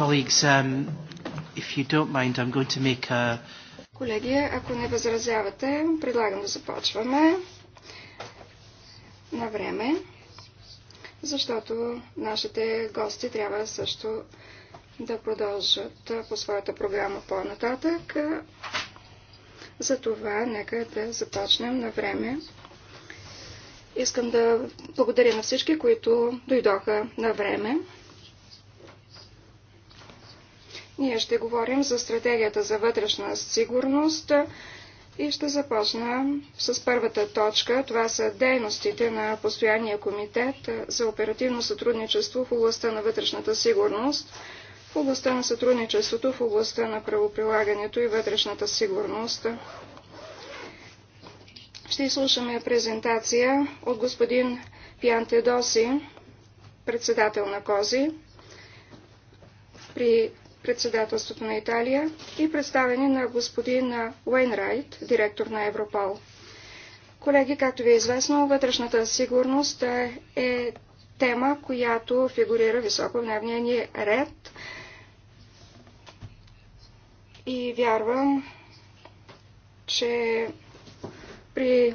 Colleagues, um, if you don't mind, I'm going to make a... Колеги, ако не възразявате, предлагам да започваме на време, защото нашите гости трябва също да продължат по своята програма по-нататък. Затова нека да започнем на време. Искам да благодаря на всички, които дойдоха на време. Ние ще говорим за стратегията за вътрешна сигурност и ще започна с първата точка. Това са дейностите на Постоянния комитет за оперативно сътрудничество в областта на вътрешната сигурност, в областта на сътрудничеството, в областта на правоприлагането и вътрешната сигурност. Ще изслушаме презентация от господин Пиан Тедоси, председател на КОЗИ. При председателството на Италия и представени на господин Уейнрайт, директор на Европол. Колеги, както ви е известно, вътрешната сигурност е тема, която фигурира високо в дневния ни ред. И вярвам, че при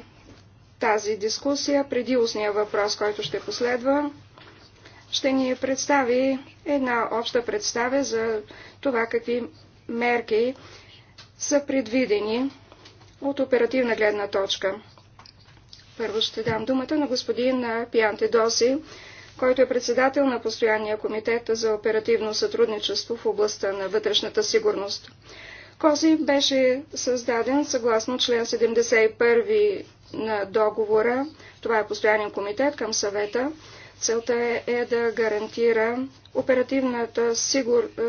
тази дискусия, преди устния въпрос, който ще последва, ще ни представи една обща представя за това какви мерки са предвидени от оперативна гледна точка. Първо ще дам думата на господин Пианте Доси, който е председател на Постоянния комитет за оперативно сътрудничество в областта на вътрешната сигурност. Кози беше създаден съгласно член 71 на договора. Това е постоянен комитет към съвета Целта е, е да гарантира оперативната сигур... Е,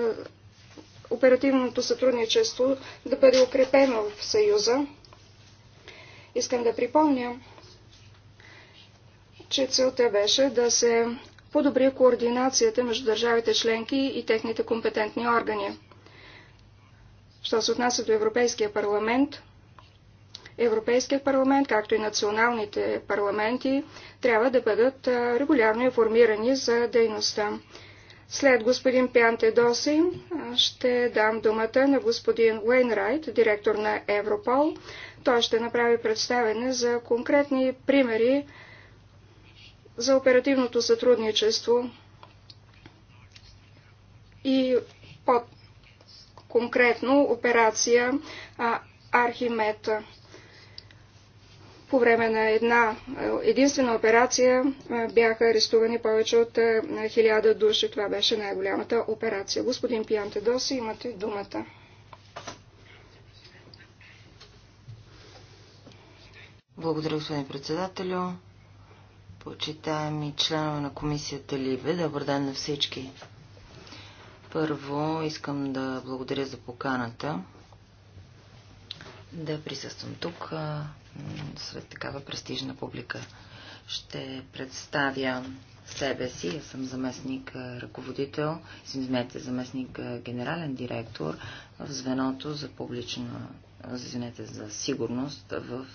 оперативното сътрудничество да бъде укрепено в Съюза. Искам да припомня, че целта беше да се подобри координацията между държавите членки и техните компетентни органи. Що се отнася до Европейския парламент, Европейският парламент, както и националните парламенти, трябва да бъдат регулярно информирани за дейността. След господин Пянте Доси ще дам думата на господин Уейнрайт, директор на Европол. Той ще направи представене за конкретни примери за оперативното сътрудничество и по-конкретно операция Архимета. По време на една е, единствена операция е, бяха арестувани повече от е, хиляда души. Това беше най-голямата операция. Господин Пиантедоси, имате думата. Благодаря, господин председателю. Почитаеми членове на комисията Ливе, добър ден на всички. Първо искам да благодаря за поканата да присъствам тук сред такава престижна публика. Ще представя себе си. Аз съм заместник ръководител, извинете, заместник генерален директор в звеното за публична, извинете, за сигурност в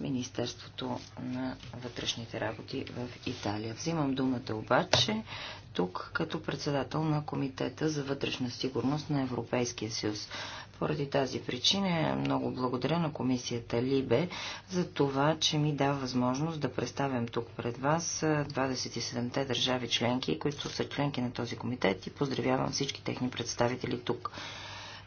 Министерството на вътрешните работи в Италия. Взимам думата обаче тук като председател на Комитета за вътрешна сигурност на Европейския съюз. Поради тази причина е много благодаря на комисията Либе за това, че ми дава възможност да представям тук пред вас 27-те държави членки, които са членки на този комитет и поздравявам всички техни представители тук.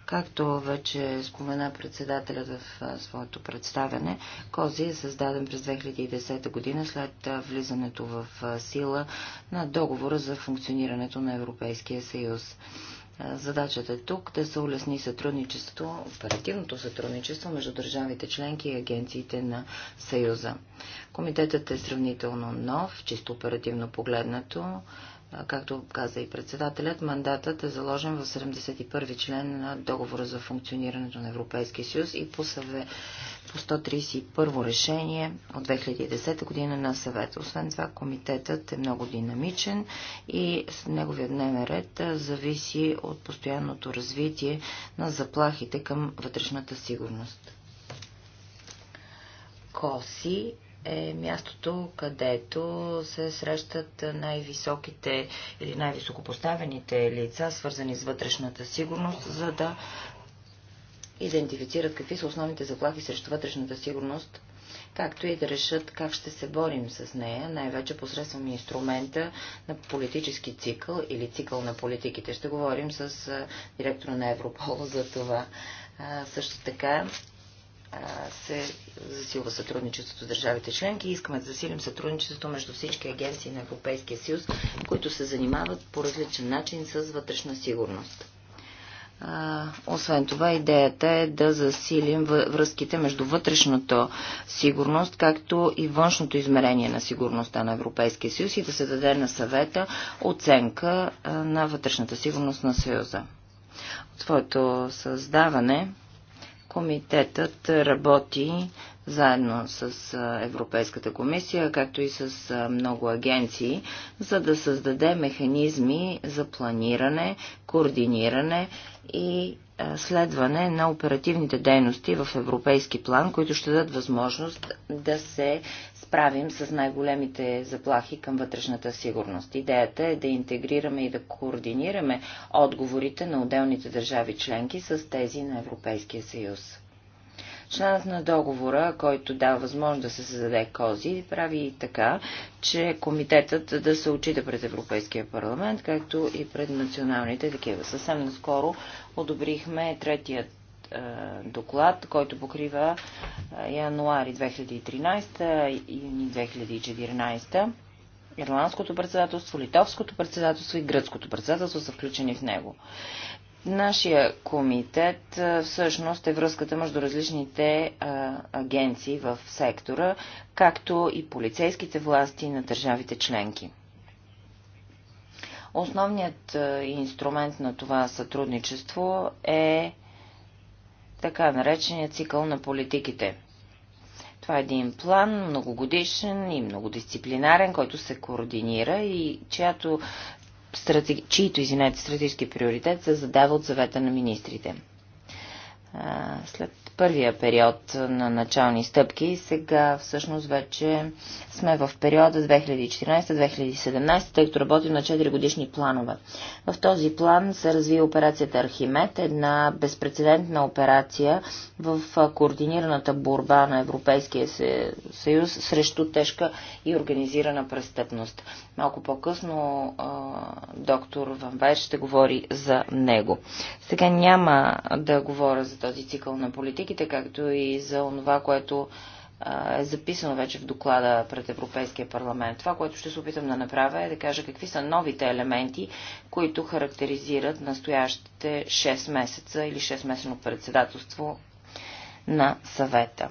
Както вече спомена председателят в своето представяне, Кози е създаден през 2010 година след влизането в сила на договора за функционирането на Европейския съюз. Задачата е тук да се улесни сътрудничество, оперативното сътрудничество между държавите членки и агенциите на Съюза. Комитетът е сравнително нов, чисто оперативно погледнато както каза и председателят, мандатът е заложен в 71 член на договора за функционирането на Европейския съюз и по, съве, по 131 решение от 2010 година на съвета. Освен това, комитетът е много динамичен и неговия дневен ред зависи от постоянното развитие на заплахите към вътрешната сигурност. КОСИ е мястото, където се срещат най-високите или най-високопоставените лица, свързани с вътрешната сигурност, за да идентифицират какви са основните заплахи срещу вътрешната сигурност, както и да решат как ще се борим с нея, най-вече посредством инструмента на политически цикъл или цикъл на политиките. Ще говорим с директора на Европол за това. също така се засилва сътрудничеството с държавите членки и искаме да засилим сътрудничеството между всички агенции на Европейския съюз, които се занимават по различен начин с вътрешна сигурност. Освен това, идеята е да засилим връзките между вътрешната сигурност, както и външното измерение на сигурността на Европейския съюз и да се даде на съвета оценка на вътрешната сигурност на Съюза. От своето създаване Комитетът работи заедно с Европейската комисия, както и с много агенции, за да създаде механизми за планиране, координиране и следване на оперативните дейности в европейски план, които ще дадат възможност да се справим с най-големите заплахи към вътрешната сигурност. Идеята е да интегрираме и да координираме отговорите на отделните държави членки с тези на Европейския съюз. Членът на договора, който дава възможност да се създаде кози, прави и така, че комитетът да се очита пред Европейския парламент, както и пред националните такива. Съвсем наскоро одобрихме третият е, доклад, който покрива е, януари 2013 и юни 2014. Ирландското председателство, Литовското председателство и Гръцкото председателство са включени в него. Нашия комитет е, всъщност е връзката между различните а, агенции в сектора, както и полицейските власти на държавите членки. Основният инструмент на това сътрудничество е така наречения цикъл на политиките. Това е един план, многогодишен и многодисциплинарен, който се координира и чиято, стратеги... чието извинете, стратегически приоритет се задава от завета на министрите. След първия период на начални стъпки. Сега всъщност вече сме в периода 2014-2017, тъй като работим на 4 годишни планове. В този план се разви операцията Архимед, една безпредседентна операция в координираната борба на Европейския съюз срещу тежка и организирана престъпност. Малко по-късно доктор Ван Вайер ще говори за него. Сега няма да говоря за този цикъл на политиките, както и за това, което е записано вече в доклада пред Европейския парламент. Това, което ще се опитам да направя е да кажа какви са новите елементи, които характеризират настоящите 6 месеца или 6-месечно председателство на съвета.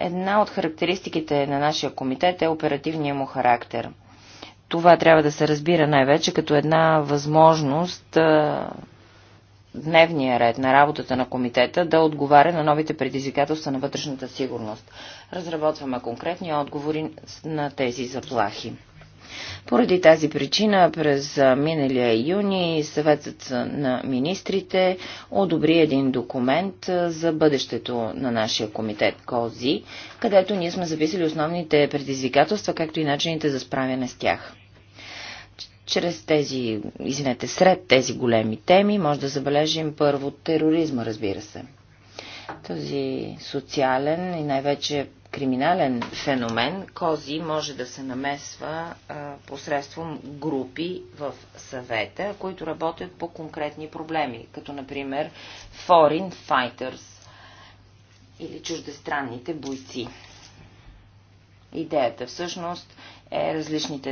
Една от характеристиките на нашия комитет е оперативния му характер – това трябва да се разбира най-вече като една възможност дневния ред на работата на комитета да отговаря на новите предизвикателства на вътрешната сигурност. Разработваме конкретни отговори на тези заплахи. Поради тази причина през миналия юни съветът на министрите одобри един документ за бъдещето на нашия комитет КОЗИ, където ние сме записали основните предизвикателства, както и начините за справяне с тях. Чрез тези, извинете, сред тези големи теми може да забележим първо тероризма, разбира се. Този социален и най-вече криминален феномен, Кози може да се намесва а, посредством групи в съвета, които работят по конкретни проблеми, като например Foreign Fighters или чуждестранните бойци. Идеята всъщност е различните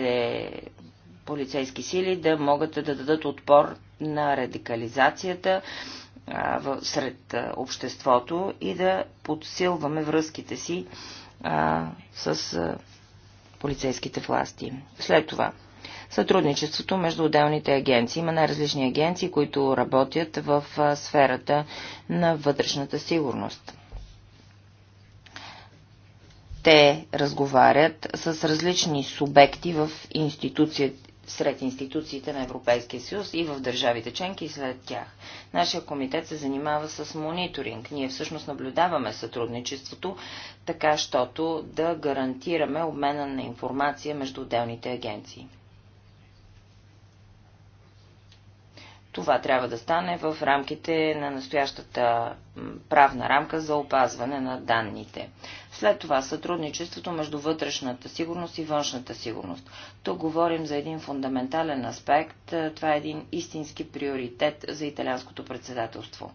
полицейски сили да могат да дадат отпор на радикализацията сред обществото и да подсилваме връзките си с полицейските власти. След това, сътрудничеството между отделните агенции. Има най-различни агенции, които работят в сферата на вътрешната сигурност те разговарят с различни субекти в институцията сред институциите на Европейския съюз и в държавите членки и след тях. Нашия комитет се занимава с мониторинг. Ние всъщност наблюдаваме сътрудничеството, така щото да гарантираме обмена на информация между отделните агенции. Това трябва да стане в рамките на настоящата правна рамка за опазване на данните. След това сътрудничеството между вътрешната сигурност и външната сигурност. Тук говорим за един фундаментален аспект. Е, това е един истински приоритет за италианското председателство.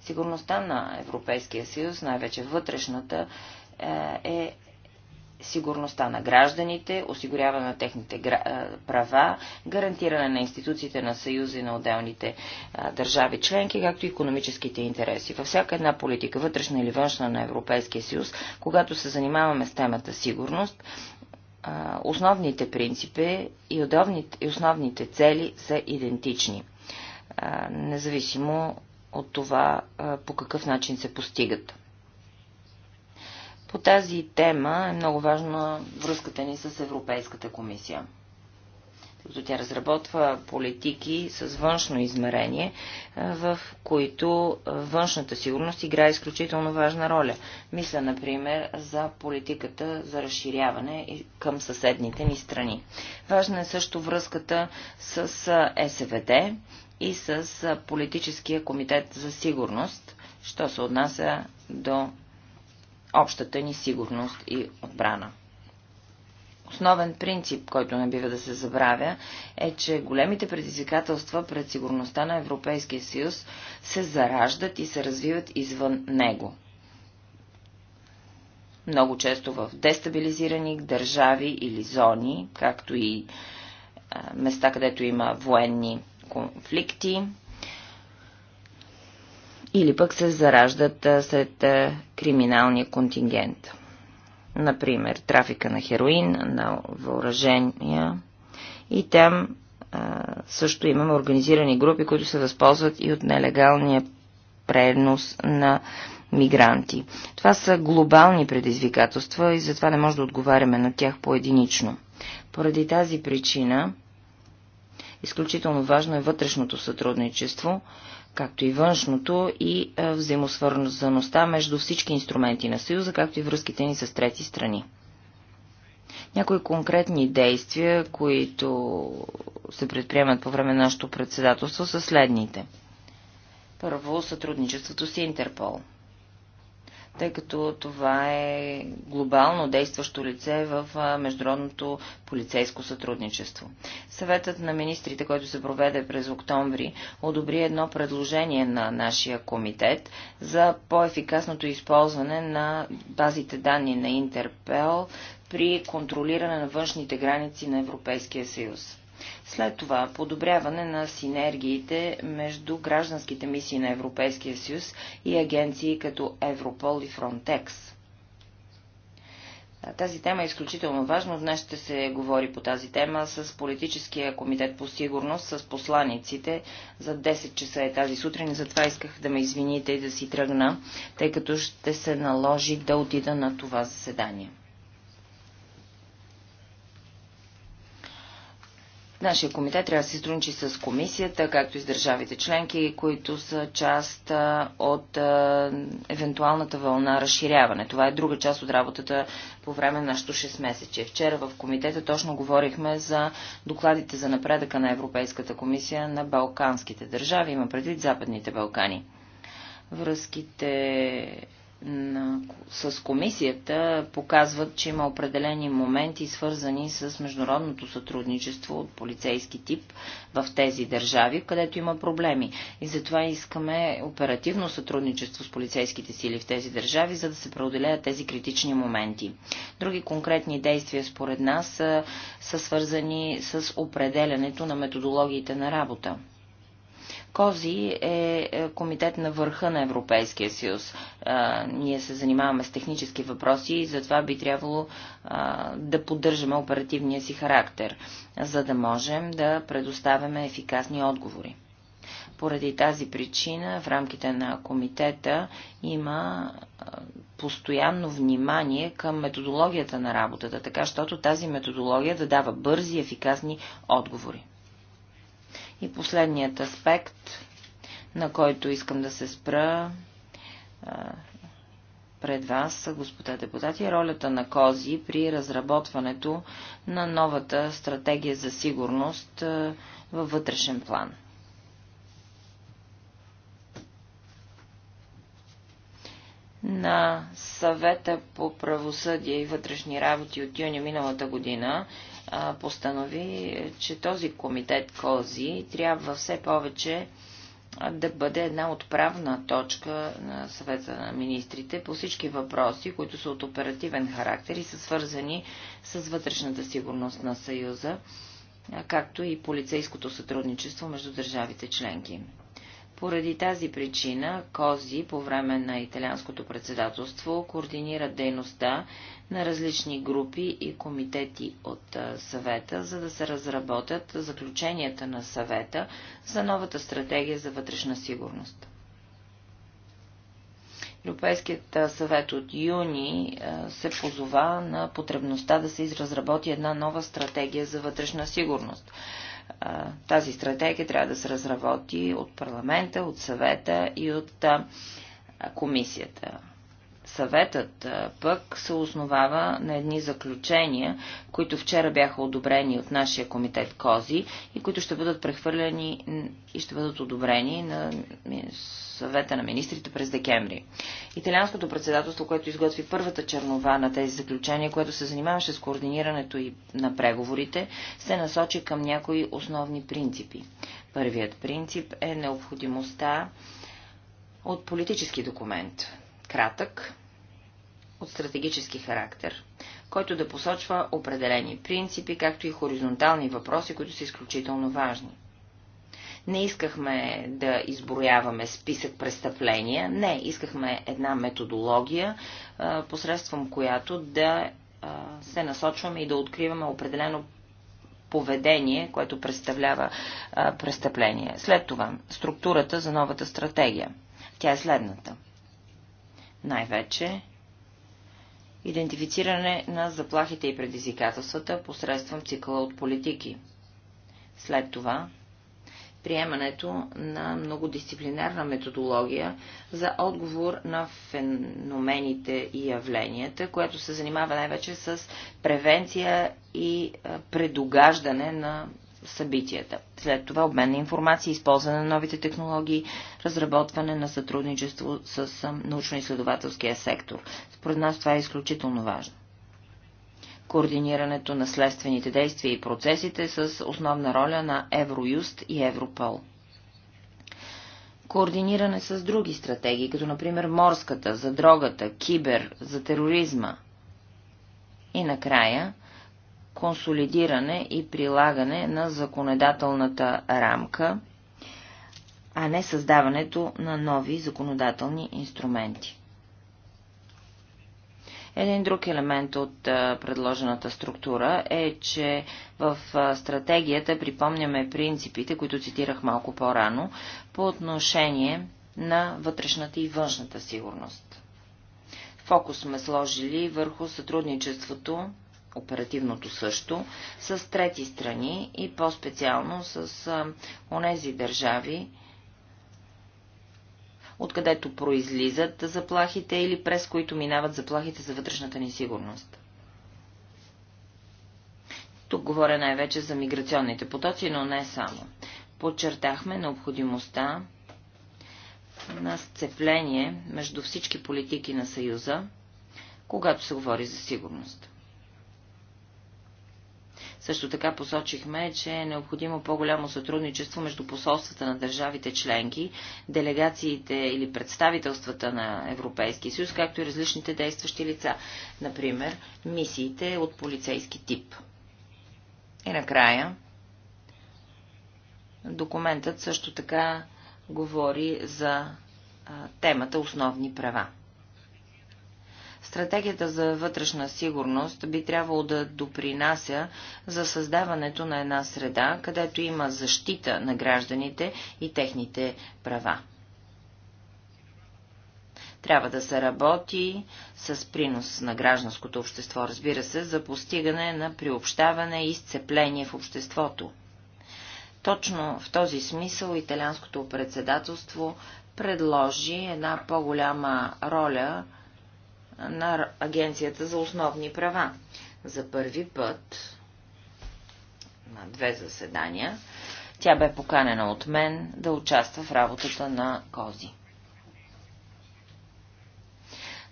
Сигурността на Европейския съюз, най-вече вътрешната, е, е сигурността на гражданите, осигуряване на техните права, гарантиране на институциите на Съюза и на отделните държави членки, както и економическите интереси. Във всяка една политика, вътрешна или външна на Европейския съюз, когато се занимаваме с темата сигурност, основните принципи и основните цели са идентични, независимо от това по какъв начин се постигат. По тази тема е много важна връзката ни с Европейската комисия като тя разработва политики с външно измерение, е, в които е, външната сигурност играе изключително важна роля. Мисля, например, за политиката за разширяване към съседните ни страни. Важна е също връзката с е, СВД и с Политическия комитет за сигурност, що се отнася до общата ни сигурност и отбрана. Основен принцип, който не бива да се забравя, е, че големите предизвикателства пред сигурността на Европейския съюз се зараждат и се развиват извън него. Много често в дестабилизирани държави или зони, както и места, където има военни конфликти, или пък се зараждат сред криминалния контингент. Например, трафика на хероин, на въоръжения и там също имаме организирани групи, които се възползват и от нелегалния пренос на мигранти. Това са глобални предизвикателства и затова не може да отговаряме на тях по-единично. Поради тази причина изключително важно е вътрешното сътрудничество, както и външното и е, взаимосвързаността между всички инструменти на Съюза, както и връзките ни с трети страни. Някои конкретни действия, които се предприемат по време на нашето председателство, са следните. Първо, сътрудничеството с Интерпол – тъй като това е глобално действащо лице в международното полицейско сътрудничество. Съветът на министрите, който се проведе през октомври, одобри едно предложение на нашия комитет за по-ефикасното използване на базите данни на Интерпел при контролиране на външните граници на Европейския съюз. След това подобряване на синергиите между гражданските мисии на Европейския съюз и агенции като Европол и Фронтекс. Тази тема е изключително важна. Днес ще се говори по тази тема с политическия комитет по сигурност, с посланиците. За 10 часа е тази сутрин, затова исках да ме извините и да си тръгна, тъй като ще се наложи да отида на това заседание. Нашия комитет трябва да се струнчи с комисията, както и с държавите членки, които са част от евентуалната вълна разширяване. Това е друга част от работата по време на нашето 6 месече. Вчера в комитета точно говорихме за докладите за напредъка на Европейската комисия на балканските държави, има предвид Западните Балкани. Връзките на, с комисията показват, че има определени моменти, свързани с международното сътрудничество от полицейски тип в тези държави, където има проблеми. И затова искаме оперативно сътрудничество с полицейските сили в тези държави, за да се преодолеят тези критични моменти. Други конкретни действия, според нас, са, са свързани с определянето на методологиите на работа. Кози е, е комитет на върха на Европейския съюз. ние се занимаваме с технически въпроси и затова би трябвало да поддържаме оперативния си характер, за да можем да предоставяме ефикасни отговори. Поради тази причина в рамките на комитета има постоянно внимание към методологията на работата, така щото тази методология да дава бързи, и ефикасни отговори. И последният аспект, на който искам да се спра пред вас, господа депутати, е ролята на Кози при разработването на новата стратегия за сигурност във вътрешен план. на съвета по правосъдие и вътрешни работи от юни миналата година постанови, че този комитет КОЗИ трябва все повече да бъде една отправна точка на съвета на министрите по всички въпроси, които са от оперативен характер и са свързани с вътрешната сигурност на Съюза, както и полицейското сътрудничество между държавите членки. Поради тази причина Кози по време на италианското председателство координира дейността на различни групи и комитети от съвета, за да се разработят заключенията на съвета за новата стратегия за вътрешна сигурност. Европейският съвет от юни се позова на потребността да се изразработи една нова стратегия за вътрешна сигурност. Тази стратегия трябва да се разработи от парламента, от съвета и от комисията. Съветът пък се основава на едни заключения, които вчера бяха одобрени от нашия комитет КОЗИ и които ще бъдат прехвърлени и ще бъдат одобрени на съвета на министрите през декември. Италианското председателство, което изготви първата чернова на тези заключения, което се занимаваше с координирането и на преговорите, се насочи към някои основни принципи. Първият принцип е необходимостта от политически документ. Кратък, от стратегически характер, който да посочва определени принципи, както и хоризонтални въпроси, които са изключително важни. Не искахме да изброяваме списък престъпления, не, искахме една методология, посредством която да се насочваме и да откриваме определено поведение, което представлява престъпление. След това, структурата за новата стратегия. Тя е следната. Най-вече идентифициране на заплахите и предизвикателствата посредством цикъла от политики. След това приемането на многодисциплинарна методология за отговор на феномените и явленията, което се занимава най-вече с превенция и предугаждане на събитията. След това обмен на информация, използване на новите технологии, разработване на сътрудничество с научно-изследователския сектор. Според нас това е изключително важно. Координирането на следствените действия и процесите с основна роля на Евроюст и Европол. Координиране с други стратегии, като например морската, за дрогата, кибер, за тероризма. И накрая – консолидиране и прилагане на законодателната рамка, а не създаването на нови законодателни инструменти. Един друг елемент от предложената структура е, че в стратегията припомняме принципите, които цитирах малко по-рано, по отношение на вътрешната и външната сигурност. Фокус сме сложили върху сътрудничеството оперативното също, с трети страни и по-специално с а, онези държави, откъдето произлизат заплахите или през които минават заплахите за вътрешната ни сигурност. Тук говоря най-вече за миграционните потоци, но не само. Подчертахме необходимостта на сцепление между всички политики на Съюза, когато се говори за сигурност. Също така посочихме, че е необходимо по-голямо сътрудничество между посолствата на държавите членки, делегациите или представителствата на Европейския съюз, както и различните действащи лица, например мисиите от полицейски тип. И накрая, документът също така говори за темата основни права. Стратегията за вътрешна сигурност би трябвало да допринася за създаването на една среда, където има защита на гражданите и техните права. Трябва да се работи с принос на гражданското общество, разбира се, за постигане на приобщаване и изцепление в обществото. Точно в този смисъл италианското председателство предложи една по-голяма роля на Агенцията за основни права. За първи път на две заседания тя бе поканена от мен да участва в работата на Кози.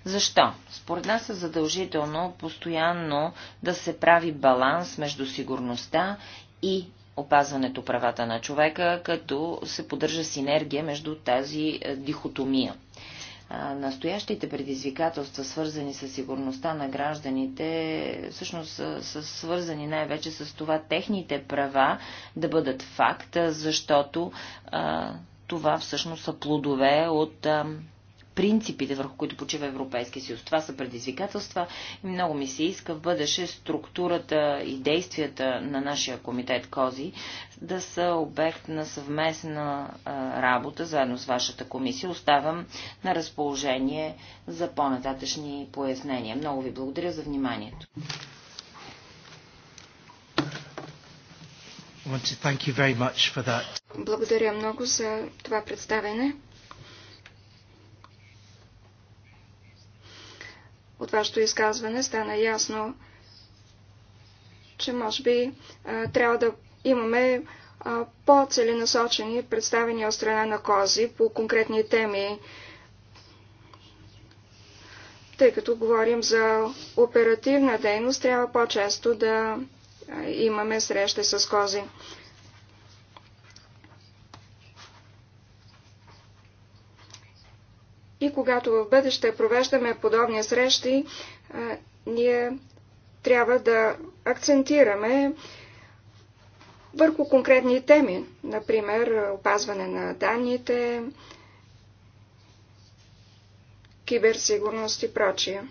Защо? Според нас е задължително постоянно да се прави баланс между сигурността и опазването правата на човека, като се поддържа синергия между тази е, дихотомия настоящите предизвикателства, свързани с сигурността на гражданите, всъщност са, са свързани най-вече с това техните права да бъдат факт, защото а, това всъщност са плодове от а, принципите, върху които почива Европейския съюз. Това са предизвикателства и много ми се иска в бъдеще структурата и действията на нашия комитет КОЗИ да са обект на съвместна работа заедно с вашата комисия. Оставам на разположение за по-нататъчни пояснения. Много ви благодаря за вниманието. Благодаря много за това представене. от вашето изказване стана ясно, че може би а, трябва да имаме по-целенасочени представения от страна на Кози по конкретни теми, тъй като говорим за оперативна дейност, трябва по-често да имаме срещи с Кози. И когато в бъдеще провеждаме подобни срещи, ние трябва да акцентираме върху конкретни теми, например опазване на данните, киберсигурност и прочие.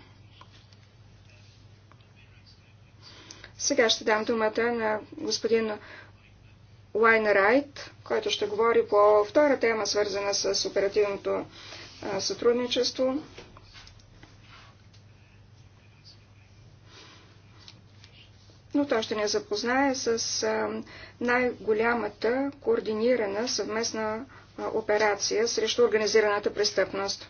Сега ще дам думата на господин Лайн Райт, който ще говори по втора тема, свързана с оперативното сътрудничество. Но той ще ни запознае с най-голямата координирана съвместна операция срещу организираната престъпност.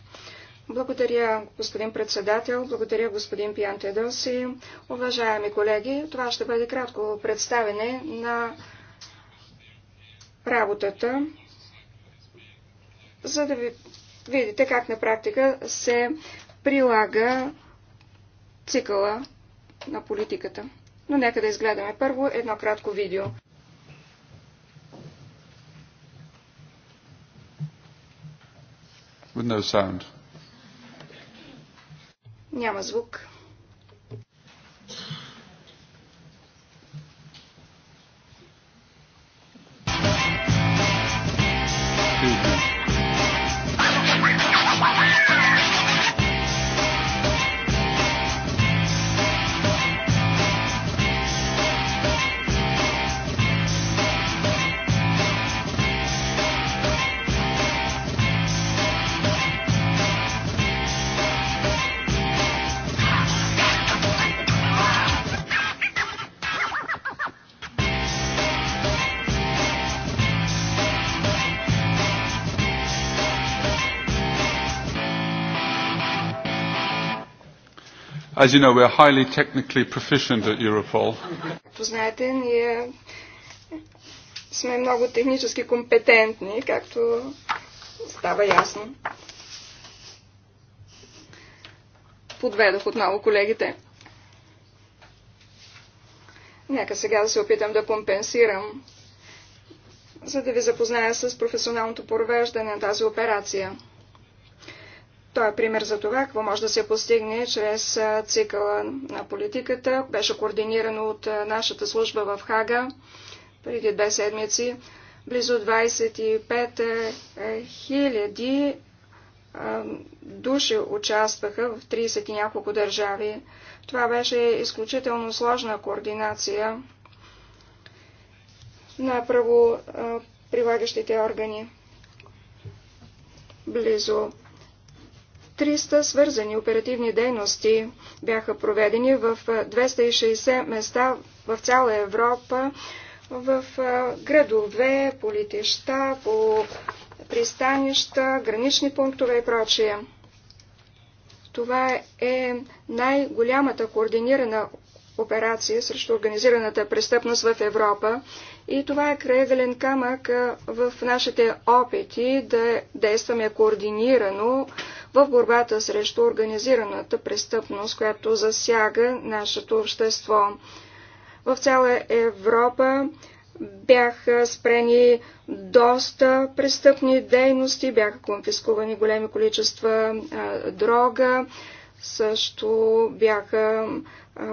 Благодаря, господин председател. Благодаря, господин Пиан Тедоси. Уважаеми колеги, това ще бъде кратко представене на работата, за да ви видите как на практика се прилага цикъла на политиката. Но нека да изгледаме първо едно кратко видео. With no sound. Няма звук. Thank you. As you know, are highly technically proficient at Europol. Знаете, ние сме много технически компетентни, както става ясно. Подведох отново колегите. Нека сега да се опитам да компенсирам, за да ви запозная с професионалното провеждане на тази операция. Той е пример за това, какво може да се постигне чрез цикъла на политиката. Беше координирано от нашата служба в Хага преди две седмици. Близо 25 е, е, хиляди души участваха в 30 и няколко държави. Това беше изключително сложна координация на правоприлагащите органи. Близо 300 свързани оперативни дейности бяха проведени в 260 места в цяла Европа, в градове, по летища, по пристанища, гранични пунктове и прочие. Това е най-голямата координирана операция срещу организираната престъпност в Европа и това е кръгален камък в нашите опити да действаме координирано в борбата срещу организираната престъпност, която засяга нашето общество. В цяла Европа бяха спрени доста престъпни дейности, бяха конфискувани големи количества а, дрога, също бяха а,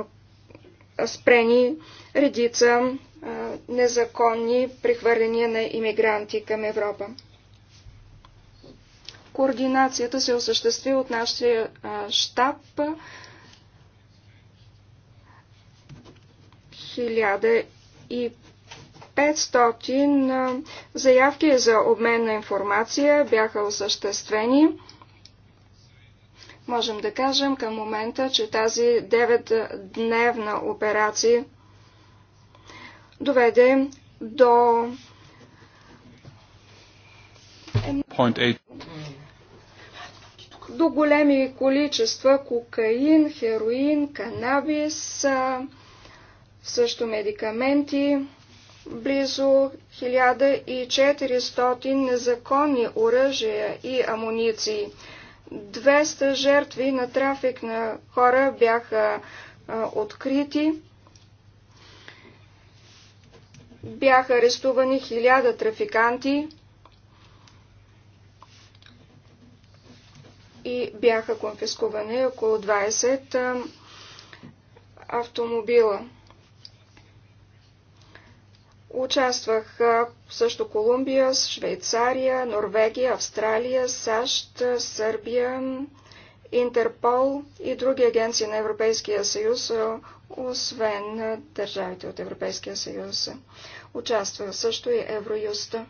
спрени редица а, незаконни прехвърляния на иммигранти към Европа. Координацията се осъществи от нашия штаб. 1500 заявки за обмен на информация бяха осъществени. Можем да кажем към момента, че тази 9-дневна операция доведе до до големи количества кокаин, хероин, канабис, също медикаменти, близо 1400 незаконни оръжия и амуниции. 200 жертви на трафик на хора бяха а, открити. Бяха арестувани 1000 трафиканти. и бяха конфискувани около 20 автомобила. Участвах също Колумбия, Швейцария, Норвегия, Австралия, САЩ, Сърбия, Интерпол и други агенции на Европейския съюз, освен държавите от Европейския съюз. Участвах също и Евроюста.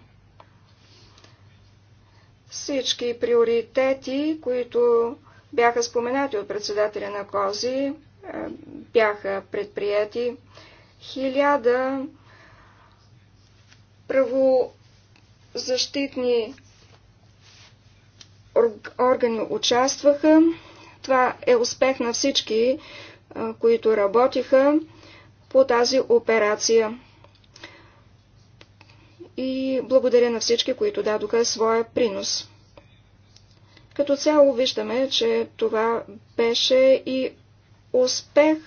Всички приоритети, които бяха споменати от председателя на Кози, е, бяха предприяти. Хиляда правозащитни органи участваха. Това е успех на всички, е, които работиха по тази операция и благодаря на всички, които дадоха своя принос. Като цяло виждаме, че това беше и успех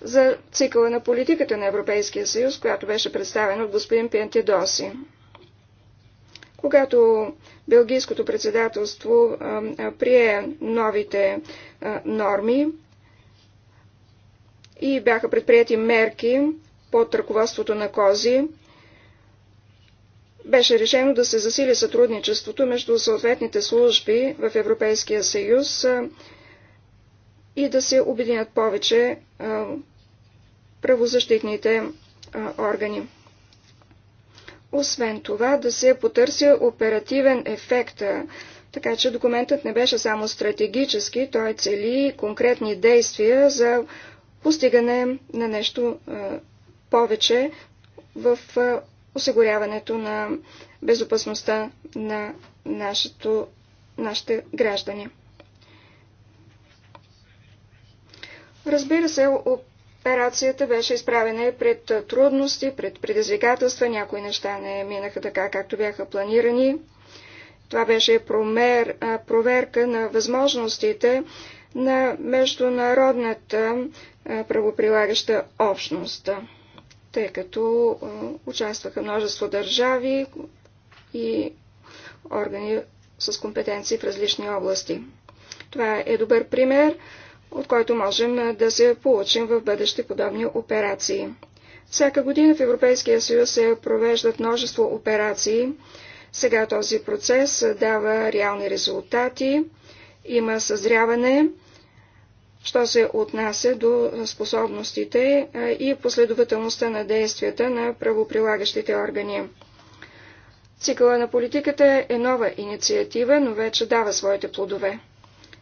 за цикъла на политиката на Европейския съюз, която беше представена от господин Пентедоси. Когато Белгийското председателство прие новите норми и бяха предприяти мерки под ръководството на Кози, беше решено да се засили сътрудничеството между съответните служби в Европейския съюз и да се обединят повече правозащитните органи. Освен това, да се потърси оперативен ефект, така че документът не беше само стратегически, той цели конкретни действия за постигане на нещо повече в осигуряването на безопасността на нашето, нашите граждани. Разбира се, операцията беше изправена пред трудности, пред предизвикателства. Някои неща не минаха така, както бяха планирани. Това беше промер, проверка на възможностите на международната правоприлагаща общност тъй като участваха множество държави и органи с компетенции в различни области. Това е добър пример, от който можем да се получим в бъдещи подобни операции. Всяка година в Европейския съюз се провеждат множество операции. Сега този процес дава реални резултати, има съзряване що се отнася до способностите и последователността на действията на правоприлагащите органи. Цикъла на политиката е нова инициатива, но вече дава своите плодове.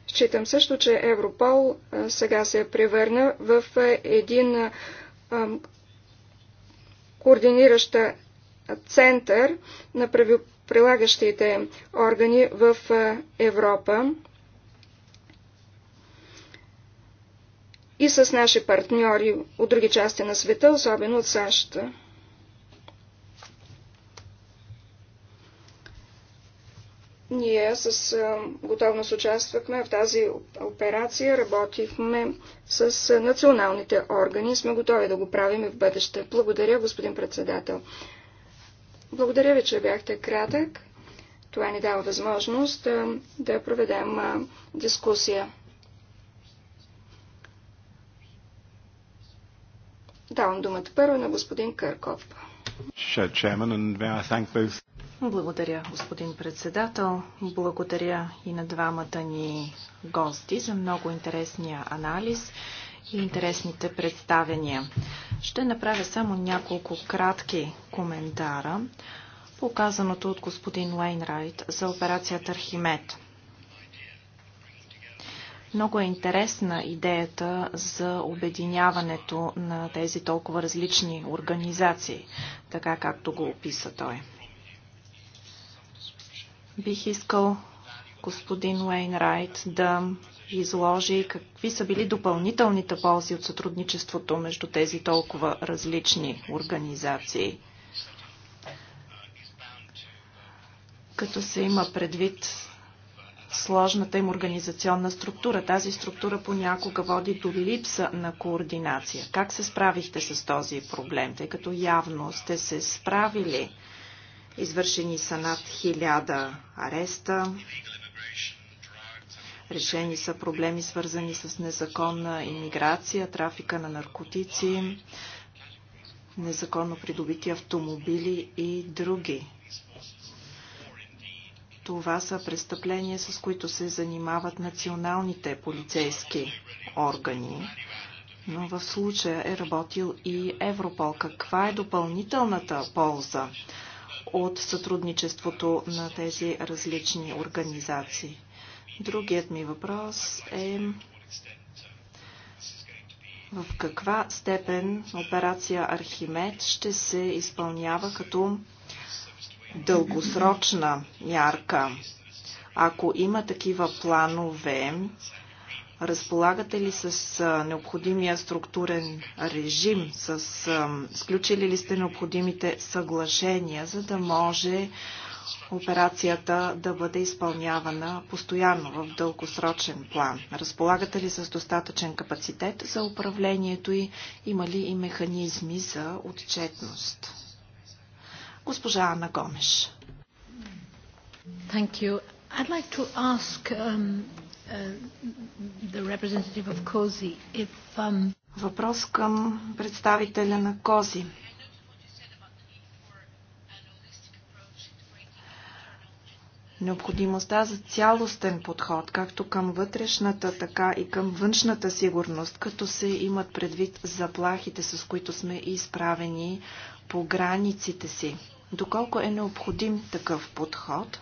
Считам също, че Европол сега се е превърна в един координиращ център на правоприлагащите органи в Европа. и с наши партньори от други части на света, особено от САЩ. Ние с готовност участвахме в тази операция, работихме с националните органи и сме готови да го правим и в бъдеще. Благодаря, господин председател. Благодаря ви, че бяхте кратък. Това ни дава възможност да проведем дискусия. Давам думата първо на господин Кърков. Благодаря, господин председател. Благодаря и на двамата ни гости за много интересния анализ и интересните представения. Ще направя само няколко кратки коментара по казаното от господин Лейнрайт за операцията Архимед. Много е интересна идеята за обединяването на тези толкова различни организации, така както го описа той. Бих искал господин Уейн Райт да изложи какви са били допълнителните ползи от сътрудничеството между тези толкова различни организации. Като се има предвид сложната им организационна структура. Тази структура понякога води до липса на координация. Как се справихте с този проблем, тъй като явно сте се справили? Извършени са над хиляда ареста, решени са проблеми свързани с незаконна иммиграция, трафика на наркотици, незаконно придобити автомобили и други това са престъпления, с които се занимават националните полицейски органи. Но в случая е работил и Европол. Каква е допълнителната полза от сътрудничеството на тези различни организации? Другият ми въпрос е в каква степен операция Архимед ще се изпълнява като дългосрочна мярка. Ако има такива планове, разполагате ли с необходимия структурен режим, с сключили ли сте необходимите съглашения, за да може операцията да бъде изпълнявана постоянно в дългосрочен план? Разполагате ли с достатъчен капацитет за управлението и има ли и механизми за отчетност? госпожа Анна Гомеш. Thank you. I'd like to ask um, uh, the representative of COSI if... Um... Въпрос към представителя на КОЗИ. Необходимостта за цялостен подход, както към вътрешната, така и към външната сигурност, като се имат предвид заплахите, с които сме изправени по границите си. Доколко е необходим такъв подход?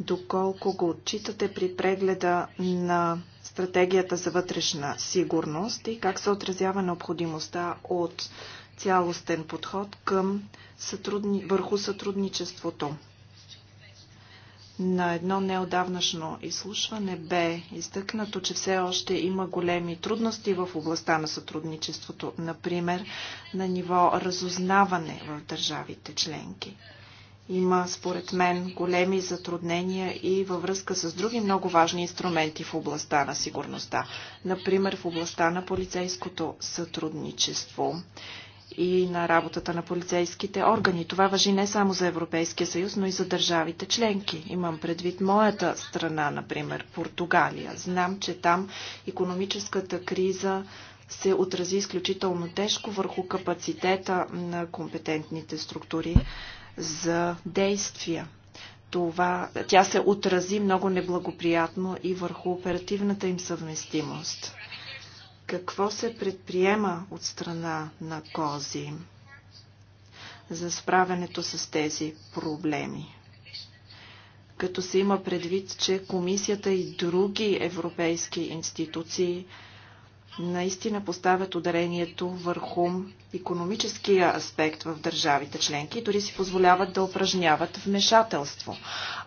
Доколко го отчитате при прегледа на стратегията за вътрешна сигурност и как се отразява необходимостта от цялостен подход към сътрудни... върху сътрудничеството на едно неодавнашно изслушване бе изтъкнато, че все още има големи трудности в областта на сътрудничеството, например на ниво разузнаване в държавите членки. Има, според мен, големи затруднения и във връзка с други много важни инструменти в областта на сигурността, например в областта на полицейското сътрудничество и на работата на полицейските органи. Това въжи не само за Европейския съюз, но и за държавите членки. Имам предвид моята страна, например, Португалия. Знам, че там економическата криза се отрази изключително тежко върху капацитета на компетентните структури за действия. Това, тя се отрази много неблагоприятно и върху оперативната им съвместимост. Какво се предприема от страна на Кози за справянето с тези проблеми? Като се има предвид, че комисията и други европейски институции наистина поставят ударението върху економическия аспект в държавите членки и дори си позволяват да упражняват вмешателство.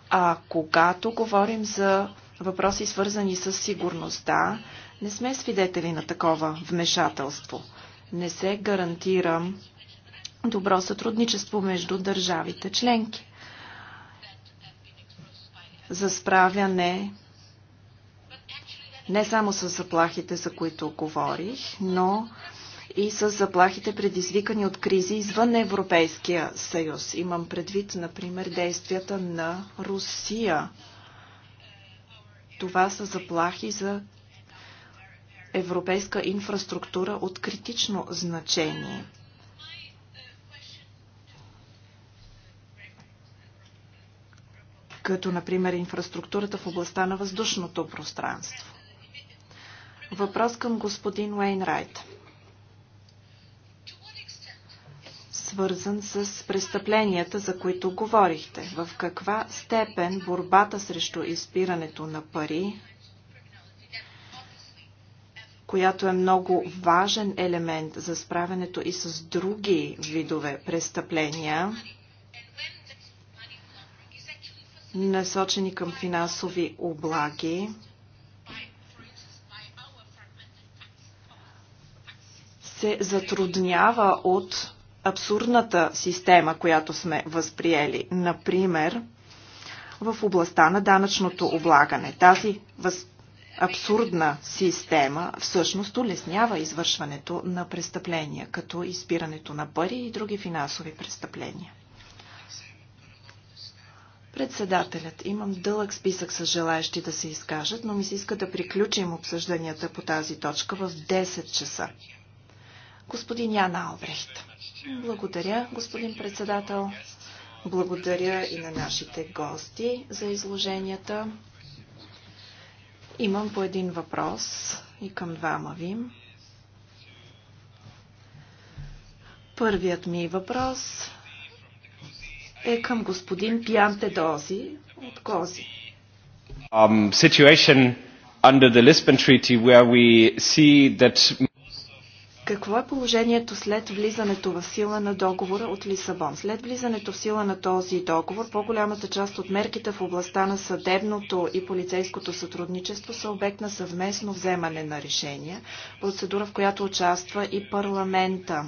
А когато говорим за въпроси свързани с сигурността, да, не сме свидетели на такова вмешателство. Не се гарантира добро сътрудничество между държавите членки за справяне не само с заплахите, за които говорих, но и с заплахите предизвикани от кризи извън Европейския съюз. Имам предвид, например, действията на Русия. Това са заплахи за европейска инфраструктура от критично значение. като например инфраструктурата в областта на въздушното пространство. Въпрос към господин Уейнрайт. свързан с престъпленията, за които говорихте. В каква степен борбата срещу изпирането на пари която е много важен елемент за справянето и с други видове престъпления, насочени към финансови облаги. се затруднява от абсурдната система, която сме възприели. Например, в областта на данъчното облагане. Тази въз абсурдна система всъщност улеснява извършването на престъпления, като изпирането на пари и други финансови престъпления. Председателят, имам дълъг списък с желаящи да се изкажат, но ми се иска да приключим обсъжданията по тази точка в 10 часа. Господин Яна Албрехт. Благодаря, господин председател. Благодаря и на нашите гости за изложенията. Имам по един въпрос и към двама ви. Първият ми въпрос е към господин Пиан Тедози от Кози. Um, situation under the Lisbon Treaty where we see that какво е положението след влизането в сила на договора от Лисабон? След влизането в сила на този договор, по-голямата част от мерките в областта на съдебното и полицейското сътрудничество са обект на съвместно вземане на решения, процедура в която участва и парламента.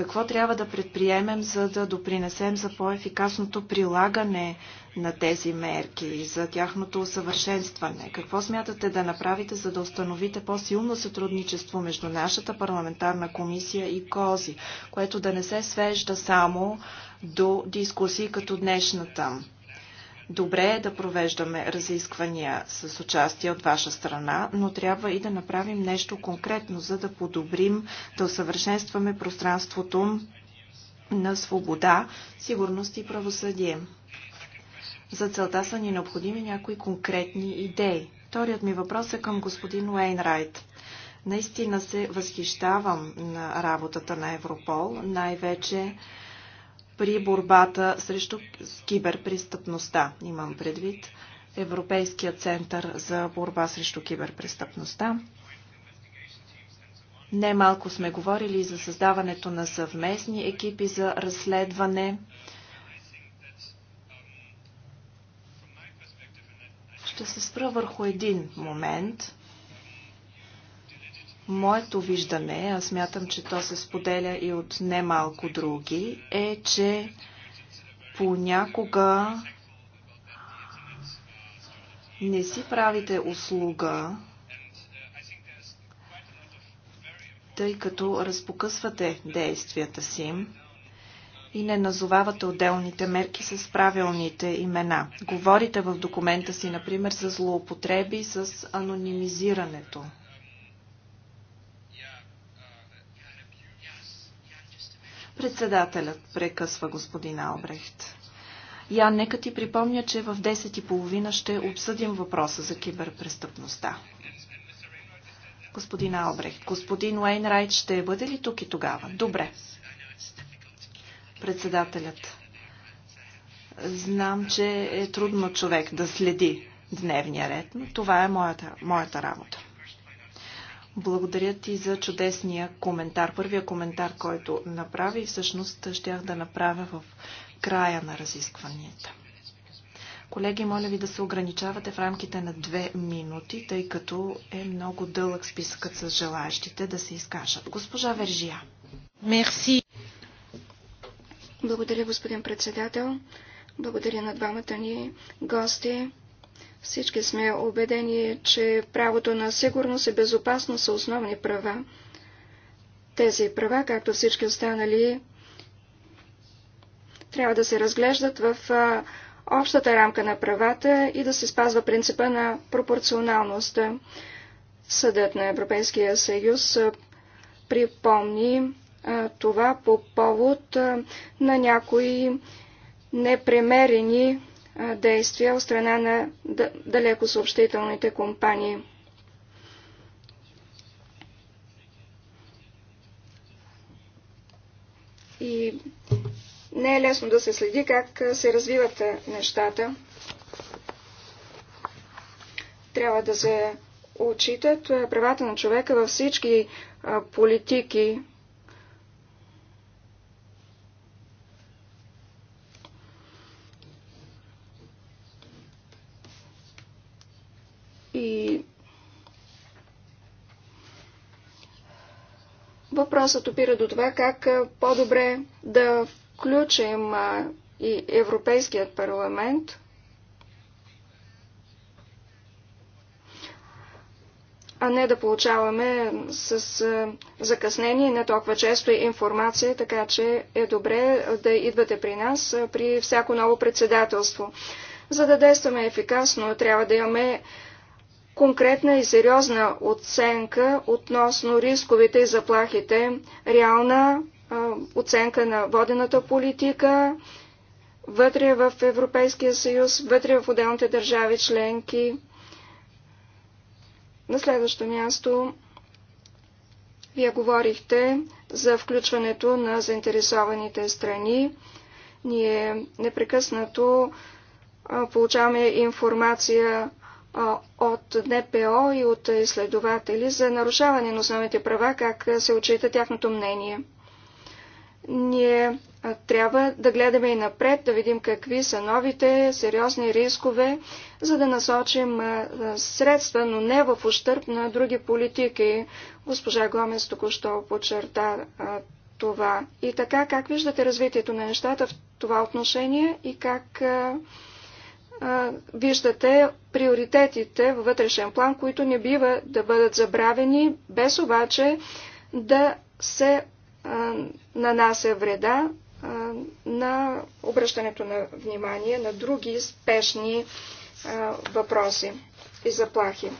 Какво трябва да предприемем, за да допринесем за по-ефикасното прилагане на тези мерки и за тяхното усъвършенстване? Какво смятате да направите, за да установите по-силно сътрудничество между нашата парламентарна комисия и КОЗИ, което да не се свежда само до дискусии като днешната? Добре е да провеждаме разисквания с участие от ваша страна, но трябва и да направим нещо конкретно, за да подобрим, да усъвършенстваме пространството на свобода, сигурност и правосъдие. За целта са ни необходими някои конкретни идеи. Вторият ми въпрос е към господин Уейнрайт. Наистина се възхищавам на работата на Европол, най-вече при борбата срещу киберпрестъпността. Имам предвид Европейския център за борба срещу киберпрестъпността. Немалко сме говорили за създаването на съвместни екипи за разследване. Ще се спра върху един момент. Моето виждане, а смятам, че то се споделя и от немалко други, е, че понякога не си правите услуга, тъй като разпокъсвате действията си и не назовавате отделните мерки с правилните имена. Говорите в документа си, например, за злоупотреби с анонимизирането. Председателят прекъсва господин Албрехт. Я, нека ти припомня, че в 10.30 ще обсъдим въпроса за киберпрестъпността. Господин Албрехт, господин Уейнрайт ще бъде ли тук и тогава? Добре. Председателят. Знам, че е трудно човек да следи дневния ред, но това е моята, моята работа. Благодаря ти за чудесния коментар. Първия коментар, който направи, всъщност щях да направя в края на разискванията. Колеги, моля ви да се ограничавате в рамките на две минути, тъй като е много дълъг списъкът с желаящите да се изкажат. Госпожа Вержия. Мерси. Благодаря, господин председател. Благодаря на двамата ни гости всички сме убедени, че правото на сигурност и безопасност са основни права. Тези права, както всички останали, трябва да се разглеждат в общата рамка на правата и да се спазва принципа на пропорционалност. Съдът на Европейския съюз припомни това по повод на някои непремерени действия от страна на далеко съобщителните компании. И не е лесно да се следи как се развиват нещата. Трябва да се отчитат правата на човека във всички политики И въпросът опира до това как по-добре да включим и Европейският парламент. а не да получаваме с закъснение не толкова често информация, така че е добре да идвате при нас при всяко ново председателство. За да действаме ефикасно, трябва да имаме конкретна и сериозна оценка относно рисковете и заплахите, реална а, оценка на водената политика вътре в Европейския съюз, вътре в отделните държави членки. На следващо място вие говорихте за включването на заинтересованите страни. Ние непрекъснато получаваме информация от ДПО и от изследователи за нарушаване на основните права, как се отчита тяхното мнение. Ние трябва да гледаме и напред, да видим какви са новите сериозни рискове, за да насочим средства, но не в ущърп на други политики. Госпожа Гомес току-що подчерта това. И така, как виждате развитието на нещата в това отношение и как виждате приоритетите във вътрешен план, които не бива да бъдат забравени, без обаче да се нанася вреда на обръщането на внимание на други спешни въпроси и заплахи.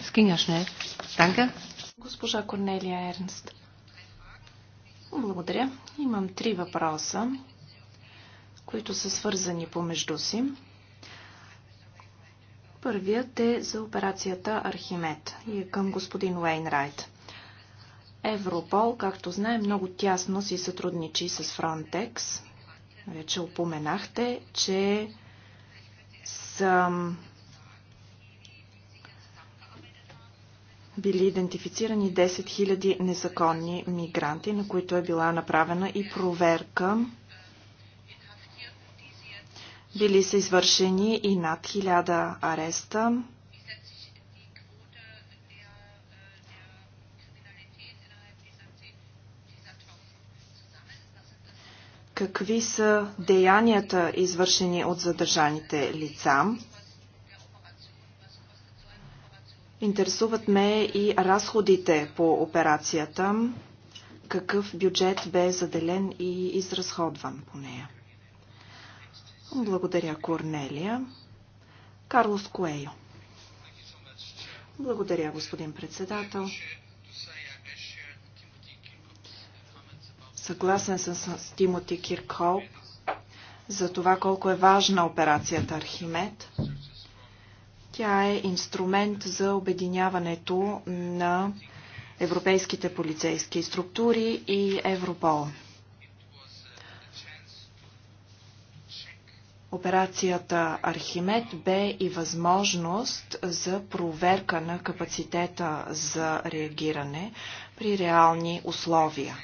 Скиняшне, е. Танка? Госпожа Корнелия Ернст. Благодаря. Имам три въпроса които са свързани помежду си. Първият е за операцията Архимед и е към господин Уейнрайт. Европол, както знае, много тясно си сътрудничи с Фронтекс. Вече упоменахте, че са били идентифицирани 10 000 незаконни мигранти, на които е била направена и проверка били са извършени и над 1000 ареста. Какви са деянията, извършени от задържаните лица? Интересуват ме и разходите по операцията. Какъв бюджет бе заделен и изразходван по нея? Благодаря, Корнелия. Карлос Куейо. Благодаря, господин председател. Съгласен съм с Тимоти Киркхолп за това колко е важна операцията Архимед. Тя е инструмент за обединяването на европейските полицейски структури и Европол. Операцията Архимед бе и възможност за проверка на капацитета за реагиране при реални условия.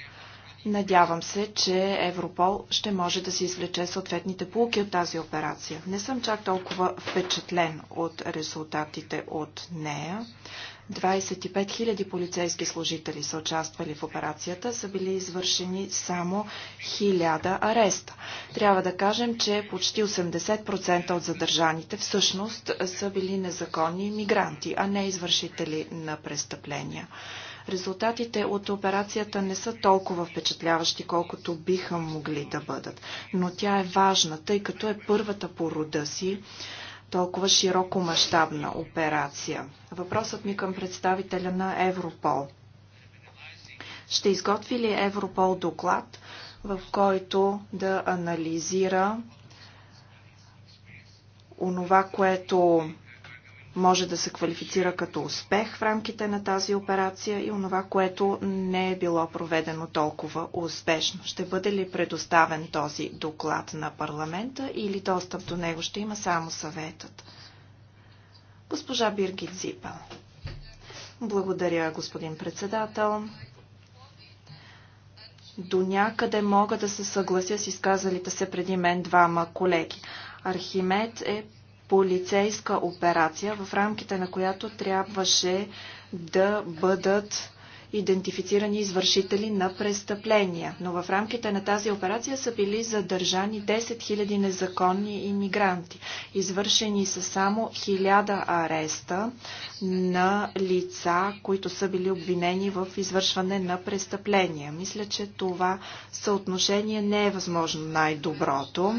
Надявам се, че Европол ще може да се извлече съответните полуки от тази операция. Не съм чак толкова впечатлен от резултатите от нея. 25 000 полицейски служители са участвали в операцията, са били извършени само 1000 ареста. Трябва да кажем, че почти 80% от задържаните всъщност са били незаконни мигранти, а не извършители на престъпления. Резултатите от операцията не са толкова впечатляващи, колкото биха могли да бъдат, но тя е важна, тъй като е първата по рода си толкова широко мащабна операция. Въпросът ми към представителя на Европол. Ще изготви ли Европол доклад, в който да анализира онова, което може да се квалифицира като успех в рамките на тази операция и онова, което не е било проведено толкова успешно. Ще бъде ли предоставен този доклад на парламента или достъп до него ще има само съветът? Госпожа Бирги Ципал. Благодаря, господин председател. До някъде мога да се съглася с изказалите се преди мен двама колеги. Архимед е полицейска операция, в рамките на която трябваше да бъдат идентифицирани извършители на престъпления. Но в рамките на тази операция са били задържани 10 000 незаконни иммигранти. Извършени са само 1000 ареста на лица, които са били обвинени в извършване на престъпления. Мисля, че това съотношение не е възможно най-доброто.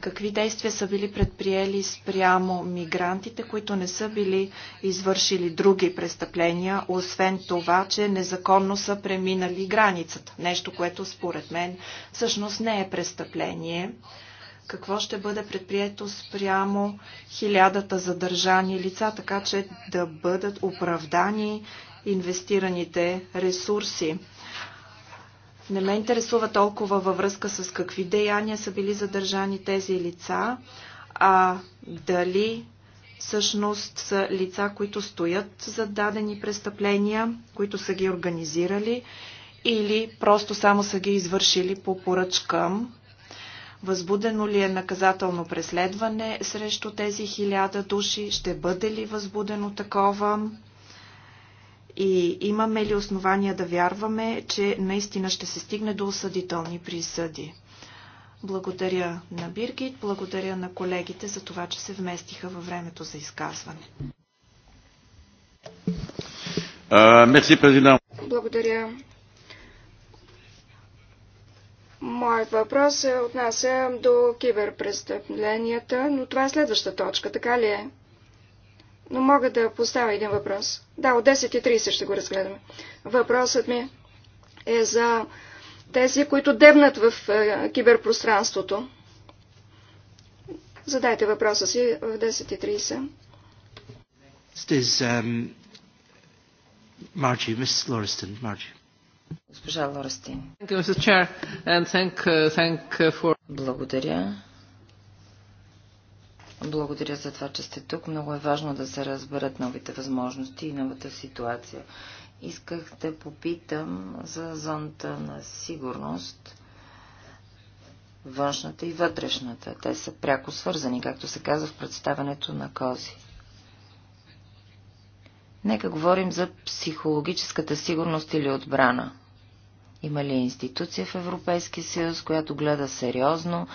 Какви действия са били предприели спрямо мигрантите, които не са били извършили други престъпления, освен това, че незаконно са преминали границата? Нещо, което според мен всъщност не е престъпление какво ще бъде предприето спрямо хилядата задържани лица, така че да бъдат оправдани инвестираните ресурси. Не ме интересува толкова във връзка с какви деяния са били задържани тези лица, а дали всъщност са лица, които стоят за дадени престъпления, които са ги организирали или просто само са ги извършили по поръчка. Възбудено ли е наказателно преследване срещу тези хиляда души? Ще бъде ли възбудено такова? И имаме ли основания да вярваме, че наистина ще се стигне до осъдителни присъди? Благодаря на Биргит, благодаря на колегите за това, че се вместиха във времето за изказване. Благодаря. Моят въпрос се отнася до киберпрестъпленията, но това е следваща точка, така ли е? но мога да поставя един въпрос. Да, от 10.30 ще го разгледаме. Въпросът ми е за тези, които дебнат в е, киберпространството. Задайте въпроса си в е, 10.30. Um, Госпожа Лорестин. Uh, uh, Благодаря. Благодаря за това, че сте тук. Много е важно да се разберат новите възможности и новата ситуация. Исках да попитам за зоната на сигурност, външната и вътрешната. Те са пряко свързани, както се каза в представането на Кози. Нека говорим за психологическата сигурност или отбрана. Има ли институция в Европейския съюз, която гледа сериозно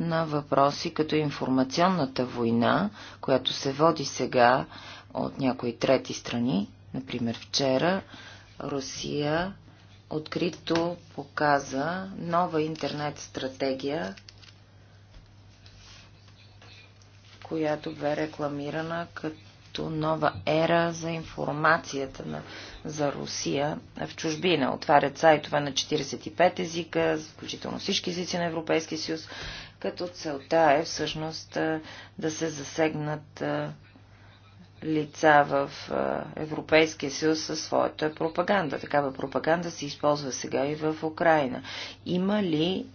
на въпроси като информационната война, която се води сега от някои трети страни. Например, вчера Русия открито показа нова интернет стратегия, която бе рекламирана като нова ера за информацията на, за Русия в чужбина. Отварят сайтове на 45 езика, включително всички езици на Европейския съюз като целта е всъщност да се засегнат лица в Европейския съюз със своята пропаганда. Такава пропаганда се използва сега и в Украина. Има ли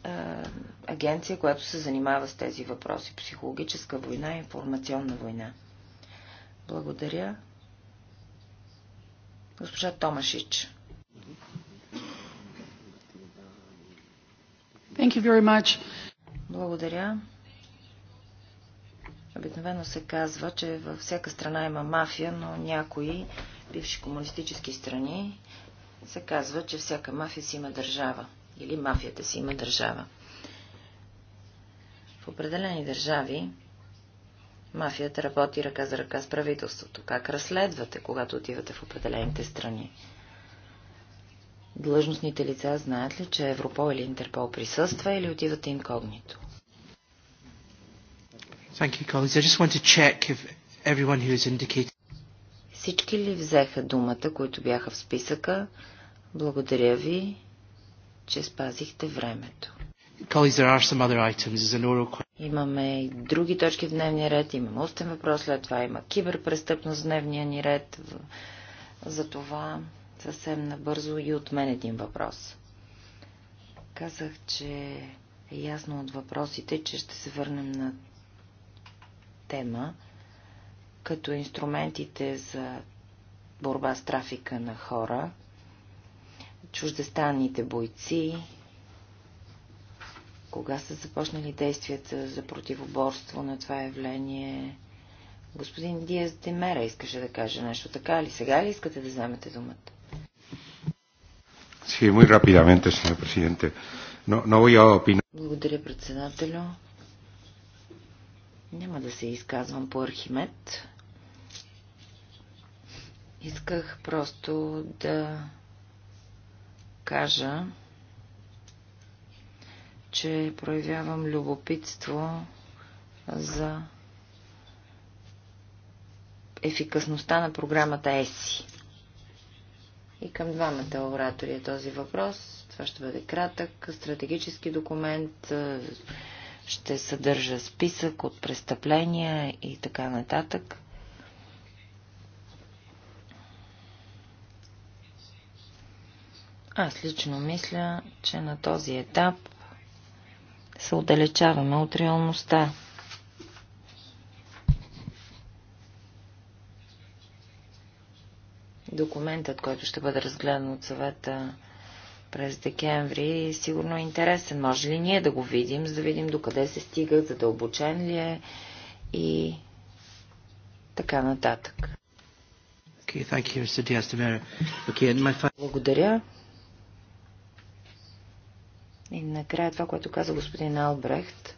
агенция, която се занимава с тези въпроси? Психологическа война, информационна война. Благодаря. Госпожа Томашич. Thank you very much. Благодаря. Обикновено се казва, че във всяка страна има мафия, но някои бивши комунистически страни се казва, че всяка мафия си има държава. Или мафията си има държава. В определени държави мафията работи ръка за ръка с правителството. Как разследвате, когато отивате в определените страни? Длъжностните лица знаят ли, че Европол или Интерпол присъства или отивате инкогнито? Thank you, colleagues. I just want to check if everyone who is indicated... Всички ли взеха думата, които бяха в списъка? Благодаря ви, че спазихте времето. Имаме и други точки в дневния ред, имаме устен въпрос, след това има киберпрестъпност в дневния ни ред. За това съвсем набързо и от мен един въпрос. Казах, че е ясно от въпросите, че ще се върнем на тема, като инструментите за борба с трафика на хора, чуждестранните бойци, кога са започнали действията за противоборство на това явление. Господин Диас Демера искаше да каже нещо така ли? Сега ли искате да вземете думата? Sí, muy rápidamente, señor presidente. No, no voy a opinar. Благодаря, председателю. Няма да се изказвам по Архимед. Исках просто да кажа, че проявявам любопитство за ефикасността на програмата ЕСИ. И към двамата оратори е този въпрос. Това ще бъде кратък стратегически документ ще съдържа списък от престъпления и така нататък. Аз лично мисля, че на този етап се отдалечаваме от реалността. Документът, който ще бъде разгледан от съвета през декември, сигурно е интересен. Може ли ние да го видим, за да видим докъде се стига, задълбочен ли е и така нататък. Okay, thank you, Mr. Okay, and my... Благодаря. И накрая това, което каза господин Албрехт.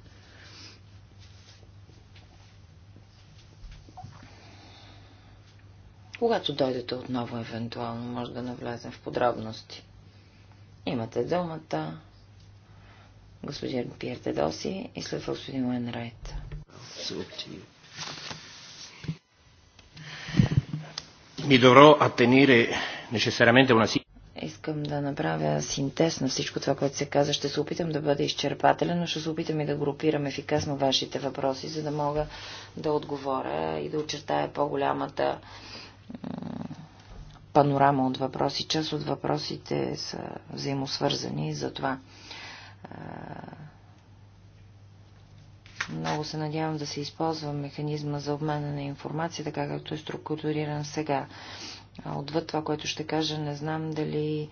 Когато дойдете отново, евентуално, може да навлезем в подробности. Имате думата господин Пьер Тедоси и след това господин Уен Райт. necessariamente una Искам да направя синтез на всичко това, което се каза. Ще се опитам да бъда изчерпателен, но ще се опитам и да групирам ефикасно вашите въпроси, за да мога да отговоря и да очертая по-голямата панорама от въпроси. Част от въпросите са взаимосвързани и затова много се надявам да се използва механизма за обмена на информация, така както е структуриран сега. Отвъд това, което ще кажа, не знам дали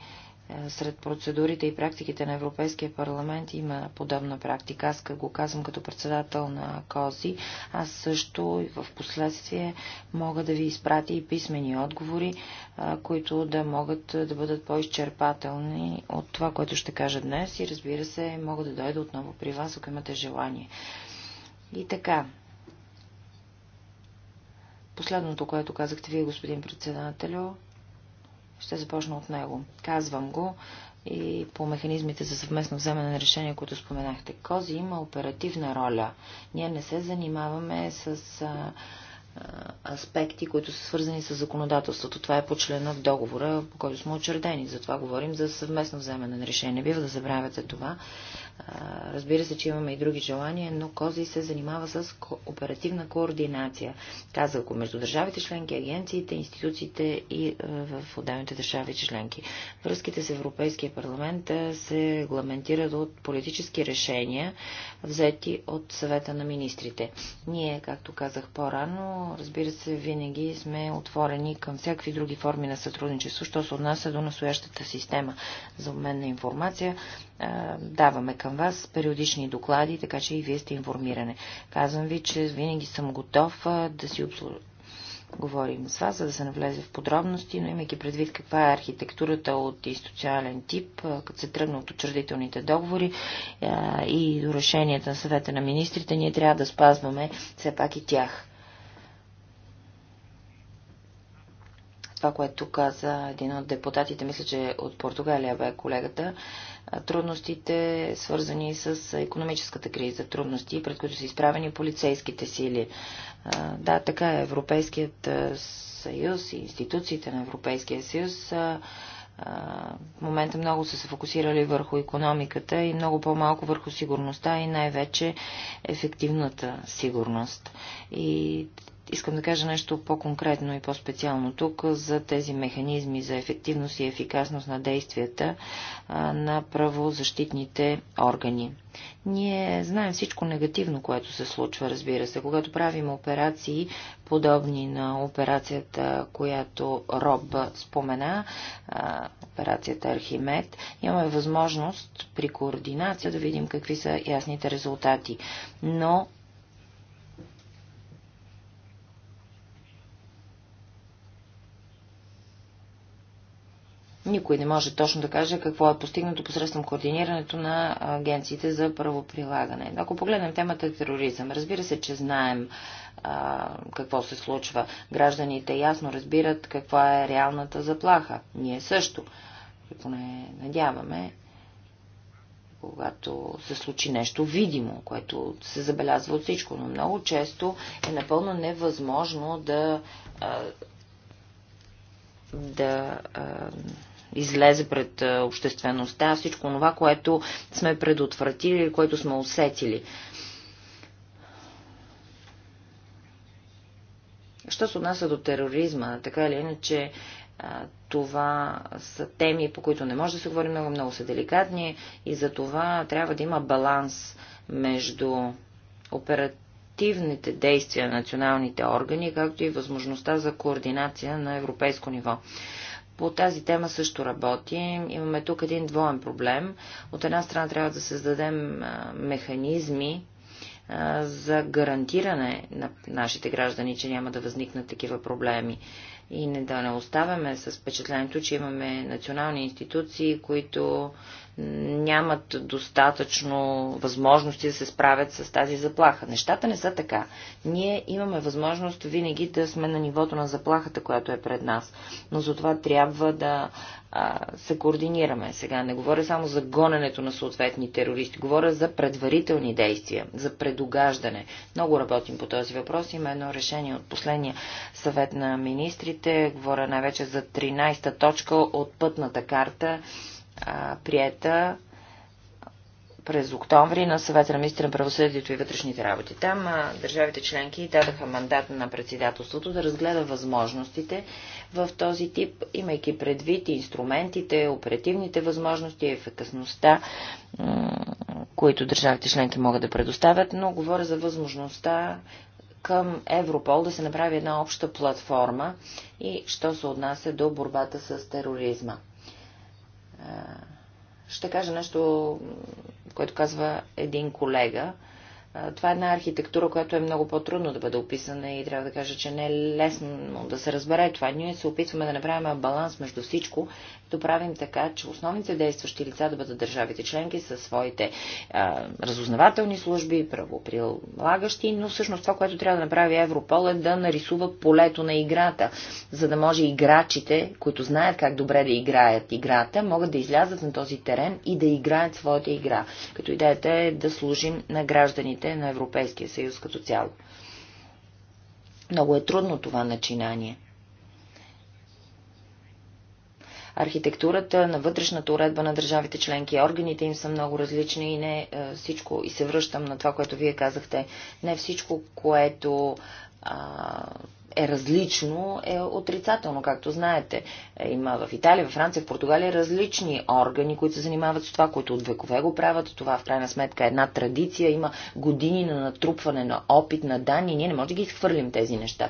е, сред процедурите и практиките на Европейския парламент има подобна практика. Аз го казвам като председател на КОЗИ. Аз също и в последствие мога да ви изпратя и писмени отговори, е, които да могат да бъдат по-изчерпателни от това, което ще кажа днес. И разбира се, мога да дойда отново при вас, ако имате желание. И така, Последното, което казахте вие, господин председателю, ще започна от него. Казвам го и по механизмите за съвместно вземане на решение, които споменахте. Кози има оперативна роля. Ние не се занимаваме с а, а, аспекти, които са свързани с законодателството. Това е по члена в договора, по който сме очертени. Затова говорим за съвместно вземане на решение. Не бива да забравяте това. Разбира се, че имаме и други желания, но Кози се занимава с оперативна координация. Казал го между държавите членки, агенциите, институциите и в отделните държави членки. Връзките с Европейския парламент се регламентират от политически решения, взети от съвета на министрите. Ние, както казах по-рано, разбира се, винаги сме отворени към всякакви други форми на сътрудничество, що се отнася до настоящата система за обмен на информация, даваме към вас периодични доклади, така че и вие сте информиране. Казвам ви, че винаги съм готов да си обслужа говорим с вас, за да се навлезе в подробности, но имайки предвид каква е архитектурата от институционален тип, като се тръгна от учредителните договори и до решенията на съвета на министрите, ние трябва да спазваме все пак и тях. Това, което каза един от депутатите, мисля, че от Португалия бе колегата, трудностите, свързани с економическата криза, трудности, пред които са изправени полицейските сили. Да, така е. Европейският съюз и институциите на Европейския съюз в момента много са се фокусирали върху економиката и много по-малко върху сигурността и най-вече ефективната сигурност. И Искам да кажа нещо по-конкретно и по-специално тук за тези механизми за ефективност и ефикасност на действията на правозащитните органи. Ние знаем всичко негативно, което се случва, разбира се. Когато правим операции, подобни на операцията, която Роб спомена, операцията Архимед, имаме възможност при координация да видим какви са ясните резултати. Но Никой не може точно да каже какво е постигнато посредством координирането на агенциите за правоприлагане. Ако погледнем темата тероризъм, разбира се, че знаем а, какво се случва. Гражданите ясно разбират каква е реалната заплаха. Ние също, поне надяваме, когато се случи нещо видимо, което се забелязва от всичко, но много често е напълно невъзможно да. А, да а, излезе пред е, обществеността, всичко това, което сме предотвратили или което сме усетили. Що се отнася до тероризма, така или иначе, е, това са теми, по които не може да се говори много, много са деликатни и за това трябва да има баланс между оперативните действия на националните органи, както и възможността за координация на европейско ниво. По тази тема също работим. Имаме тук един двоен проблем. От една страна трябва да създадем механизми, за гарантиране на нашите граждани, че няма да възникнат такива проблеми. И не да не оставяме с впечатлението, че имаме национални институции, които нямат достатъчно възможности да се справят с тази заплаха. Нещата не са така. Ние имаме възможност винаги да сме на нивото на заплахата, която е пред нас. Но за това трябва да а, се координираме. Сега не говоря само за гоненето на съответни терористи, говоря за предварителни действия, за предогаждане. Много работим по този въпрос. Има едно решение от последния съвет на министрите. Говоря най-вече за 13-та точка от пътната карта приета през октомври на съвета на министра на правосъдието и вътрешните работи. Там а, държавите членки дадаха мандат на председателството да разгледа възможностите в този тип, имайки предвид инструментите, оперативните възможности, ефикасността, които държавите членки могат да предоставят, но говоря за възможността към Европол да се направи една обща платформа и що се отнася до борбата с тероризма. Ще кажа нещо, което казва един колега. Това е една архитектура, която е много по-трудно да бъде описана и трябва да кажа, че не е лесно да се разбере това. Ние се опитваме да направим баланс между всичко като правим така, че основните действащи лица да бъдат държавите членки със своите а, разузнавателни служби, правоприлагащи, но всъщност това, което трябва да направи Европол е да нарисува полето на играта, за да може играчите, които знаят как добре да играят играта, могат да излязат на този терен и да играят своята игра. Като идеята е да служим на гражданите на Европейския съюз като цяло. Много е трудно това начинание. архитектурата, на вътрешната уредба на държавите членки. Органите им са много различни и не е, всичко, и се връщам на това, което вие казахте, не всичко, което а, е различно, е отрицателно, както знаете. Е, има в Италия, в Франция, в Португалия различни органи, които се занимават с това, които от векове го правят. Това в крайна сметка е една традиция, има години на натрупване на опит, на данни. Ние не можем да ги изхвърлим тези неща.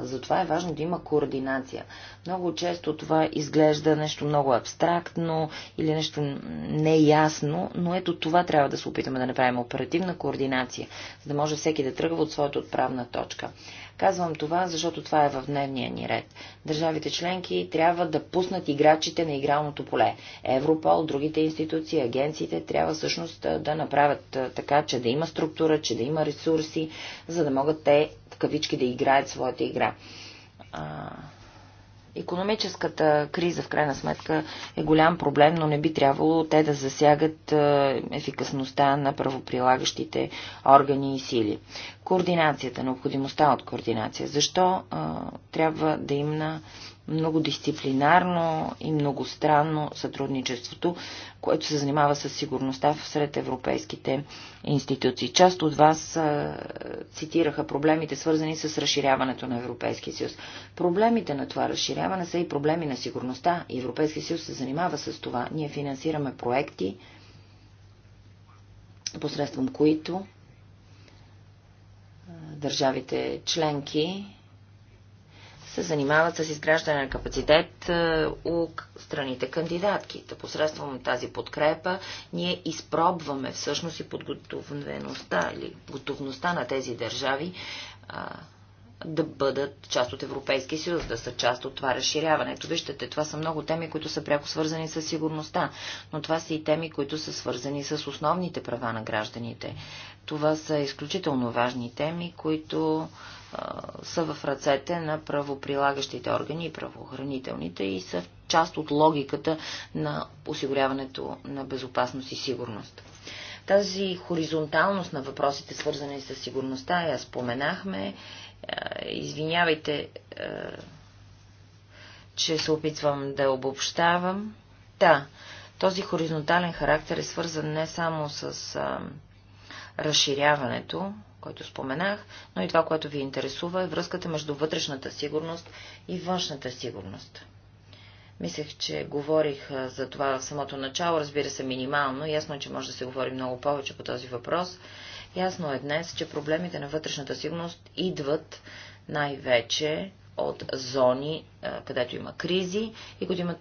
Затова е важно да има координация. Много често това изглежда нещо много абстрактно или нещо неясно, но ето това трябва да се опитаме да направим оперативна координация, за да може всеки да тръгва от своята отправна точка. Казвам това, защото това е в дневния ни ред. Държавите членки трябва да пуснат играчите на игралното поле. Европол, другите институции, агенциите трябва всъщност да направят така, че да има структура, че да има ресурси, за да могат те в кавички да играят своята игра. Економическата криза, в крайна сметка, е голям проблем, но не би трябвало те да засягат е, ефикасността на правоприлагащите органи и сили. Координацията, необходимостта от координация. Защо а, е, трябва да има много дисциплинарно и странно сътрудничеството, което се занимава с сигурността сред европейските институции. Част от вас цитираха проблемите, свързани с разширяването на Европейския съюз. Проблемите на това разширяване са и проблеми на сигурността. Европейския съюз се занимава с това. Ние финансираме проекти, посредством които държавите членки се занимават с изграждане на капацитет е, у страните кандидатки. Да посредством тази подкрепа ние изпробваме всъщност и подготовеността или готовността на тези държави да бъдат част от Европейския съюз, да са част от това разширяване. Ето виждате, това са много теми, които са пряко свързани с сигурността, но това са и теми, които са свързани с основните права на гражданите. Това са изключително важни теми, които са в ръцете на правоприлагащите органи и правоохранителните и са част от логиката на осигуряването на безопасност и сигурност. Тази хоризонталност на въпросите, свързани с сигурността, я споменахме. Извинявайте, че се опитвам да обобщавам. Да, този хоризонтален характер е свързан не само с разширяването, който споменах, но и това, което ви интересува е връзката между вътрешната сигурност и външната сигурност. Мислех, че говорих за това в самото начало, разбира се, минимално. Ясно е, че може да се говори много повече по този въпрос. Ясно е днес, че проблемите на вътрешната сигурност идват най-вече от зони, където има кризи и които имат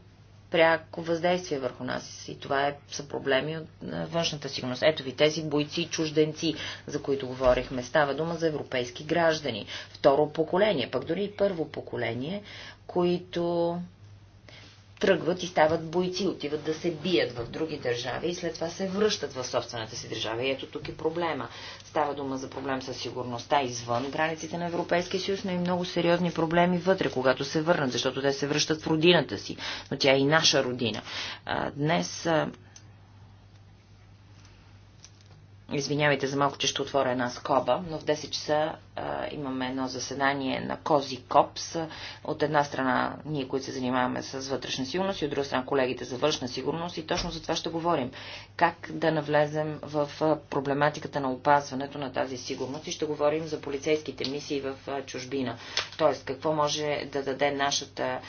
пряко въздействие върху нас. И това е, са проблеми от външната сигурност. Ето ви тези бойци, чужденци, за които говорихме. Става дума за европейски граждани. Второ поколение, пък дори и първо поколение, които тръгват и стават бойци, отиват да се бият в други държави и след това се връщат в собствената си държава. И ето тук е проблема. Става дума за проблем със сигурността извън границите на Европейския съюз, но и много сериозни проблеми вътре, когато се върнат, защото те се връщат в родината си. Но тя е и наша родина. Днес Извинявайте за малко, че ще отворя една скоба, но в 10 часа а, имаме едно заседание на Кози Копс. От една страна ние, които се занимаваме с вътрешна сигурност и от друга страна колегите за външна сигурност и точно за това ще говорим. Как да навлезем в проблематиката на опазването на тази сигурност и ще говорим за полицейските мисии в чужбина. Тоест, какво може да даде нашата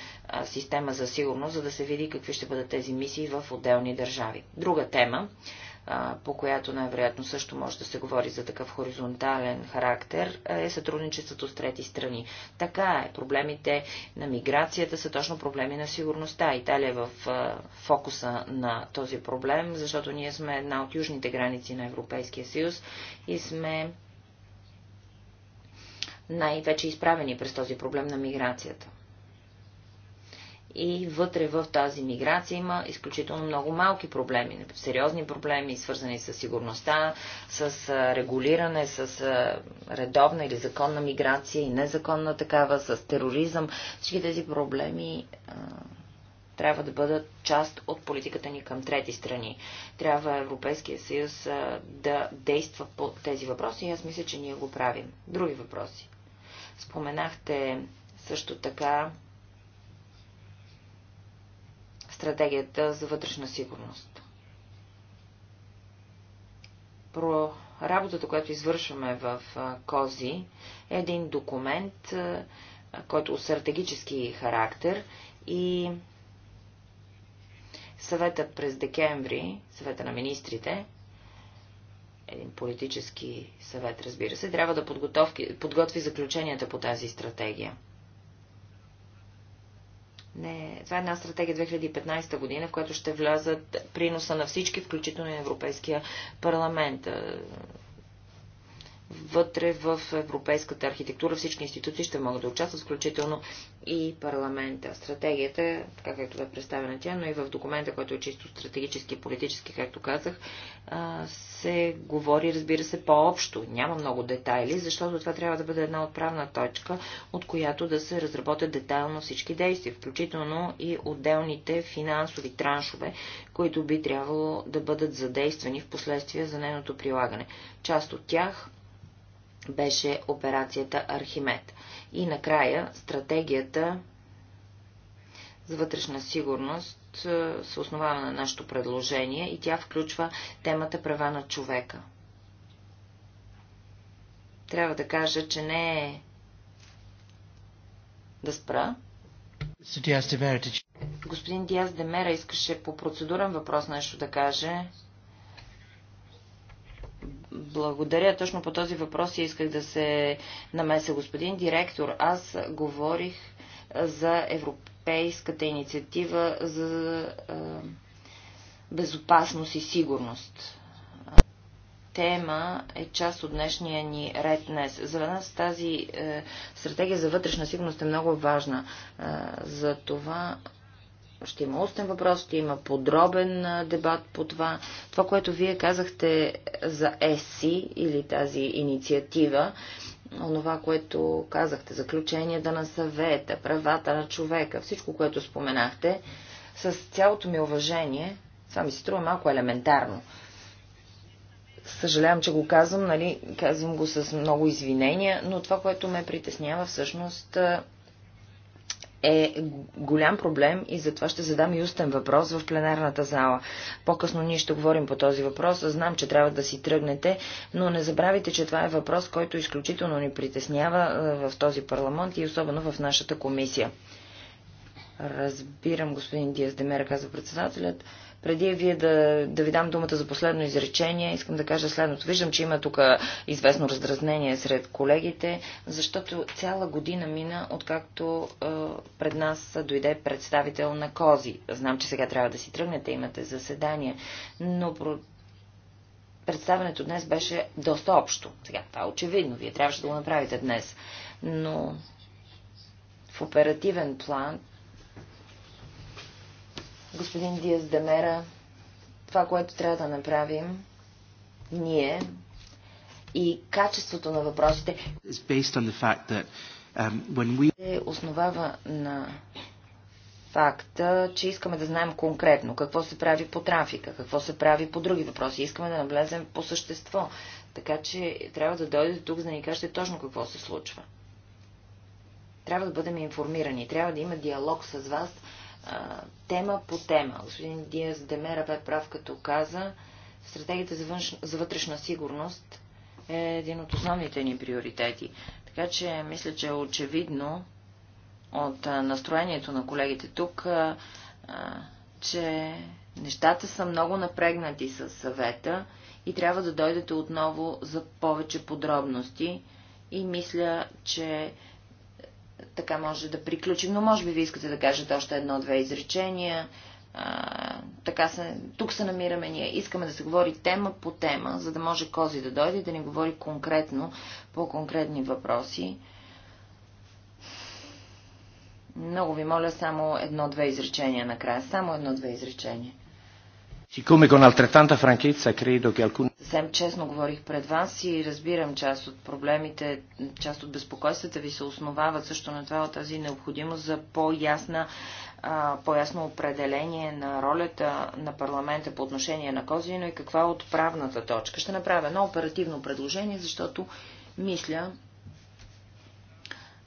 система за сигурност, за да се види какви ще бъдат тези мисии в отделни държави. Друга тема по която най-вероятно също може да се говори за такъв хоризонтален характер, е сътрудничеството с трети страни. Така е. Проблемите на миграцията са точно проблеми на сигурността. Италия е в фокуса на този проблем, защото ние сме една от южните граници на Европейския съюз и сме най-вече изправени през този проблем на миграцията. И вътре в тази миграция има изключително много малки проблеми, нали, сериозни проблеми, свързани с сигурността, с регулиране, с редовна или законна миграция и незаконна такава, с тероризъм. Всички тези проблеми а, трябва да бъдат част от политиката ни към трети страни. Трябва Европейския съюз а, да действа по тези въпроси и аз мисля, че ние го правим. Други въпроси. Споменахте също така стратегията за вътрешна сигурност. Про работата, която извършваме в КОЗИ, е един документ, който е стратегически характер и съвета през декември, съвета на министрите, един политически съвет, разбира се, трябва да подготви заключенията по тази стратегия. Не, това е една стратегия 2015 година, в която ще влязат приноса на всички, включително и на Европейския парламент вътре в европейската архитектура всички институции ще могат да участват, включително и парламента. Стратегията, така както бе представена тя, но и в документа, който е чисто стратегически и политически, както казах, се говори, разбира се, по-общо. Няма много детайли, защото това трябва да бъде една отправна точка, от която да се разработят детайлно всички действия, включително и отделните финансови траншове, които би трябвало да бъдат задействани в последствие за нейното прилагане. Част от тях беше операцията Архимед. И накрая стратегията за вътрешна сигурност се основава на нашето предложение и тя включва темата права на човека. Трябва да кажа, че не е да спра. Господин Диас Демера искаше по процедурен въпрос нещо да каже. Благодаря. Точно по този въпрос исках да се намеся, господин директор. Аз говорих за европейската инициатива за безопасност и сигурност тема е част от днешния ни ред днес. За нас тази е, стратегия за вътрешна сигурност е много важна. Е, за това ще има устен въпрос, ще има подробен дебат по това. Това, което вие казахте за ЕСИ или тази инициатива, онова, което казахте, заключенията на съвета, правата на човека, всичко, което споменахте, с цялото ми уважение, това ми се струва малко елементарно. Съжалявам, че го казвам, нали, казвам го с много извинения, но това, което ме притеснява всъщност е голям проблем и затова ще задам и устен въпрос в пленарната зала. По-късно ние ще говорим по този въпрос. Знам, че трябва да си тръгнете, но не забравяйте, че това е въпрос, който изключително ни притеснява е, в този парламент и особено в нашата комисия. Разбирам, господин Диас Демера, казва председателят. Преди вие да, да ви дам думата за последно изречение, искам да кажа следното. Виждам, че има тук известно раздразнение сред колегите, защото цяла година мина, откакто е, пред нас дойде представител на Кози. Знам, че сега трябва да си тръгнете, имате заседание, но про... представенето днес беше доста общо. Сега това е очевидно, вие трябваше да го направите днес. Но в оперативен план господин Диас Демера, това, което трябва да направим ние и качеството на въпросите that, um, we... се основава на факта, че искаме да знаем конкретно какво се прави по трафика, какво се прави по други въпроси. Искаме да наблезем по същество. Така че трябва да дойдете тук, за да ни кажете точно какво се случва. Трябва да бъдем информирани, трябва да има диалог с вас, тема по тема. Господин Диас Демера бе прав, като каза, стратегията за, външ... за вътрешна сигурност е един от основните ни приоритети. Така че мисля, че е очевидно от настроението на колегите тук, а, че нещата са много напрегнати с съвета и трябва да дойдете отново за повече подробности. И мисля, че така може да приключим, но може би ви искате да кажете още едно-две изречения. А, така се, тук се намираме ние. Искаме да се говори тема по тема, за да може Кози да дойде и да ни говори конкретно по конкретни въпроси. Много ви моля само едно-две изречения накрая. Само едно-две изречения. Съвсем честно говорих пред вас и разбирам част от проблемите, част от безпокойствата ви се основават също на това от тази необходимост за по-ясна по-ясно определение на ролята на парламента по отношение на Козино и каква е отправната точка. Ще направя едно оперативно предложение, защото мисля,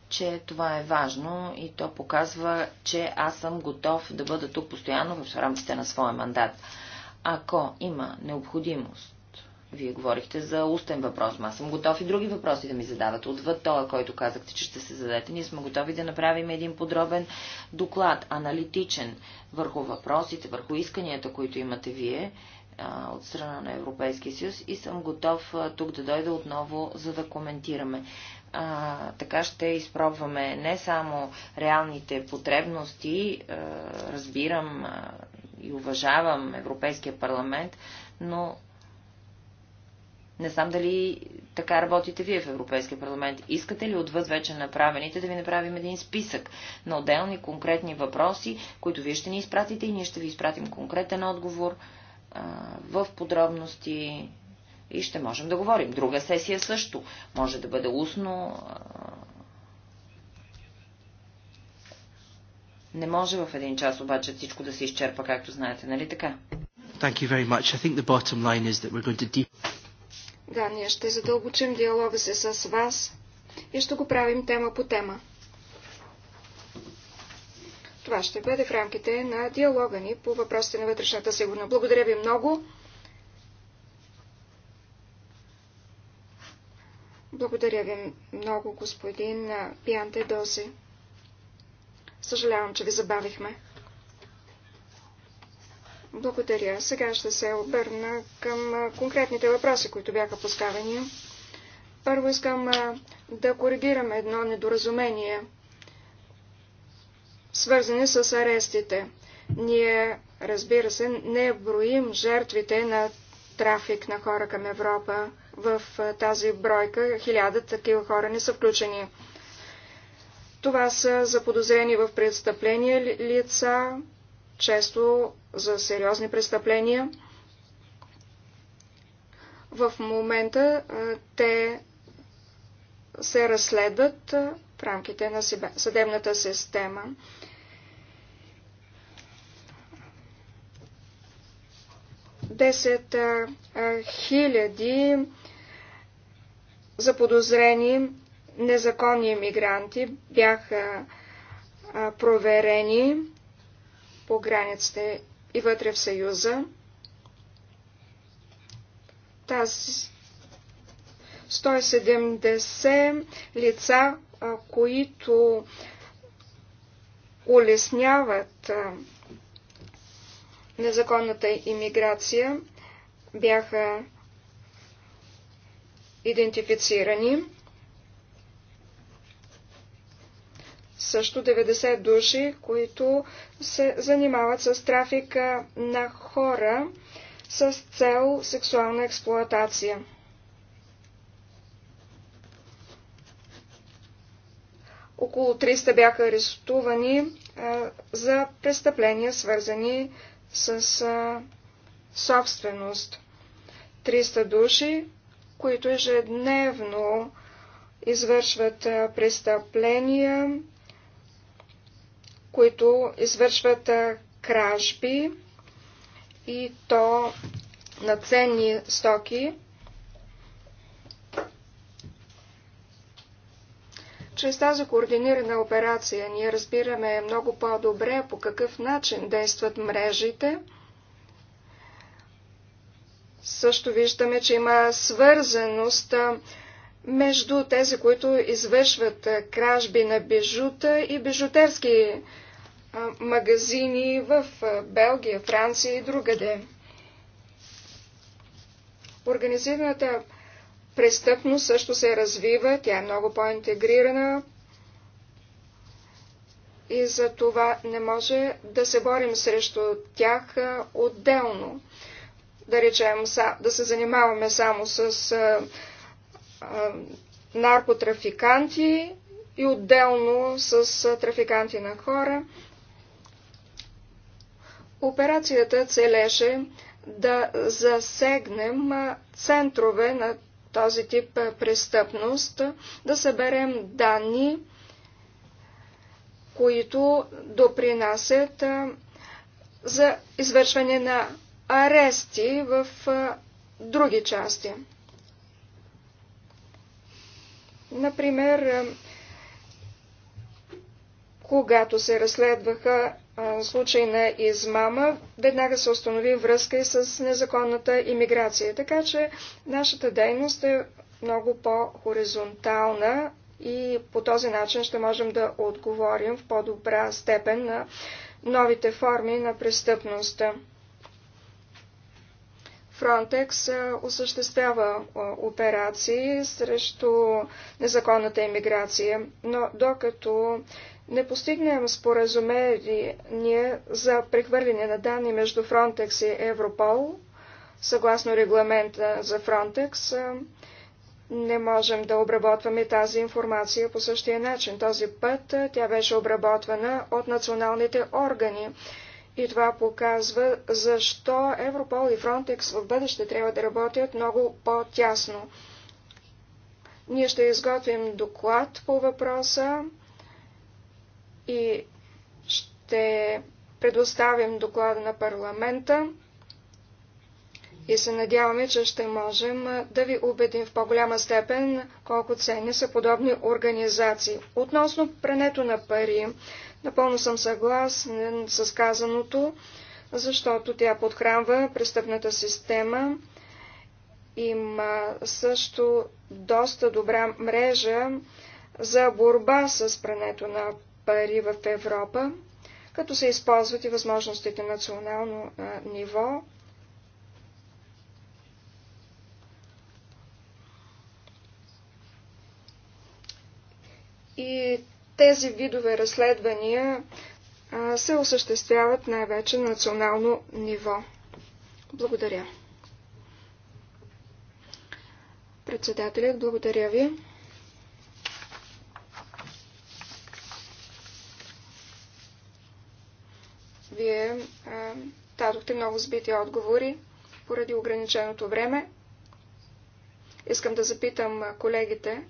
че това е важно и то показва, че аз съм готов да бъда тук постоянно в рамките на своя мандат. Ако има необходимост, вие говорихте за устен въпрос, но аз съм готов и други въпроси да ми задавате Отвъд това, който казахте, че ще се зададете, ние сме готови да направим един подробен доклад, аналитичен, върху въпросите, върху исканията, които имате вие а, от страна на Европейския съюз и съм готов а, тук да дойда отново, за да коментираме. А, така ще изпробваме не само реалните потребности, а, разбирам а, и уважавам Европейския парламент, но не знам дали така работите вие в Европейския парламент. Искате ли отвъд вече направените да ви направим един списък на отделни конкретни въпроси, които вие ще ни изпратите и ние ще ви изпратим конкретен отговор а, в подробности и ще можем да говорим. Друга сесия също може да бъде устно, а, Не може в един час обаче всичко да се изчерпа, както знаете, нали така? Thank you very much. I think the bottom line is that we're going to deep... Да, ние ще задълбочим диалога се с вас и ще го правим тема по тема. Това ще бъде в рамките на диалога ни по въпросите на вътрешната сигурност. Благодаря ви много. Благодаря ви много, господин Пианте Доси. Съжалявам, че ви забавихме. Благодаря. Сега ще се обърна към конкретните въпроси, които бяха поставени. Първо искам да коригираме едно недоразумение, свързани с арестите. Ние, разбира се, не броим жертвите на трафик на хора към Европа. В тази бройка хиляда такива хора не са включени. Това са заподозрени в престъпления лица, често за сериозни престъпления. В момента те се разследват в рамките на съдебната система. Десет хиляди заподозрени незаконни иммигранти бяха проверени по границите и вътре в Съюза. Тази 170 лица, които улесняват незаконната иммиграция, бяха идентифицирани. също 90 души, които се занимават с трафика на хора с цел сексуална експлоатация. Около 300 бяха арестувани а, за престъпления, свързани с а, собственост. 300 души, които ежедневно извършват престъпления, които извършват кражби и то на ценни стоки, Чрез тази координирана операция ние разбираме много по-добре по какъв начин действат мрежите. Също виждаме, че има свързаност между тези, които извършват кражби на бижута и бижутерски магазини в Белгия, Франция и другаде. Организираната престъпност също се развива, тя е много по-интегрирана и за това не може да се борим срещу тях отделно. Да речем, да се занимаваме само с наркотрафиканти и отделно с трафиканти на хора. Операцията целеше да засегнем центрове на този тип престъпност, да съберем данни, които допринасят за извършване на арести в други части. Например, когато се разследваха случаи на измама, веднага се установи връзка и с незаконната иммиграция. Така че нашата дейност е много по-хоризонтална и по този начин ще можем да отговорим в по-добра степен на новите форми на престъпността. Фронтекс осъществява операции срещу незаконната иммиграция, но докато не постигнем споразумение за прехвърляне на данни между Фронтекс и Европол, съгласно регламента за Фронтекс, не можем да обработваме тази информация по същия начин. Този път тя беше обработвана от националните органи. И това показва защо Европол и Фронтекс в бъдеще трябва да работят много по-тясно. Ние ще изготвим доклад по въпроса и ще предоставим доклада на парламента и се надяваме, че ще можем да ви убедим в по-голяма степен колко ценни са подобни организации. Относно прането на пари, Напълно съм съгласен с казаното, защото тя подхранва престъпната система. Има също доста добра мрежа за борба с прането на пари в Европа, като се използват и възможностите на национално а, ниво. И тези видове разследвания се осъществяват най-вече на национално ниво. Благодаря. Председателят, благодаря ви. Вие а, дадохте много сбити отговори поради ограниченото време. Искам да запитам колегите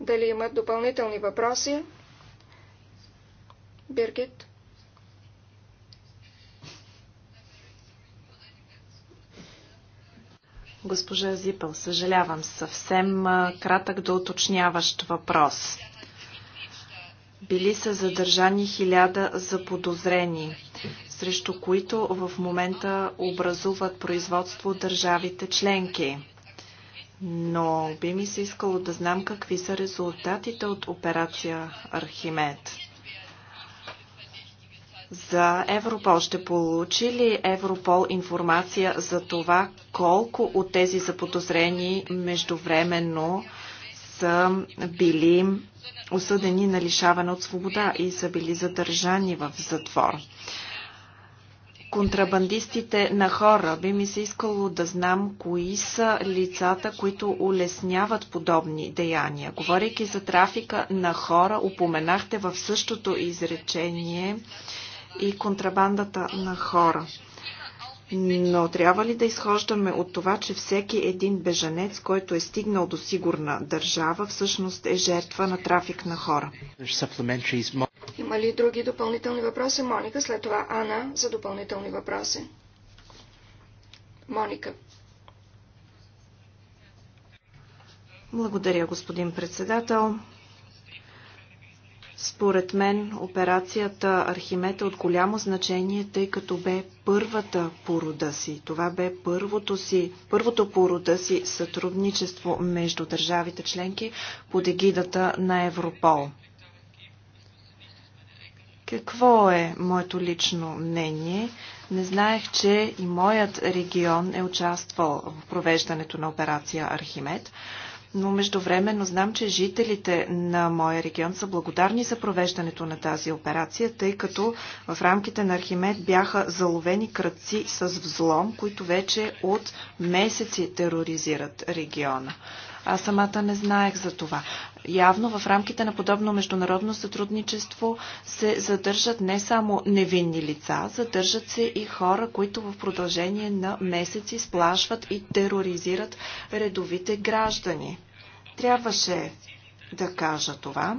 дали имат допълнителни въпроси. Бергет. Госпожа Зипъл, съжалявам, съвсем кратък до уточняващ въпрос. Били са задържани хиляда заподозрени, срещу които в момента образуват производство държавите членки. Но би ми се искало да знам какви са резултатите от операция Архимед за Европол. Ще получи ли Европол информация за това колко от тези заподозрени междувременно са били осъдени на лишаване от свобода и са били задържани в затвор? контрабандистите на хора. Би ми се искало да знам кои са лицата, които улесняват подобни деяния. Говорейки за трафика на хора, упоменахте в същото изречение и контрабандата на хора. Но трябва ли да изхождаме от това, че всеки един бежанец, който е стигнал до сигурна държава, всъщност е жертва на трафик на хора? Има ли други допълнителни въпроси? Моника, след това Ана за допълнителни въпроси. Моника. Благодаря, господин председател. Според мен операцията Архимед е от голямо значение, тъй като бе първата порода си. Това бе първото, си, първото порода си сътрудничество между държавите членки под егидата на Европол. Какво е моето лично мнение? Не знаех, че и моят регион е участвал в провеждането на операция Архимед но междувременно знам, че жителите на моя регион са благодарни за провеждането на тази операция, тъй като в рамките на Архимед бяха заловени кръци с взлом, които вече от месеци тероризират региона. Аз самата не знаех за това. Явно в рамките на подобно международно сътрудничество се задържат не само невинни лица, задържат се и хора, които в продължение на месеци сплашват и тероризират редовите граждани. Трябваше да кажа това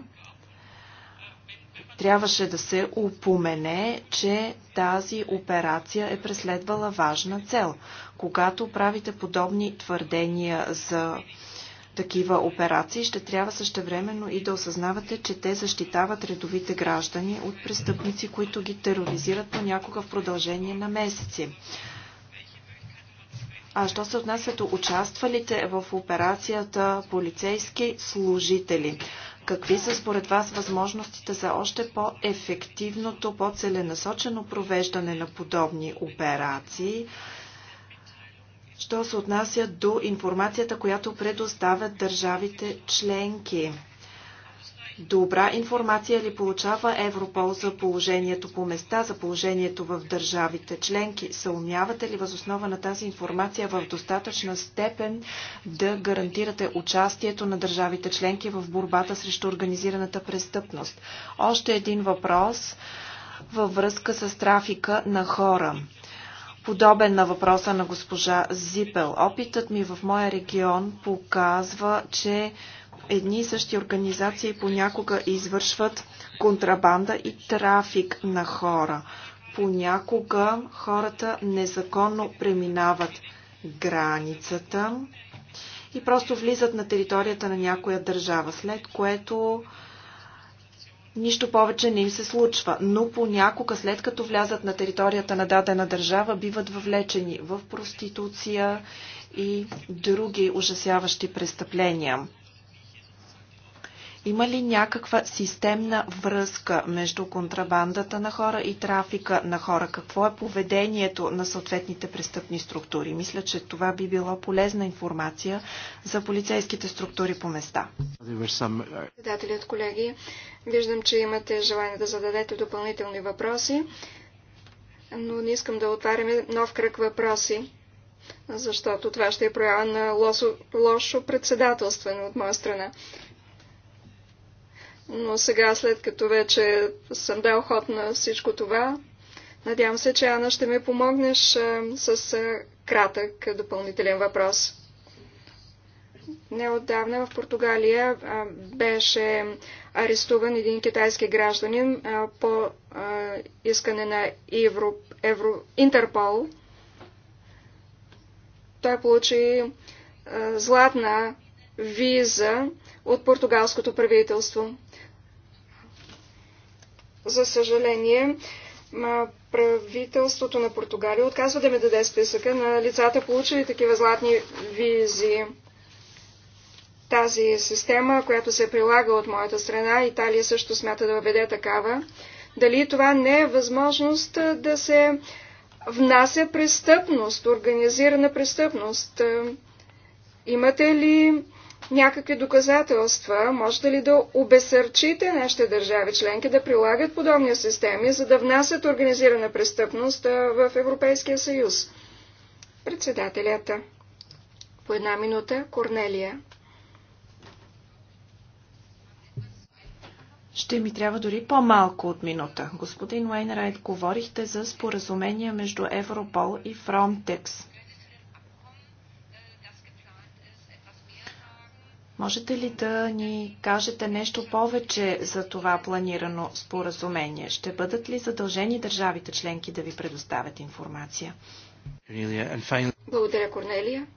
трябваше да се упомене, че тази операция е преследвала важна цел. Когато правите подобни твърдения за такива операции, ще трябва същевременно и да осъзнавате, че те защитават редовите граждани от престъпници, които ги тероризират понякога в продължение на месеци. А що се отнася до участвалите в операцията полицейски служители? Какви са според вас възможностите за още по-ефективното, по-целенасочено провеждане на подобни операции? що се отнася до информацията, която предоставят държавите членки. Добра информация ли получава Европол за положението по места, за положението в държавите членки? Съумявате ли възоснова на тази информация в достатъчна степен да гарантирате участието на държавите членки в борбата срещу организираната престъпност? Още един въпрос във връзка с трафика на хора подобен на въпроса на госпожа Зипел. Опитът ми в моя регион показва, че едни и същи организации понякога извършват контрабанда и трафик на хора. Понякога хората незаконно преминават границата и просто влизат на територията на някоя държава, след което нищо повече не им се случва, но понякога след като влязат на територията на дадена държава, биват въвлечени в проституция и други ужасяващи престъпления. Има ли някаква системна връзка между контрабандата на хора и трафика на хора? Какво е поведението на съответните престъпни структури? Мисля, че това би било полезна информация за полицейските структури по места. Председателят, колеги, виждам, че имате желание да зададете допълнителни въпроси, но не искам да отваряме нов кръг въпроси защото това ще е проява на лошо, лошо председателстване от моя страна. Но сега, след като вече съм дал ход на всичко това, надявам се, че Ана ще ми помогнеш с кратък допълнителен въпрос. Неотдавна в Португалия беше арестуван един китайски гражданин по искане на Евро, Евро, Интерпол. Той получи златна виза от португалското правителство. За съжаление, правителството на Португалия отказва да ми даде списъка на лицата, получили такива златни визи. Тази система, която се прилага от моята страна, Италия също смята да въведе такава. Дали това не е възможност да се внася престъпност, организирана престъпност? Имате ли някакви доказателства? Можете ли да обесърчите нашите държави членки да прилагат подобни системи, за да внасят организирана престъпност в Европейския съюз? Председателята. По една минута Корнелия. Ще ми трябва дори по-малко от минута. Господин Уейнрайт, говорихте за споразумения между Европол и Фронтекс. Можете ли да ни кажете нещо повече за това планирано споразумение? Ще бъдат ли задължени държавите членки да ви предоставят информация? Благодаря, Корнелия.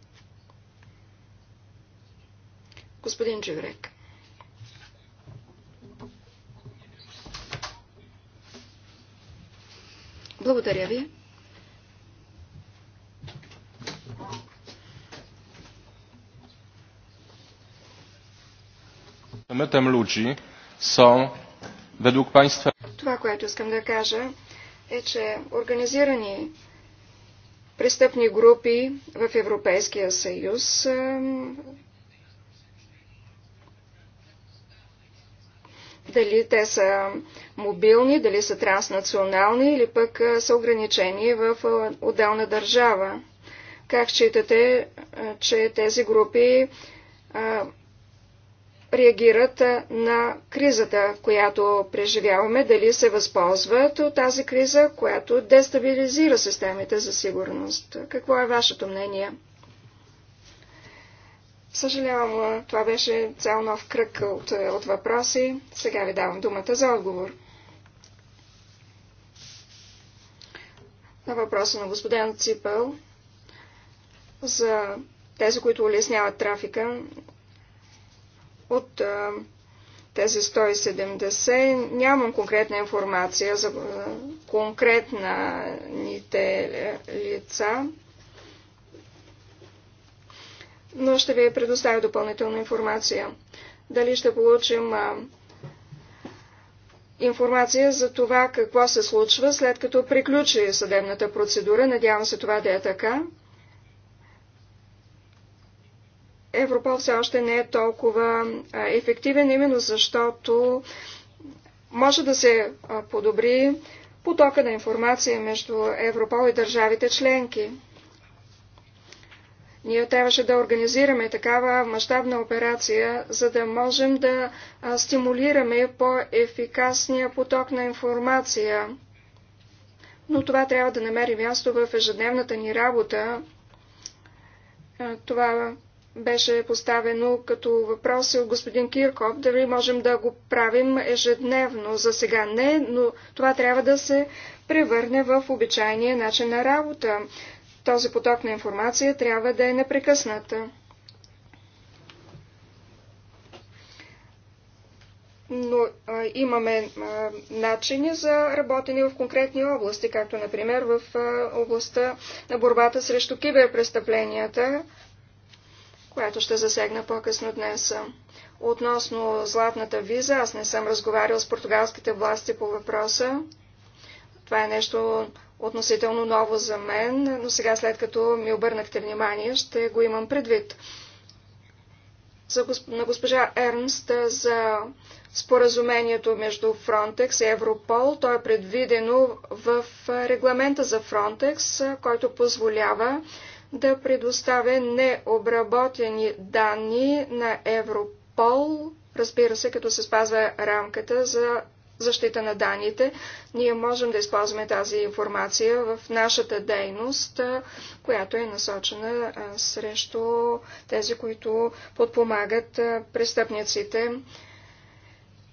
Господин Джеврек. Благодаря ви. Това, което искам да кажа, е, че организирани престъпни групи в Европейския съюз дали те са мобилни, дали са транснационални или пък са ограничени в отделна държава. Как считате, че тези групи реагират на кризата, която преживяваме, дали се възползват от тази криза, която дестабилизира системите за сигурност. Какво е вашето мнение? Съжалявам, това беше цял нов кръг от, от въпроси. Сега ви давам думата за отговор. На въпроса на господин Ципъл за тези, които улесняват трафика, от тези 170 нямам конкретна информация за конкретните е, лица, но ще ви предоставя допълнителна информация. Дали ще получим информация за това какво се случва след като приключи съдебната процедура. Надявам се това да е така. Европол все още не е толкова ефективен, именно защото може да се подобри потока на информация между Европол и държавите членки. Ние трябваше да организираме такава мащабна операция, за да можем да стимулираме по-ефикасния поток на информация. Но това трябва да намери място в ежедневната ни работа. Това беше поставено като въпрос от господин Киркоп, дали можем да го правим ежедневно. За сега не, но това трябва да се превърне в обичайния начин на работа. Този поток на информация трябва да е непрекъсната. Но а, имаме а, начини за работене в конкретни области, както например в а, областта на борбата срещу киберпрестъпленията, която ще засегна по-късно днес. Относно златната виза, аз не съм разговарял с португалските власти по въпроса. Това е нещо относително ново за мен, но сега след като ми обърнахте внимание, ще го имам предвид. За госп... На госпожа Ернст за споразумението между Фронтекс и Европол, то е предвидено в регламента за Фронтекс, който позволява да предоставя необработени данни на Европол, разбира се, като се спазва рамката за защита на данните. Ние можем да използваме тази информация в нашата дейност, която е насочена срещу тези, които подпомагат престъпниците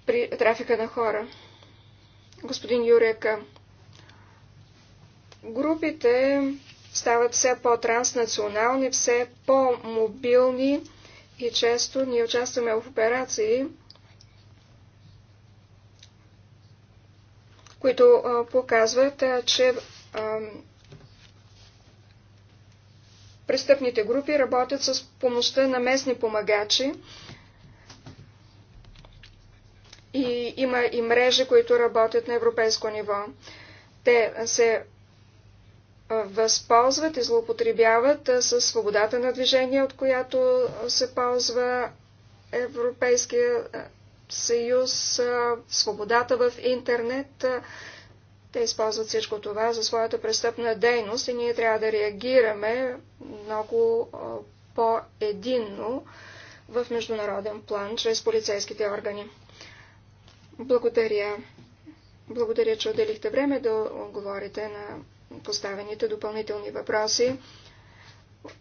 при трафика на хора. Господин Юрека, групите стават все по-транснационални, все по-мобилни и често ние участваме в операции, които показват, че престъпните групи работят с помощта на местни помагачи. И има и мрежи, които работят на европейско ниво. Те се възползват и злоупотребяват със свободата на движение, от която се ползва Европейския съюз, свободата в интернет. Те използват всичко това за своята престъпна дейност и ние трябва да реагираме много по-единно в международен план, чрез полицейските органи. Благодаря. Благодаря, че отделихте време да отговорите на поставените допълнителни въпроси.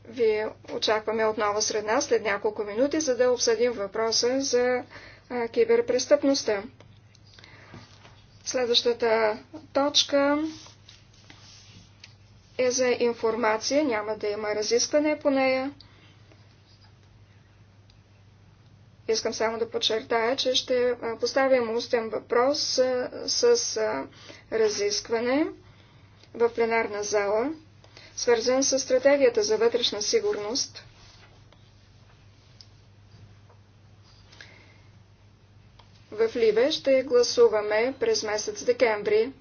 Ви очакваме отново сред нас след няколко минути, за да обсъдим въпроса за киберпрестъпността. Следващата точка е за информация. Няма да има разискване по нея. Искам само да подчертая, че ще поставим устен въпрос с разискване в пленарна зала, свързан с стратегията за вътрешна сигурност. В Ливе ще гласуваме през месец декември.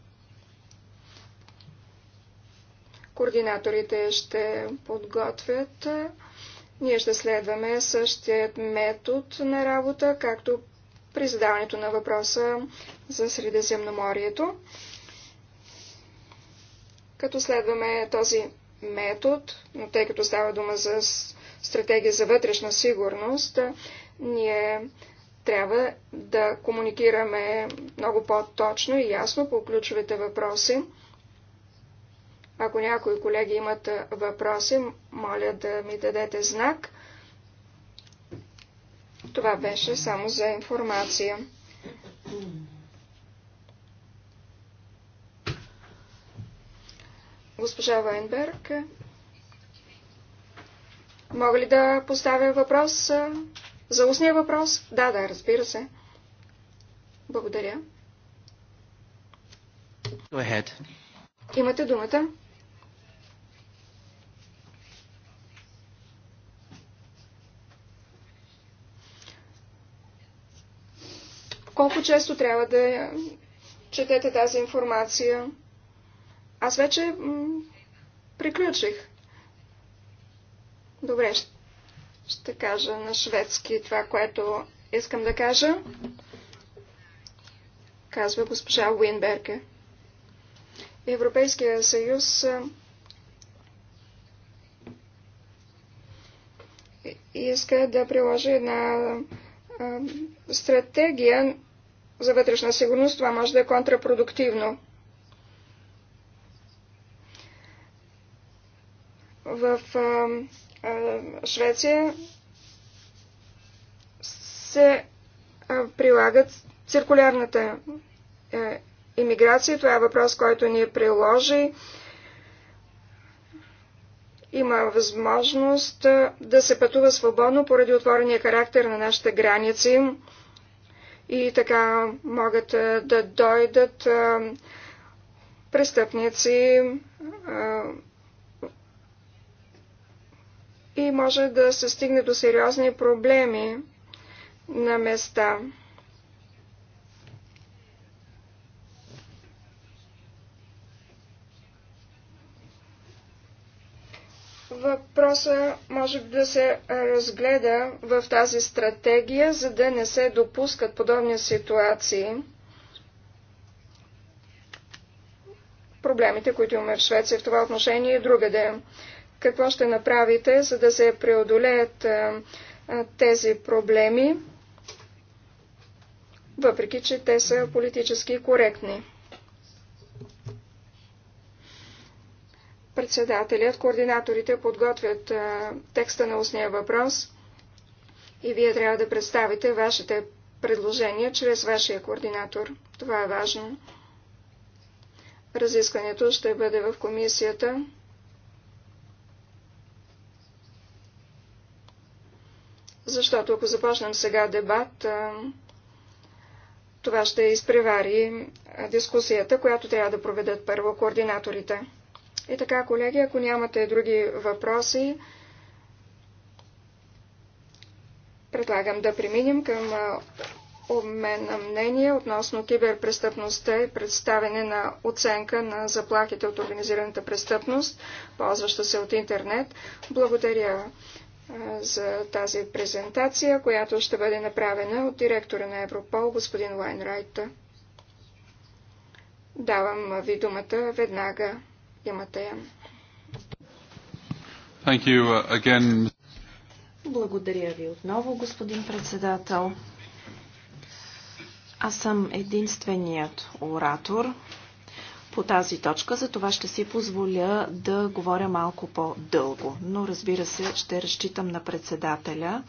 Координаторите ще подготвят. Ние ще следваме същият метод на работа, както при задаването на въпроса за Средиземноморието като следваме този метод, но тъй като става дума за стратегия за вътрешна сигурност, ние трябва да комуникираме много по-точно и ясно по ключовите въпроси. Ако някои колеги имат въпроси, моля да ми дадете знак. Това беше само за информация. Госпожа Вайнберг, мога ли да поставя въпрос за устния въпрос? Да, да, разбира се. Благодаря. Go ahead. Имате думата. Колко често трябва да четете тази информация? Аз вече приключих. Добре, ще, ще кажа на шведски това, което искам да кажа. Казва госпожа Уинберке. Европейския съюз иска да приложи една стратегия за вътрешна сигурност. Това може да е контрапродуктивно. в а, а, Швеция се а, прилагат циркулярната е, иммиграция. Това е въпрос, който ни приложи. Има възможност да се пътува свободно поради отворения характер на нашите граници и така могат да дойдат престъпници, и може да се стигне до сериозни проблеми на места. Въпросът може да се разгледа в тази стратегия, за да не се допускат подобни ситуации. Проблемите, които имаме в Швеция в това отношение и е другаде какво ще направите, за да се преодолеят тези проблеми, въпреки че те са политически коректни. Председателят, координаторите подготвят текста на устния въпрос и вие трябва да представите вашите предложения чрез вашия координатор. Това е важно. Разискването ще бъде в комисията защото ако започнем сега дебат, това ще изпревари дискусията, която трябва да проведат първо координаторите. И така, колеги, ако нямате други въпроси, предлагам да преминем към обмен на мнение относно киберпрестъпността и представяне на оценка на заплахите от организираната престъпност, ползваща се от интернет. Благодаря за тази презентация, която ще бъде направена от директора на Европол, господин Лайнрайт. Давам ви думата веднага. Имате я. Thank you uh, again. Благодаря ви отново, господин председател. Аз съм единственият оратор, по тази точка, за това ще си позволя да говоря малко по-дълго. Но разбира се, ще разчитам на председателя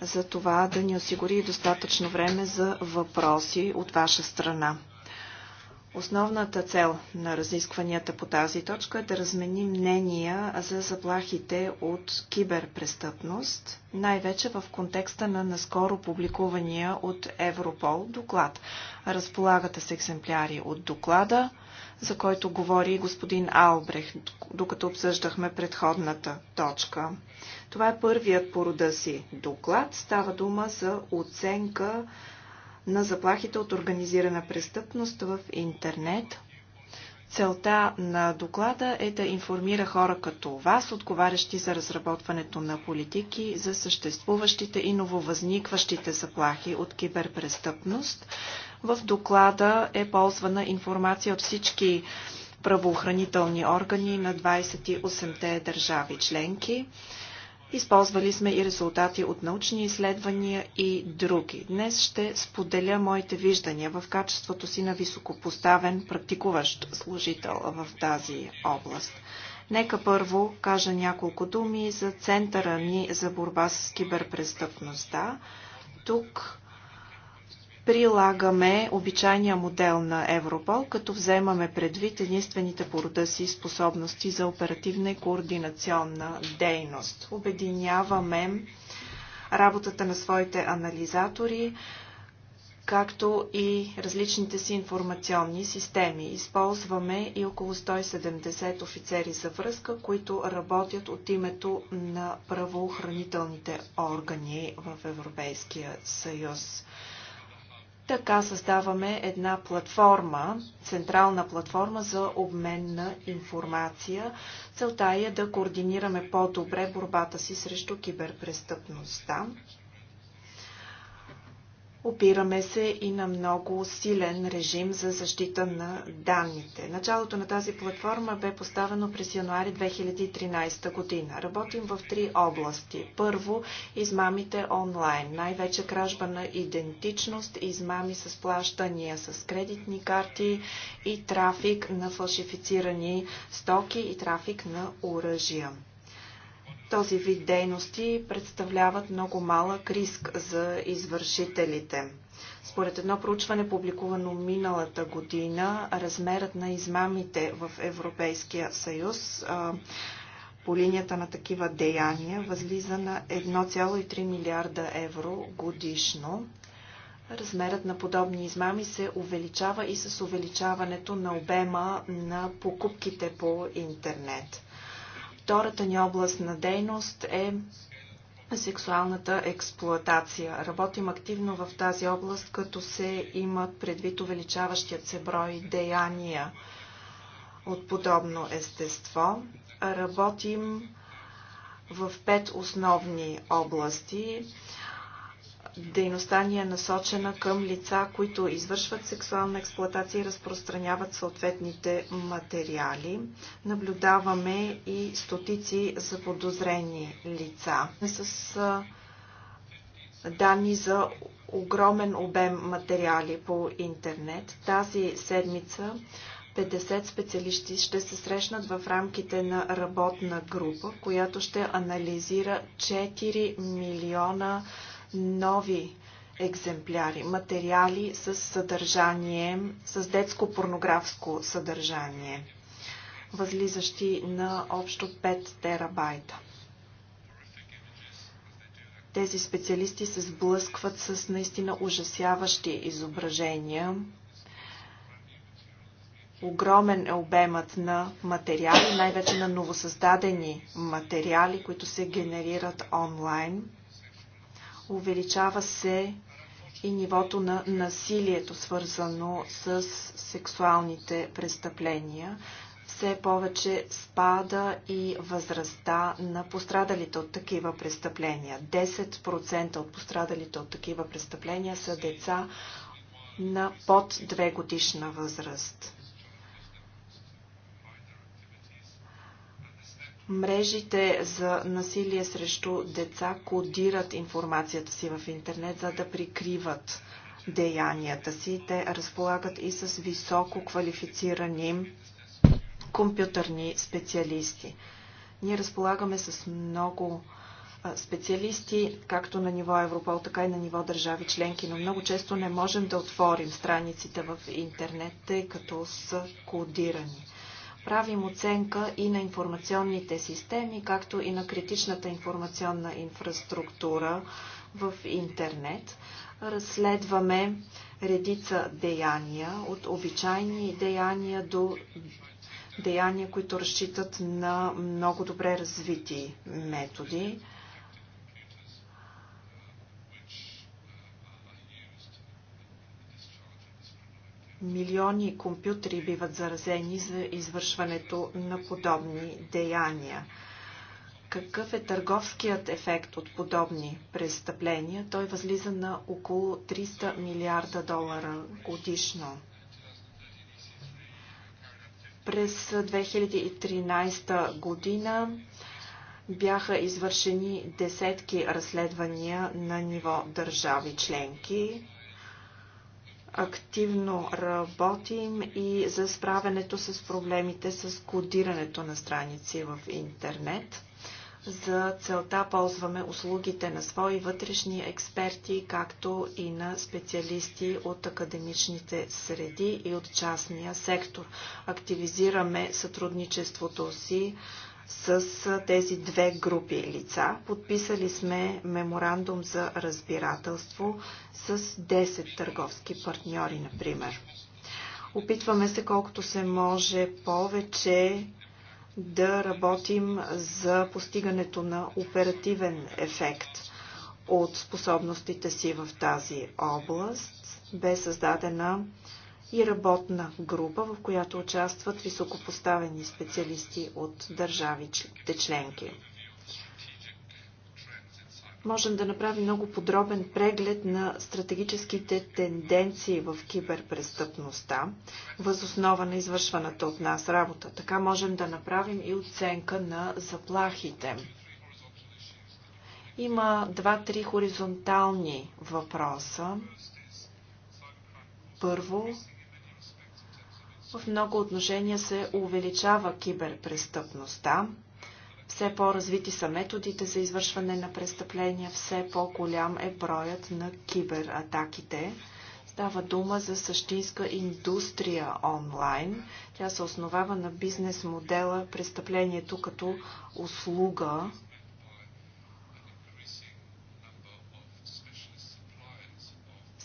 за това да ни осигури достатъчно време за въпроси от ваша страна. Основната цел на разискванията по тази точка е да разменим мнения за заплахите от киберпрестъпност, най-вече в контекста на наскоро публикувания от Европол доклад. Разполагате с екземпляри от доклада за който говори господин Албрех, докато обсъждахме предходната точка. Това е първият по рода си доклад. Става дума за оценка на заплахите от организирана престъпност в интернет. Целта на доклада е да информира хора като вас, отговарящи за разработването на политики за съществуващите и нововъзникващите заплахи от киберпрестъпност. В доклада е ползвана информация от всички правоохранителни органи на 28-те държави членки. Използвали сме и резултати от научни изследвания и други. Днес ще споделя моите виждания в качеството си на високопоставен практикуващ служител в тази област. Нека първо кажа няколко думи за Центъра ни за борба с киберпрестъпността. Тук прилагаме обичайния модел на Европол, като вземаме предвид единствените по рода си способности за оперативна и координационна дейност. Обединяваме работата на своите анализатори, както и различните си информационни системи. Използваме и около 170 офицери за връзка, които работят от името на правоохранителните органи в Европейския съюз. Така създаваме една платформа, централна платформа за обмен на информация. Целта е да координираме по-добре борбата си срещу киберпрестъпността. Опираме се и на много силен режим за защита на данните. Началото на тази платформа бе поставено през януари 2013 година. Работим в три области. Първо, измамите онлайн, най-вече кражба на идентичност, измами с плащания с кредитни карти и трафик на фалшифицирани стоки и трафик на оръжия. Този вид дейности представляват много малък риск за извършителите. Според едно проучване, публикувано миналата година, размерът на измамите в Европейския съюз по линията на такива деяния възлиза на 1,3 милиарда евро годишно. Размерът на подобни измами се увеличава и с увеличаването на обема на покупките по интернет. Втората ни област на дейност е сексуалната експлоатация. Работим активно в тази област, като се имат предвид увеличаващият се брой деяния от подобно естество. Работим в пет основни области дейността ни е насочена към лица, които извършват сексуална експлоатация и разпространяват съответните материали. Наблюдаваме и стотици заподозрени лица. С данни за огромен обем материали по интернет. Тази седмица 50 специалисти ще се срещнат в рамките на работна група, която ще анализира 4 милиона нови екземпляри, материали с съдържание, с детско порнографско съдържание, възлизащи на общо 5 терабайта. Тези специалисти се сблъскват с наистина ужасяващи изображения. Огромен е обемът на материали, най-вече на новосъздадени материали, които се генерират онлайн – Увеличава се и нивото на насилието, свързано с сексуалните престъпления. Все повече спада и възрастта на пострадалите от такива престъпления. 10% от пострадалите от такива престъпления са деца на под 2 годишна възраст. Мрежите за насилие срещу деца кодират информацията си в интернет, за да прикриват деянията си. Те разполагат и с високо квалифицирани компютърни специалисти. Ние разполагаме с много специалисти, както на ниво Европол, така и на ниво държави членки, но много често не можем да отворим страниците в интернет, тъй като са кодирани правим оценка и на информационните системи, както и на критичната информационна инфраструктура в интернет. Разследваме редица деяния, от обичайни деяния до деяния, които разчитат на много добре развити методи. Милиони компютри биват заразени за извършването на подобни деяния. Какъв е търговският ефект от подобни престъпления? Той възлиза на около 300 милиарда долара годишно. През 2013 година бяха извършени десетки разследвания на ниво държави членки активно работим и за справянето с проблемите с кодирането на страници в интернет. За целта ползваме услугите на свои вътрешни експерти, както и на специалисти от академичните среди и от частния сектор. Активизираме сътрудничеството си с тези две групи лица. Подписали сме меморандум за разбирателство с 10 търговски партньори, например. Опитваме се колкото се може повече да работим за постигането на оперативен ефект от способностите си в тази област. Бе създадена и работна група, в която участват високопоставени специалисти от държавите членки. Можем да направим много подробен преглед на стратегическите тенденции в киберпрестъпността, възоснова на извършваната от нас работа. Така можем да направим и оценка на заплахите има два-три хоризонтални въпроса. Първо, в много отношения се увеличава киберпрестъпността. Все по-развити са методите за извършване на престъпления, все по-голям е броят на кибератаките. Става дума за същинска индустрия онлайн. Тя се основава на бизнес модела престъплението като услуга.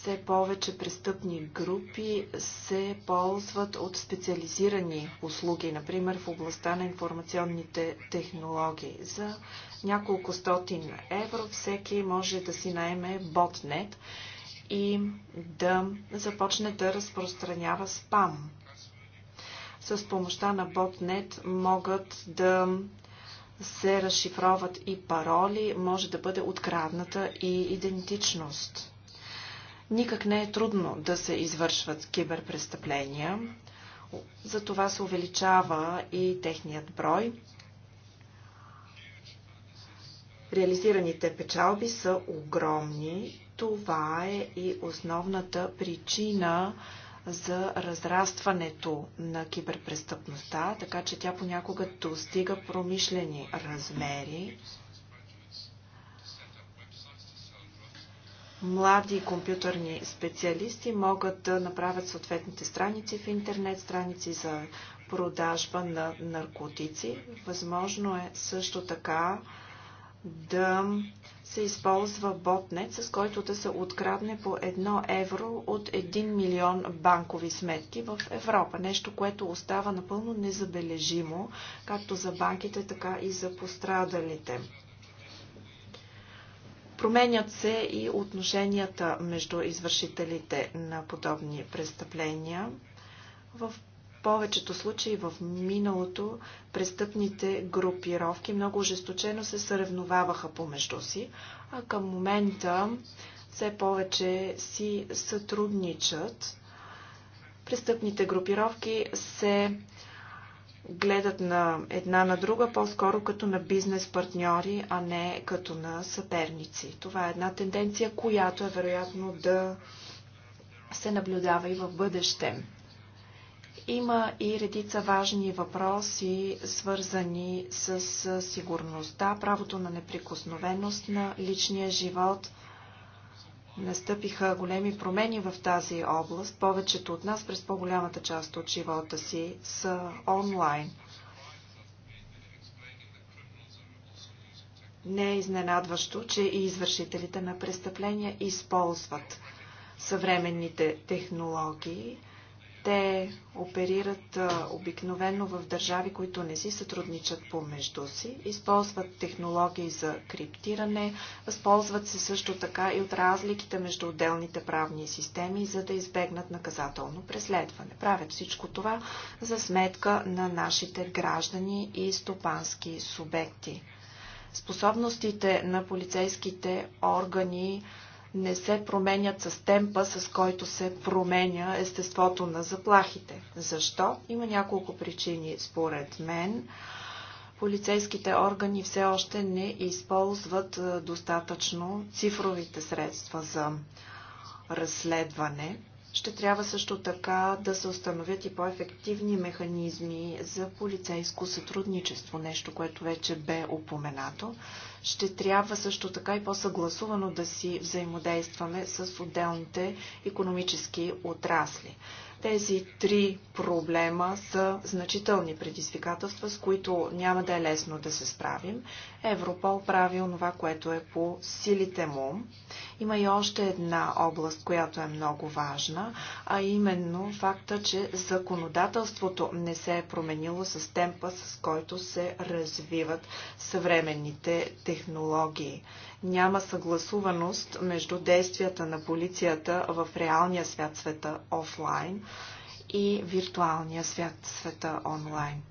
Все повече престъпни групи се ползват от специализирани услуги, например в областта на информационните технологии. За няколко стотин евро всеки може да си найме ботнет и да започне да разпространява спам. С помощта на ботнет могат да се разшифроват и пароли, може да бъде открадната и идентичност. Никак не е трудно да се извършват киберпрестъпления. За това се увеличава и техният брой. Реализираните печалби са огромни. Това е и основната причина за разрастването на киберпрестъпността, така че тя понякога достига промишлени размери. млади компютърни специалисти могат да направят съответните страници в интернет, страници за продажба на наркотици. Възможно е също така да се използва ботнет, с който да се открадне по 1 евро от 1 милион банкови сметки в Европа. Нещо, което остава напълно незабележимо, както за банките, така и за пострадалите. Променят се и отношенията между извършителите на подобни престъпления. В повечето случаи в миналото престъпните групировки много ожесточено се съревноваваха помежду си, а към момента все повече си сътрудничат. Престъпните групировки се гледат на една на друга по-скоро като на бизнес партньори, а не като на съперници. Това е една тенденция, която е вероятно да се наблюдава и в бъдеще. Има и редица важни въпроси, свързани с сигурността, правото на неприкосновеност на личния живот – настъпиха големи промени в тази област. Повечето от нас през по-голямата част от живота си са онлайн. Не е изненадващо, че и извършителите на престъпления използват съвременните технологии те оперират обикновено в държави, които не си сътрудничат помежду си, използват технологии за криптиране, използват се също така и от разликите между отделните правни системи, за да избегнат наказателно преследване. Правят всичко това за сметка на нашите граждани и стопански субекти. Способностите на полицейските органи не се променят с темпа, с който се променя естеството на заплахите. Защо? Има няколко причини, според мен. Полицейските органи все още не използват достатъчно цифровите средства за разследване. Ще трябва също така да се установят и по-ефективни механизми за полицейско сътрудничество, нещо, което вече бе упоменато ще трябва също така и по-съгласувано да си взаимодействаме с отделните економически отрасли. Тези три проблема са значителни предизвикателства, с които няма да е лесно да се справим. Европол прави онова, което е по силите му има и още една област, която е много важна, а именно факта, че законодателството не се е променило с темпа, с който се развиват съвременните технологии. Няма съгласуваност между действията на полицията в реалния свят, света офлайн и виртуалния свят, света онлайн.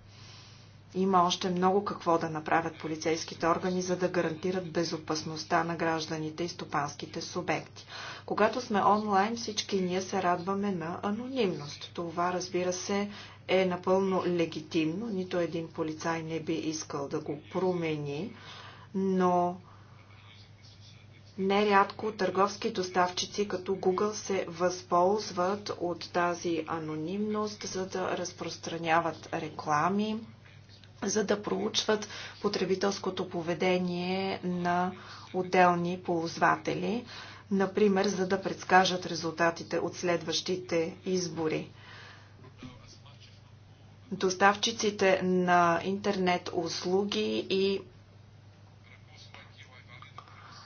Има още много какво да направят полицейските органи, за да гарантират безопасността на гражданите и стопанските субекти. Когато сме онлайн, всички ние се радваме на анонимност. Това, разбира се, е напълно легитимно. Нито един полицай не би искал да го промени, но Нерядко търговски доставчици като Google се възползват от тази анонимност, за да разпространяват реклами, за да проучват потребителското поведение на отделни ползватели, например, за да предскажат резултатите от следващите избори. Доставчиците на интернет услуги и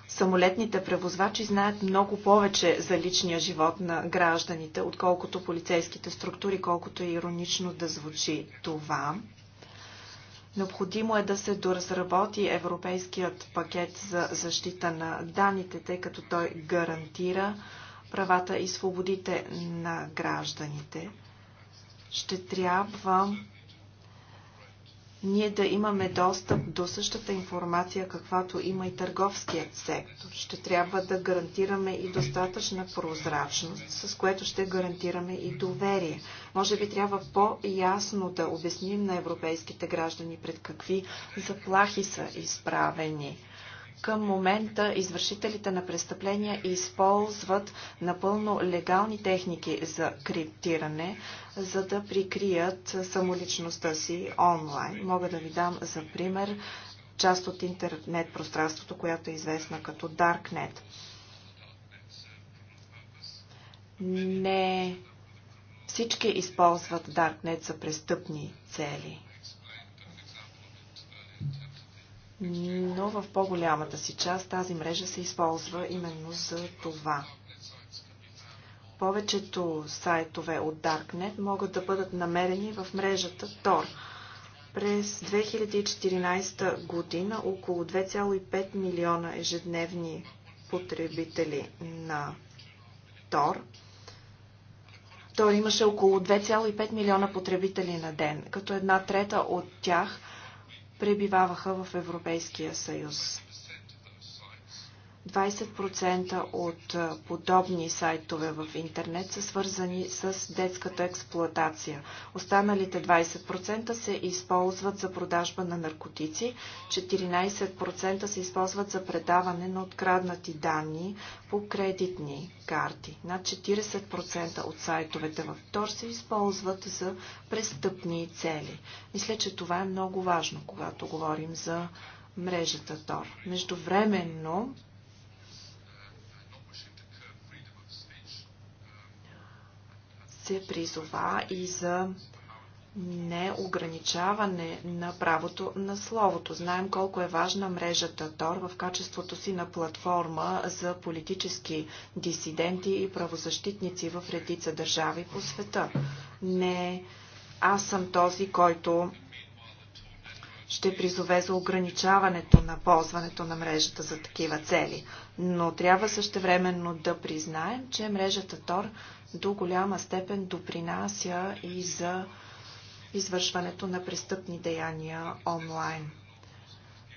самолетните превозвачи знаят много повече за личния живот на гражданите, отколкото полицейските структури, колкото е иронично да звучи това. Необходимо е да се доразработи европейският пакет за защита на данните, тъй като той гарантира правата и свободите на гражданите. Ще трябва ние да имаме достъп до същата информация, каквато има и търговският сектор. Ще трябва да гарантираме и достатъчна прозрачност, с което ще гарантираме и доверие. Може би трябва по-ясно да обясним на европейските граждани пред какви заплахи са изправени към момента извършителите на престъпления използват напълно легални техники за криптиране, за да прикрият самоличността си онлайн. Мога да ви дам за пример част от интернет пространството, която е известна като Darknet. Не всички използват Darknet за престъпни цели. но в по-голямата си част тази мрежа се използва именно за това. Повечето сайтове от Darknet могат да бъдат намерени в мрежата Tor. През 2014 година около 2,5 милиона ежедневни потребители на Тор. Тор имаше около 2,5 милиона потребители на ден, като една трета от тях – пребиваваха в Европейския съюз. 20% от подобни сайтове в интернет са свързани с детската експлоатация. Останалите 20% се използват за продажба на наркотици, 14% се използват за предаване на откраднати данни по кредитни карти. Над 40% от сайтовете в Тор се използват за престъпни цели. Мисля, че това е много важно, когато говорим за мрежата Тор. Междувременно, се призова и за неограничаване на правото на словото. Знаем колко е важна мрежата ТОР в качеството си на платформа за политически дисиденти и правозащитници в редица държави по света. Не аз съм този, който ще призове за ограничаването на ползването на мрежата за такива цели. Но трябва същевременно да признаем, че мрежата Тор до голяма степен допринася и за извършването на престъпни деяния онлайн.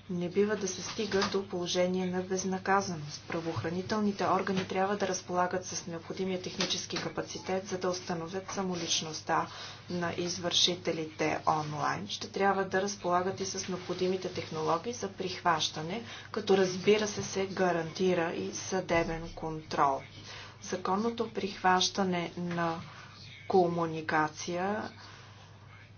Не бива да се стига до положение на безнаказаност. Правоохранителните органи трябва да разполагат с необходимия технически капацитет, за да установят самоличността на извършителите онлайн. Ще трябва да разполагат и с необходимите технологии за прихващане, като разбира се се гарантира и съдебен контрол. Законното прихващане на комуникация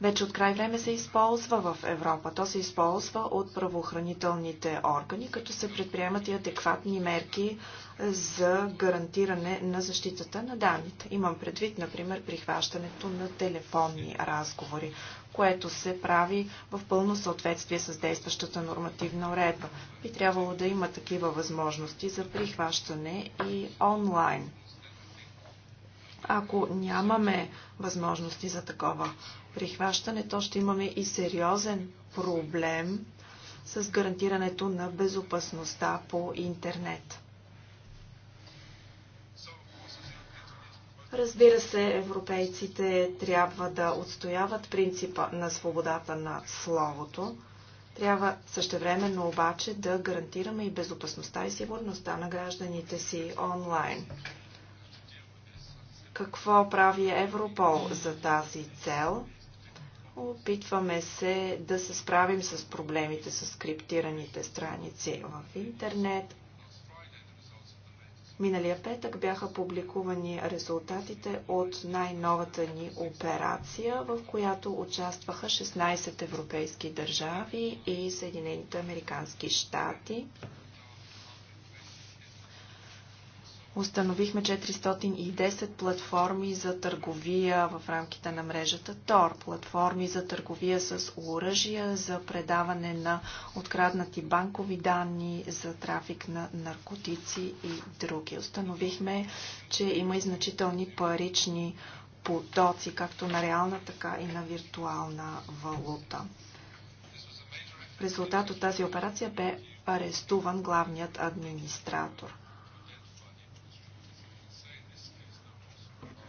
вече от край време се използва в Европа. То се използва от правоохранителните органи, като се предприемат и адекватни мерки за гарантиране на защитата на данните. Имам предвид, например, прихващането на телефонни разговори, което се прави в пълно съответствие с действащата нормативна уредба. Би трябвало да има такива възможности за прихващане и онлайн. Ако нямаме възможности за такова прихващане, то ще имаме и сериозен проблем с гарантирането на безопасността по интернет. Разбира се, европейците трябва да отстояват принципа на свободата на словото. Трябва същевременно обаче да гарантираме и безопасността и сигурността на гражданите си онлайн. Какво прави Европол за тази цел? Опитваме се да се справим с проблемите с криптираните страници в интернет. Миналия петък бяха публикувани резултатите от най-новата ни операция, в която участваха 16 европейски държави и Съединените американски щати. Установихме 410 платформи за търговия в рамките на мрежата ТОР, платформи за търговия с оръжия, за предаване на откраднати банкови данни, за трафик на наркотици и други. Установихме, че има и значителни парични потоци, както на реална, така и на виртуална валута. В резултат от тази операция бе арестуван главният администратор.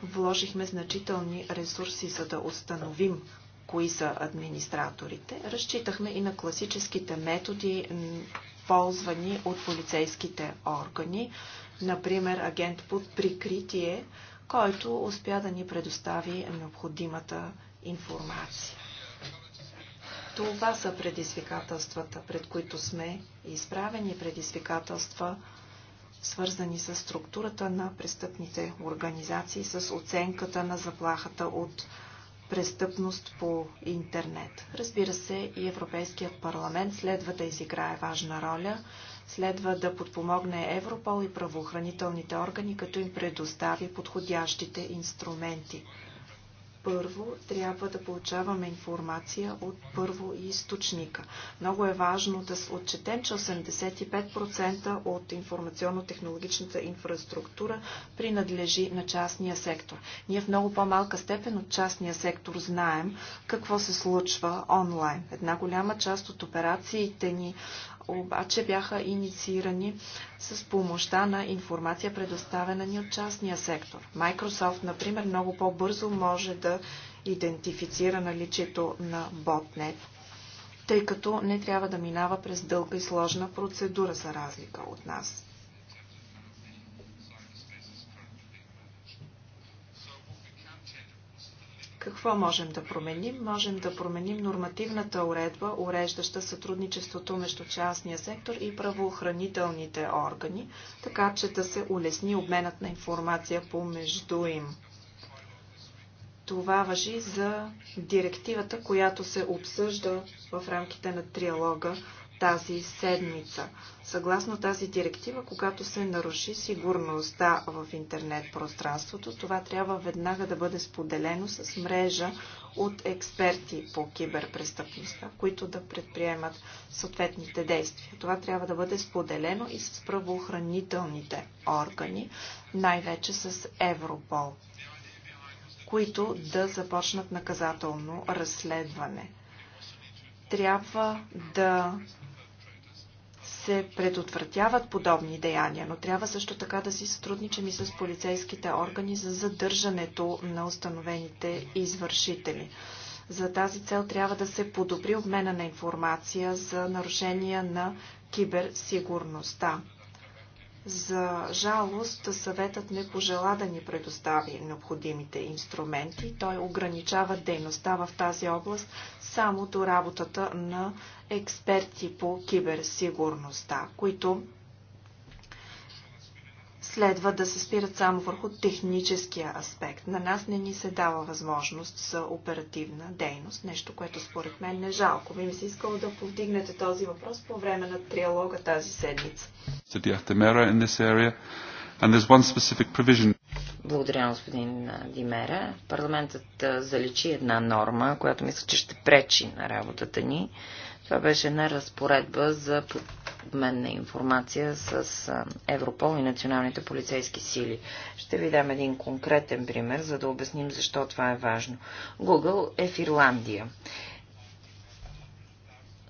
вложихме значителни ресурси, за да установим кои са администраторите. Разчитахме и на класическите методи, ползвани от полицейските органи, например агент под прикритие, който успя да ни предостави необходимата информация. Това са предизвикателствата, пред които сме изправени предизвикателства, свързани с структурата на престъпните организации, с оценката на заплахата от престъпност по интернет. Разбира се, и Европейският парламент следва да изиграе важна роля, следва да подпомогне Европол и правоохранителните органи, като им предостави подходящите инструменти. Първо, трябва да получаваме информация от първо източника. Много е важно да отчетем, че 85% от информационно-технологичната инфраструктура принадлежи на частния сектор. Ние в много по-малка степен от частния сектор знаем какво се случва онлайн. Една голяма част от операциите ни обаче бяха инициирани с помощта на информация, предоставена ни от частния сектор. Microsoft, например, много по-бързо може да идентифицира наличието на ботнет, тъй като не трябва да минава през дълга и сложна процедура за разлика от нас. Какво можем да променим? Можем да променим нормативната уредба, уреждаща сътрудничеството между частния сектор и правоохранителните органи, така че да се улесни обменът на информация помежду им. Това въжи за директивата, която се обсъжда в рамките на триалога тази седмица. Съгласно тази директива, когато се наруши сигурността в интернет пространството, това трябва веднага да бъде споделено с мрежа от експерти по киберпрестъпността, които да предприемат съответните действия. Това трябва да бъде споделено и с правоохранителните органи, най-вече с Европол, които да започнат наказателно разследване трябва да се предотвратяват подобни деяния, но трябва също така да си сътрудничим и с полицейските органи за задържането на установените извършители. За тази цел трябва да се подобри обмена на информация за нарушения на киберсигурността. За жалост, съветът не пожела да ни предостави необходимите инструменти. Той ограничава дейността в тази област само до работата на експерти по киберсигурността, които следва да се спират само върху техническия аспект. На нас не ни се дава възможност за оперативна дейност, нещо, което според мен не е жалко. Би ми се искало да повдигнете този въпрос по време на триалога тази седмица. Благодаря, господин Димера. Парламентът заличи една норма, която мисля, че ще пречи на работата ни, това беше една разпоредба за обмен на информация с Европол и националните полицейски сили. Ще ви дам един конкретен пример, за да обясним защо това е важно. Google е в Ирландия.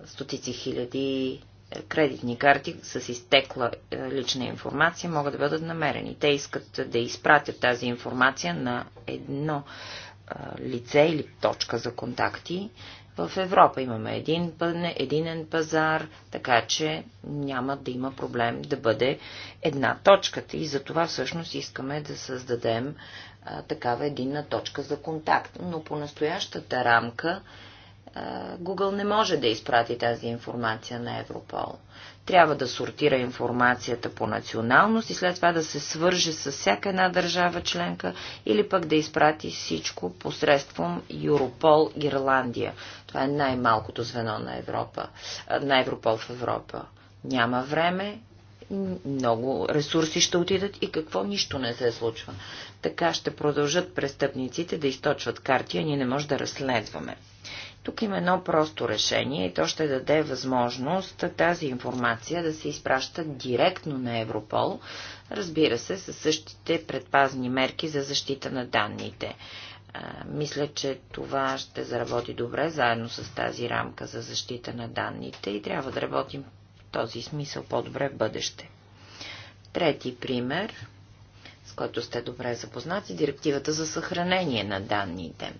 Стотици хиляди е, кредитни карти с изтекла е, лична информация могат да бъдат намерени. Те искат да изпратят тази информация на едно лице или точка за контакти в Европа. Имаме един, единен пазар, така че няма да има проблем да бъде една точката. И за това всъщност искаме да създадем а, такава единна точка за контакт. Но по настоящата рамка а, Google не може да изпрати тази информация на Европол трябва да сортира информацията по националност и след това да се свърже с всяка една държава членка или пък да изпрати всичко посредством Юропол Ирландия. Това е най-малкото звено на, Европа, на Европол в Европа. Няма време, много ресурси ще отидат и какво нищо не се случва. Така ще продължат престъпниците да източват карти, а ние не може да разследваме. Тук има едно просто решение и то ще даде възможност тази информация да се изпраща директно на Европол, разбира се, със същите предпазни мерки за защита на данните. А, мисля, че това ще заработи добре заедно с тази рамка за защита на данните и трябва да работим в този смисъл по-добре в бъдеще. Трети пример, с който сте добре запознати, директивата за съхранение на данните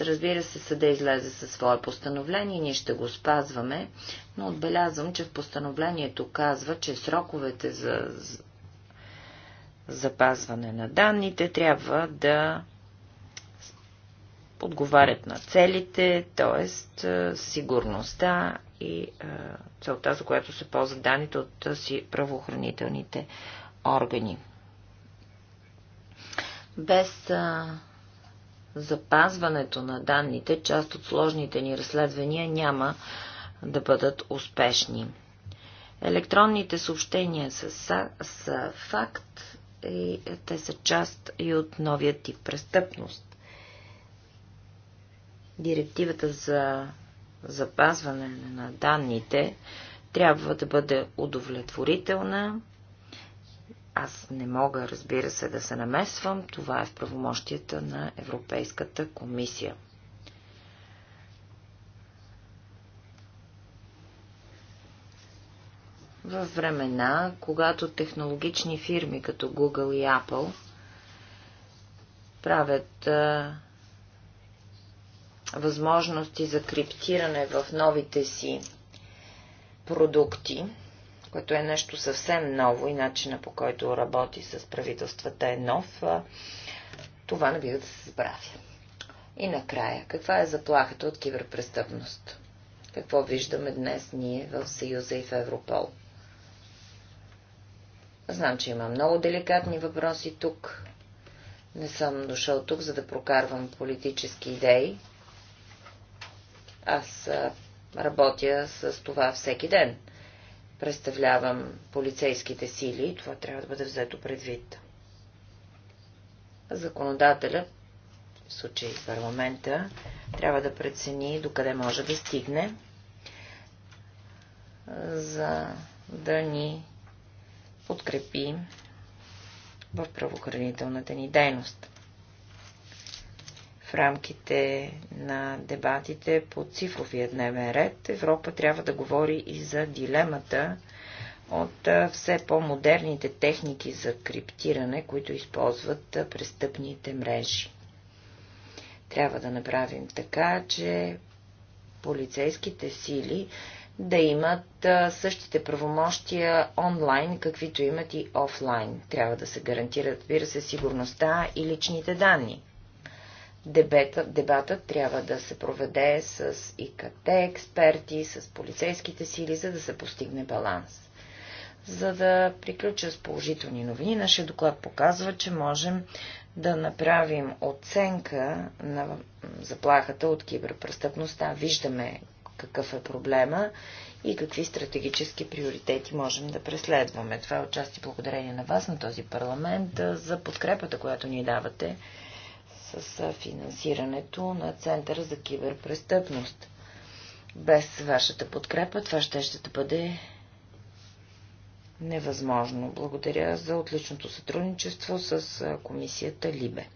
Разбира се, съда излезе със свое постановление, ние ще го спазваме, но отбелязвам, че в постановлението казва, че сроковете за запазване на данните трябва да отговарят на целите, т.е. сигурността и целта, за която се ползват данните от си правоохранителните органи. Без а, запазването на данните, част от сложните ни разследвания няма да бъдат успешни. Електронните съобщения са, са, са факт и те са част и от новия тип престъпност. Директивата за запазване на данните трябва да бъде удовлетворителна аз не мога, разбира се, да се намесвам. Това е в правомощията на Европейската комисия. в времена, когато технологични фирми като Google и Apple правят а, възможности за криптиране в новите си продукти, което е нещо съвсем ново и начина по който работи с правителствата е нов, това не бива да се забравя. И накрая, каква е заплахата от киберпрестъпност? Какво виждаме днес ние в Съюза и в Европол? Знам, че има много деликатни въпроси тук. Не съм дошъл тук, за да прокарвам политически идеи. Аз работя с това всеки ден представлявам полицейските сили и това трябва да бъде взето предвид. Законодателят, в случай парламента, трябва да прецени докъде може да стигне, за да ни подкрепи в правоохранителната ни дейност в рамките на дебатите по цифровия дневен ред, Европа трябва да говори и за дилемата от все по-модерните техники за криптиране, които използват престъпните мрежи. Трябва да направим така, че полицейските сили да имат същите правомощия онлайн, каквито имат и офлайн. Трябва да се гарантират, разбира се, сигурността и личните данни. Дебета, дебатът трябва да се проведе с ИКТ експерти, с полицейските сили, за да се постигне баланс. За да приключа с положителни новини, нашия доклад показва, че можем да направим оценка на заплахата от киберпрестъпността. Виждаме какъв е проблема и какви стратегически приоритети можем да преследваме. Това е отчасти благодарение на вас, на този парламент, за подкрепата, която ни давате с финансирането на Центъра за киберпрестъпност. Без вашата подкрепа това ще ще бъде невъзможно. Благодаря за отличното сътрудничество с комисията Либе.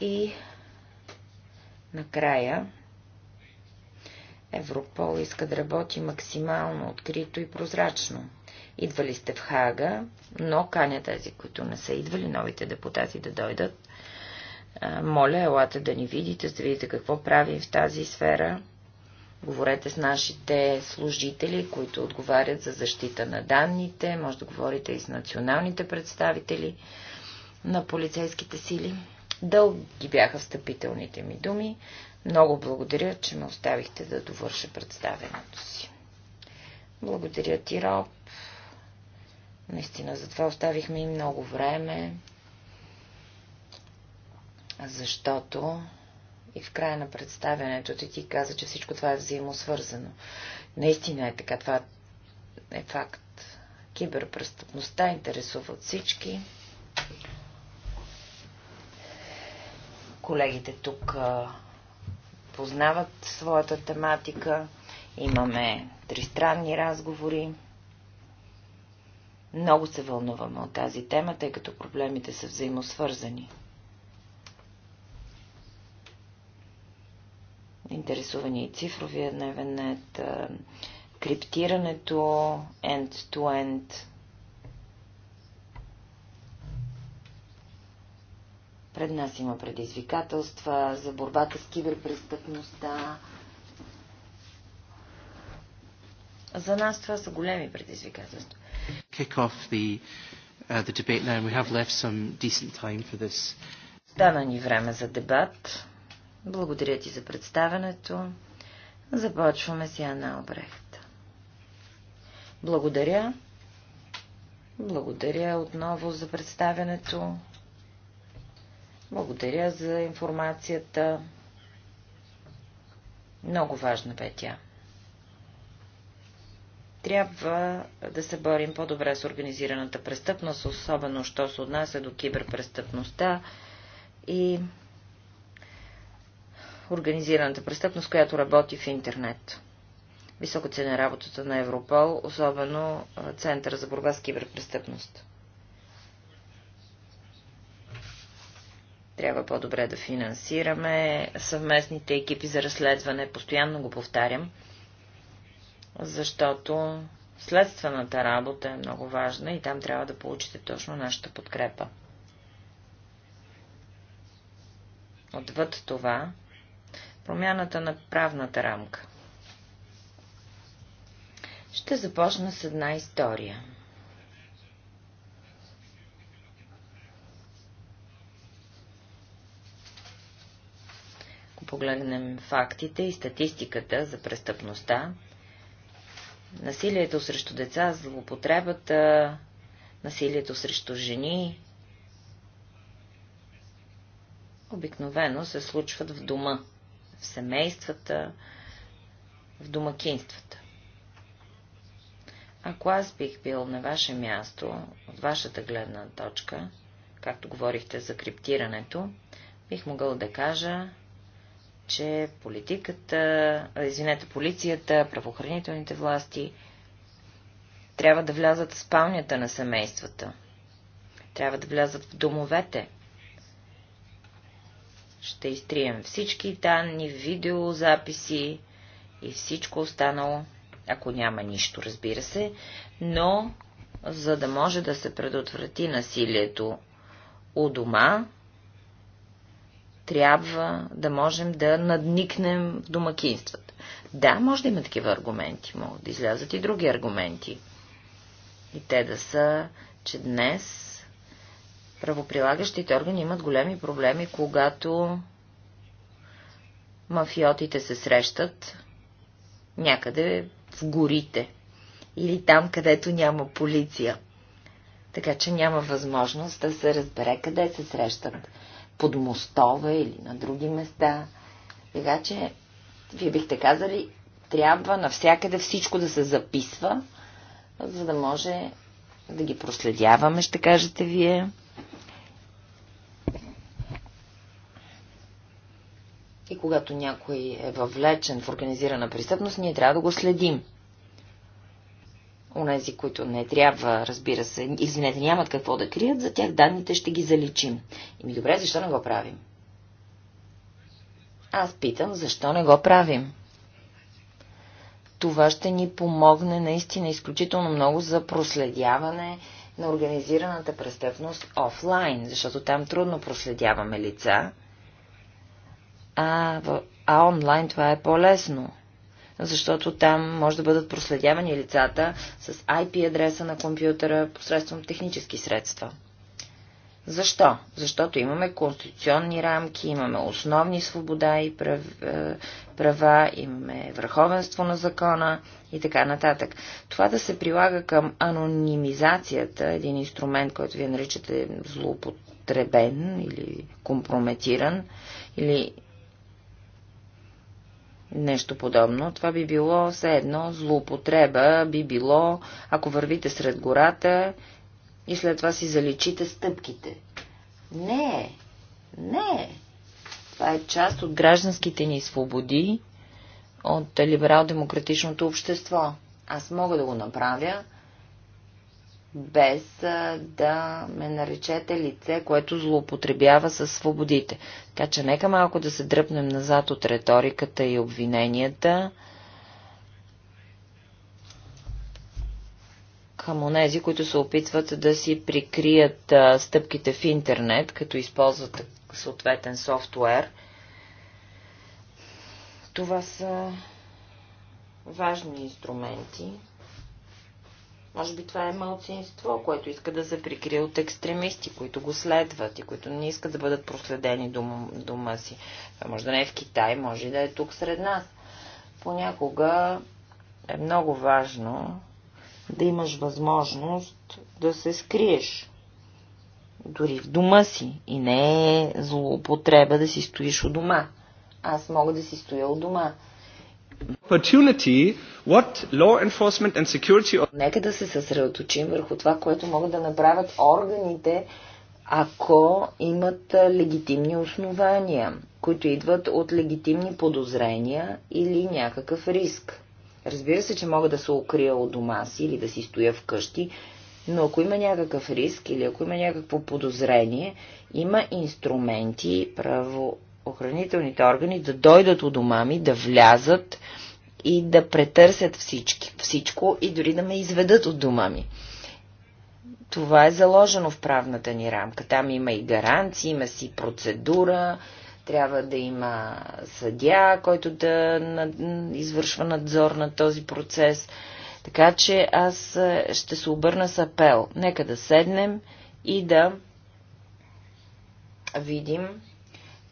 И накрая Европол иска да работи максимално открито и прозрачно. Идвали сте в Хага, но каня тези, които не са идвали, новите депутати да дойдат. Моля, елате да ни видите, да видите какво правим в тази сфера. Говорете с нашите служители, които отговарят за защита на данните. Може да говорите и с националните представители на полицейските сили. Дълги бяха встъпителните ми думи. Много благодаря, че ме оставихте да довърша представенето си. Благодаря ти, Роб. Наистина, затова оставихме и много време, защото и в края на представянето ти ти каза, че всичко това е взаимосвързано. Наистина е така, това е факт. Киберпрестъпността интересува от всички. Колегите тук познават своята тематика. Имаме тристранни разговори. Много се вълнуваме от тази тема, тъй като проблемите са взаимосвързани. Интересувани и цифровия дневен нет, криптирането, end to -end. Пред нас има предизвикателства за борбата с киберпрестъпността. За нас това са големи предизвикателства kick off the, uh, the debate now, and we have left some decent time for this. Дана ни време за дебат. Благодаря ти за представенето. Започваме с Яна Обрехт. Благодаря. Благодаря отново за представенето. Благодаря за информацията. Много важна бе тя. Трябва да се борим по-добре с организираната престъпност, особено що се отнася до киберпрестъпността и организираната престъпност, която работи в интернет. Високо ценя работата на Европол, особено Центъра за борба с киберпрестъпност. Трябва по-добре да финансираме съвместните екипи за разследване, постоянно го повтарям – защото следствената работа е много важна и там трябва да получите точно нашата подкрепа. Отвъд това, промяната на правната рамка. Ще започна с една история. Ако погледнем фактите и статистиката за престъпността, Насилието срещу деца, злоупотребата, насилието срещу жени обикновено се случват в дома, в семействата, в домакинствата. Ако аз бих бил на ваше място, от вашата гледна точка, както говорихте за криптирането, бих могъл да кажа, че политиката, извинете, полицията, правоохранителните власти трябва да влязат в спалнята на семействата. Трябва да влязат в домовете. Ще изтрием всички данни, видеозаписи и всичко останало, ако няма нищо, разбира се, но за да може да се предотврати насилието у дома, трябва да можем да надникнем в домакинствата. Да, може да има такива аргументи, могат да излязат и други аргументи. И те да са, че днес правоприлагащите органи имат големи проблеми, когато мафиотите се срещат някъде в горите или там, където няма полиция. Така че няма възможност да се разбере къде се срещат под мостове или на други места. Така че, вие бихте казали, трябва навсякъде всичко да се записва, за да може да ги проследяваме, ще кажете вие. И когато някой е въвлечен в организирана престъпност, ние трябва да го следим. Онези, които не трябва, разбира се, извинете, нямат какво да крият, за тях данните ще ги заличим. И ми добре, защо не го правим? Аз питам, защо не го правим? Това ще ни помогне наистина изключително много за проследяване на организираната престъпност офлайн, защото там трудно проследяваме лица, а, в, а онлайн това е по-лесно защото там може да бъдат проследявани лицата с IP адреса на компютъра посредством технически средства. Защо? Защото имаме конституционни рамки, имаме основни свобода и е, права, имаме върховенство на закона и така нататък. Това да се прилага към анонимизацията, един инструмент, който вие наричате злоупотребен или компрометиран, или нещо подобно. Това би било все едно злоупотреба, би било, ако вървите сред гората и след това си заличите стъпките. Не, е. не. Е. Това е част от гражданските ни свободи, от либерал-демократичното общество. Аз мога да го направя, без да ме наречете лице, което злоупотребява със свободите. Така че нека малко да се дръпнем назад от риториката и обвиненията към онези, които се опитват да си прикрият стъпките в интернет, като използват съответен софтуер. Това са важни инструменти, може би това е мълцинство, което иска да се прикрие от екстремисти, които го следват и които не искат да бъдат проследени дома, дома си. Това е, може да не е в Китай, може и да е тук сред нас. Понякога е много важно да имаш възможност да се скриеш. Дори в дома си. И не е злоупотреба да си стоиш у дома. Аз мога да си стоя у дома. Нека да се съсредоточим върху това, което могат да направят органите, ако имат легитимни основания, които идват от легитимни подозрения или някакъв риск. Разбира се, че мога да се укрия от дома си или да си стоя вкъщи, но ако има някакъв риск или ако има някакво подозрение, има инструменти, право, охранителните органи да дойдат у дома ми, да влязат и да претърсят всички, всичко и дори да ме изведат от дома ми. Това е заложено в правната ни рамка. Там има и гаранции, има си процедура, трябва да има съдя, който да извършва надзор на този процес. Така че аз ще се обърна с апел. Нека да седнем и да видим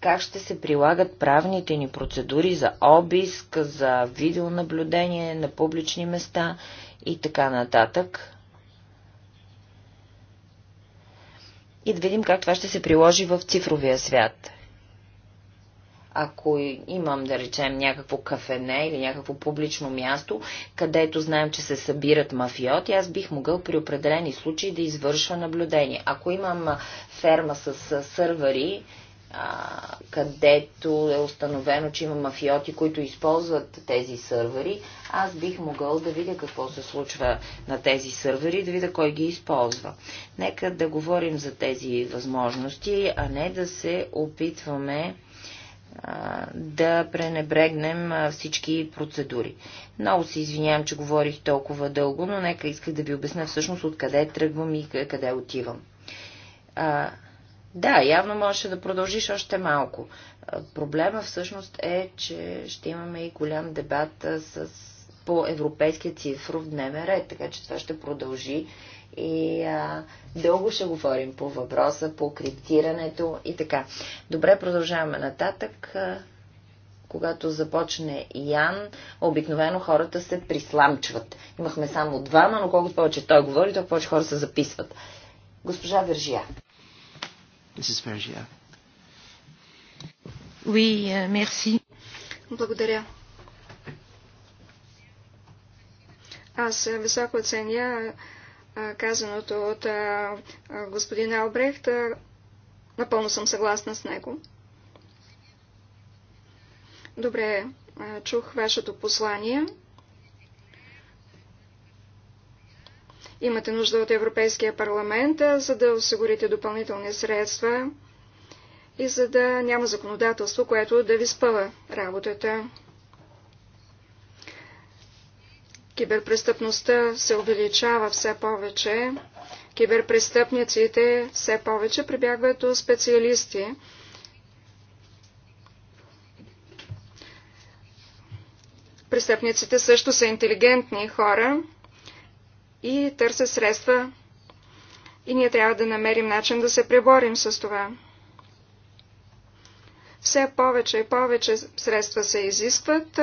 как ще се прилагат правните ни процедури за обиск, за видеонаблюдение на публични места и така нататък. И да видим как това ще се приложи в цифровия свят. Ако имам, да речем, някакво кафене или някакво публично място, където знаем, че се събират мафиоти, аз бих могъл при определени случаи да извършва наблюдение. Ако имам ферма с сървъри, където е установено, че има мафиоти, които използват тези сървъри, аз бих могъл да видя какво се случва на тези сървъри, да видя кой ги използва. Нека да говорим за тези възможности, а не да се опитваме да пренебрегнем всички процедури. Много се извинявам, че говорих толкова дълго, но нека исках да ви обясня всъщност откъде тръгвам и къде отивам. Да, явно можеше да продължиш още малко. Проблема всъщност е, че ще имаме и голям дебат с, по европейския цифров дневен ред, така че това ще продължи и а, дълго ще говорим по въпроса, по криптирането и така. Добре, продължаваме нататък. Когато започне Ян, обикновено хората се присламчват. Имахме само двама, но колкото повече той говори, толкова повече хора се записват. Госпожа Вержия. Euh, Благодаря. Аз високо оценя казаното от господин Албрехт. Напълно съм съгласна с него. Добре, чух вашето послание. Имате нужда от Европейския парламент, за да осигурите допълнителни средства и за да няма законодателство, което да ви спъва работата. Киберпрестъпността се увеличава все повече. Киберпрестъпниците все повече прибягват до специалисти. Престъпниците също са интелигентни хора и търсят средства. И ние трябва да намерим начин да се преборим с това. Все повече и повече средства се изискват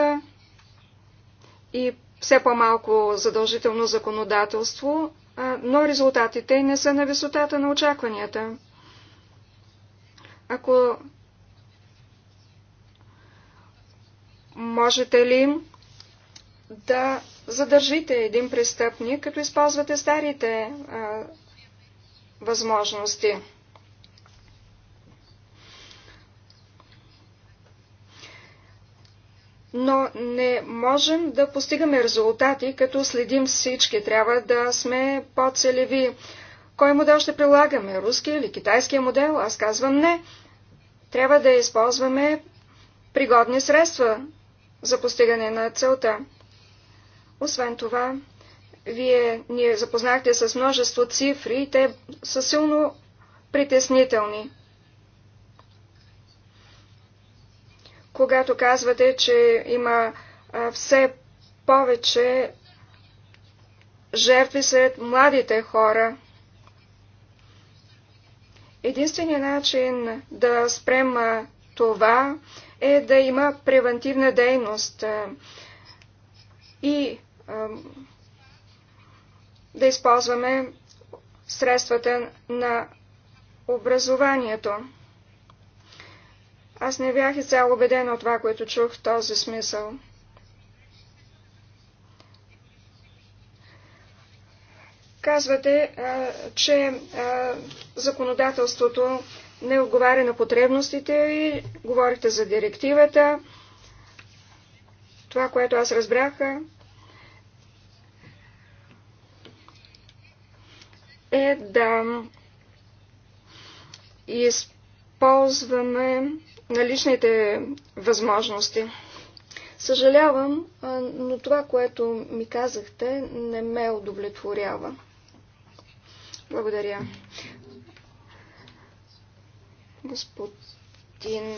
и все по-малко задължително законодателство, но резултатите не са на висотата на очакванията. Ако можете ли да задържите един престъпник, като използвате старите а, възможности. но не можем да постигаме резултати, като следим всички. Трябва да сме по-целеви. Кой модел ще прилагаме? Руски или китайския модел? Аз казвам не. Трябва да използваме пригодни средства за постигане на целта. Освен това, вие ни запознахте с множество цифри и те са силно притеснителни. Когато казвате, че има а, все повече жертви сред младите хора, единственият начин да спрем а, това е да има превентивна дейност а, и да използваме средствата на образованието. Аз не бях изцяло убедена от това, което чух в този смисъл. Казвате, че законодателството не отговаря на потребностите и говорите за директивата. Това, което аз разбрах, е да използваме наличните възможности. Съжалявам, но това, което ми казахте, не ме удовлетворява. Благодаря. Господин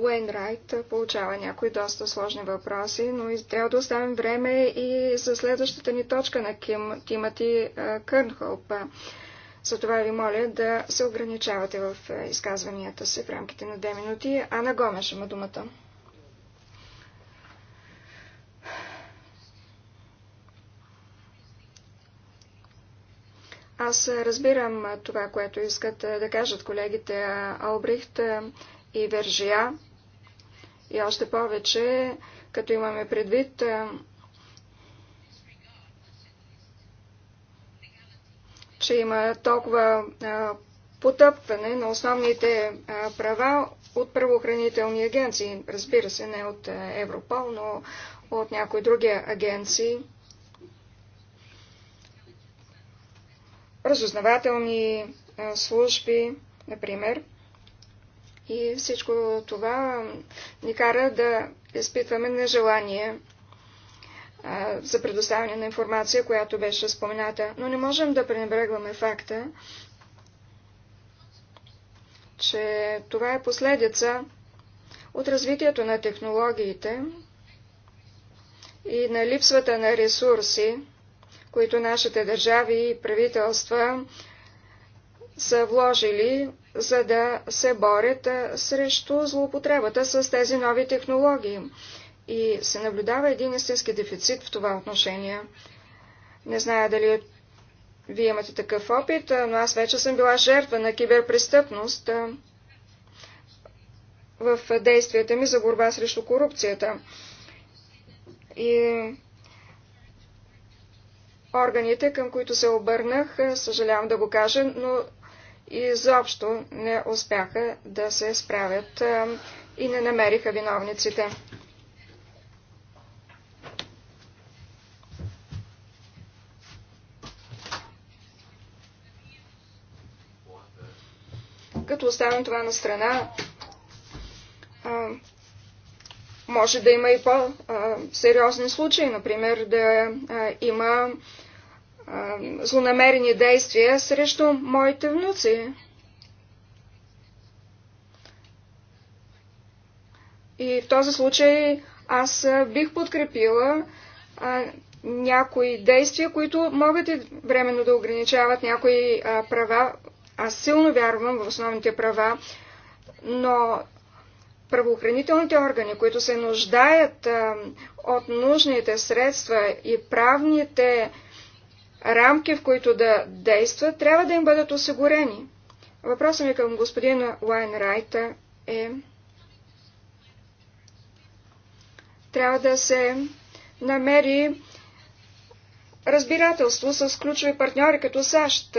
Уейн Райт получава някои доста сложни въпроси, но трябва да оставим време и за следващата ни точка на Ким, Тимати Кърнхолп. това ви моля да се ограничавате в изказванията си в рамките на 2 минути. Ана Гомеш има думата. Аз разбирам това, което искат да кажат колегите Албрихт и Вержия. И още повече, като имаме предвид е, че има толкова е, потъпване на основните е, права от правоохранителни агенции. Разбира се, не от Европол, но от някои други агенции. Разузнавателни служби, например. И всичко това ни кара да изпитваме нежелание за предоставяне на информация, която беше спомената. Но не можем да пренебрегваме факта, че това е последица от развитието на технологиите и на липсвата на ресурси, които нашите държави и правителства са вложили за да се борят срещу злоупотребата с тези нови технологии. И се наблюдава един истински дефицит в това отношение. Не зная дали вие имате такъв опит, но аз вече съм била жертва на киберпрестъпност в действията ми за борба срещу корупцията. И органите, към които се обърнах, съжалявам да го кажа, но изобщо не успяха да се справят и не намериха виновниците. Като оставим това на страна, може да има и по-сериозни случаи, например да има злонамерени действия срещу моите внуци. И в този случай аз бих подкрепила а, някои действия, които могат и временно да ограничават някои а, права. Аз силно вярвам в основните права, но правоохранителните органи, които се нуждаят а, от нужните средства и правните рамки, в които да действат, трябва да им бъдат осигурени. Въпросът ми към господина Лайнрайта е трябва да се намери разбирателство с ключови партньори като САЩ.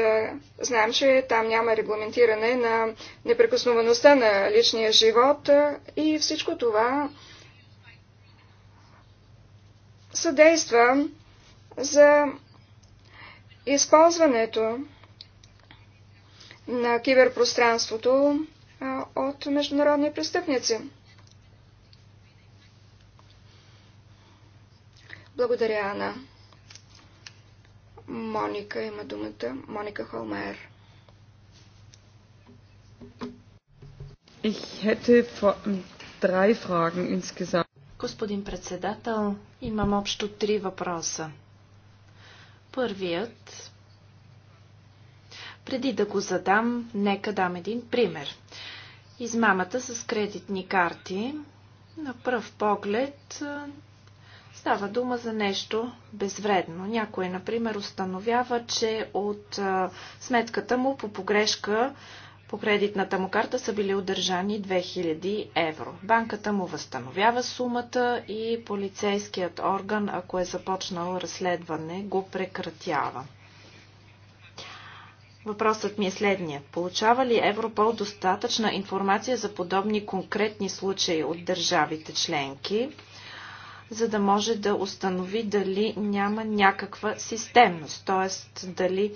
Знаем, че там няма регламентиране на неприкосновеността на личния живот и всичко това съдейства за използването на киберпространството от международни престъпници. Благодаря, Ана. Моника има думата. Моника Холмайер. Ich hätte hm, drei Fragen insgesamt. Господин председател, имам общо три въпроса. Първият, преди да го задам, нека дам един пример. Измамата с кредитни карти на пръв поглед става дума за нещо безвредно. Някой, например, установява, че от сметката му по погрешка по кредитната му карта са били удържани 2000 евро. Банката му възстановява сумата и полицейският орган, ако е започнал разследване, го прекратява. Въпросът ми е следния. Получава ли Европол достатъчна информация за подобни конкретни случаи от държавите членки, за да може да установи дали няма някаква системност, т.е. дали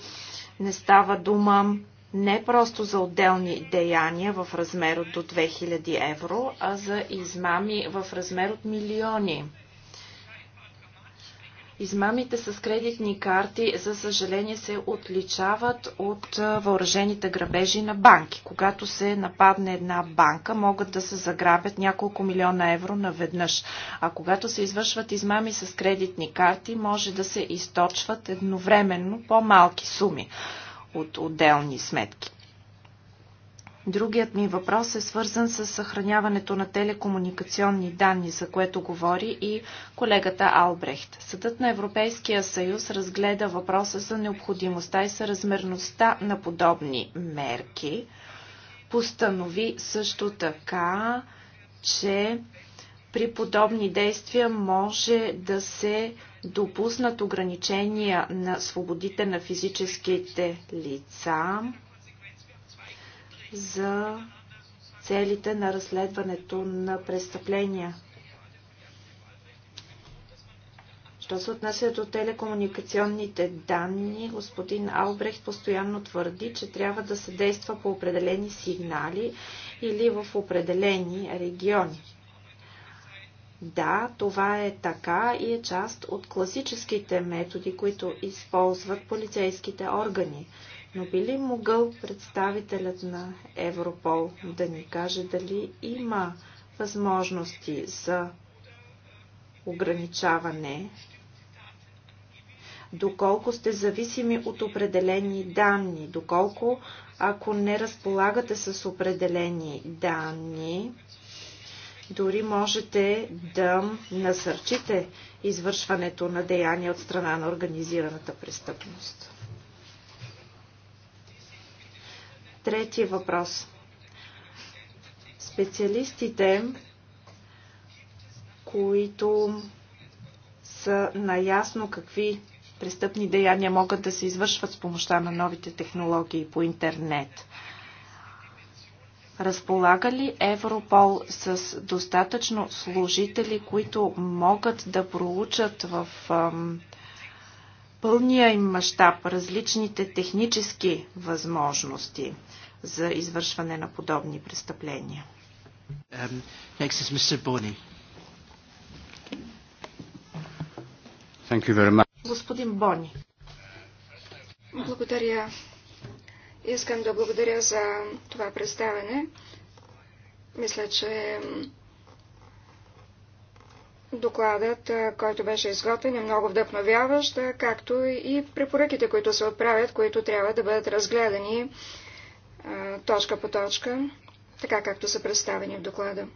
не става дума не просто за отделни деяния в размер от до 2000 евро, а за измами в размер от милиони. Измамите с кредитни карти, за съжаление, се отличават от въоръжените грабежи на банки. Когато се нападне една банка, могат да се заграбят няколко милиона евро наведнъж. А когато се извършват измами с кредитни карти, може да се източват едновременно по-малки суми от отделни сметки. Другият ми въпрос е свързан с съхраняването на телекомуникационни данни, за което говори и колегата Албрехт. Съдът на Европейския съюз разгледа въпроса за необходимостта и съразмерността на подобни мерки. Постанови също така, че при подобни действия може да се допуснат ограничения на свободите на физическите лица за целите на разследването на престъпления. Що се отнася до телекомуникационните данни, господин Албрехт постоянно твърди, че трябва да се действа по определени сигнали или в определени региони. Да, това е така и е част от класическите методи, които използват полицейските органи. Но би ли могъл представителят на Европол да ни каже дали има възможности за ограничаване, доколко сте зависими от определени данни, доколко ако не разполагате с определени данни, дори можете да насърчите извършването на деяния от страна на организираната престъпност. Третия въпрос. Специалистите, които са наясно какви престъпни деяния могат да се извършват с помощта на новите технологии по интернет – Разполага ли Европол с достатъчно служители, които могат да проучат в ам, пълния им мащаб различните технически възможности за извършване на подобни престъпления? Um, next is Mr. Thank you very much. Господин Бони. Благодаря, Искам да благодаря за това представене. Мисля, че докладът, който беше изготвен, е много вдъхновяващ, както и препоръките, които се отправят, които трябва да бъдат разгледани точка по точка, така както са представени в доклада.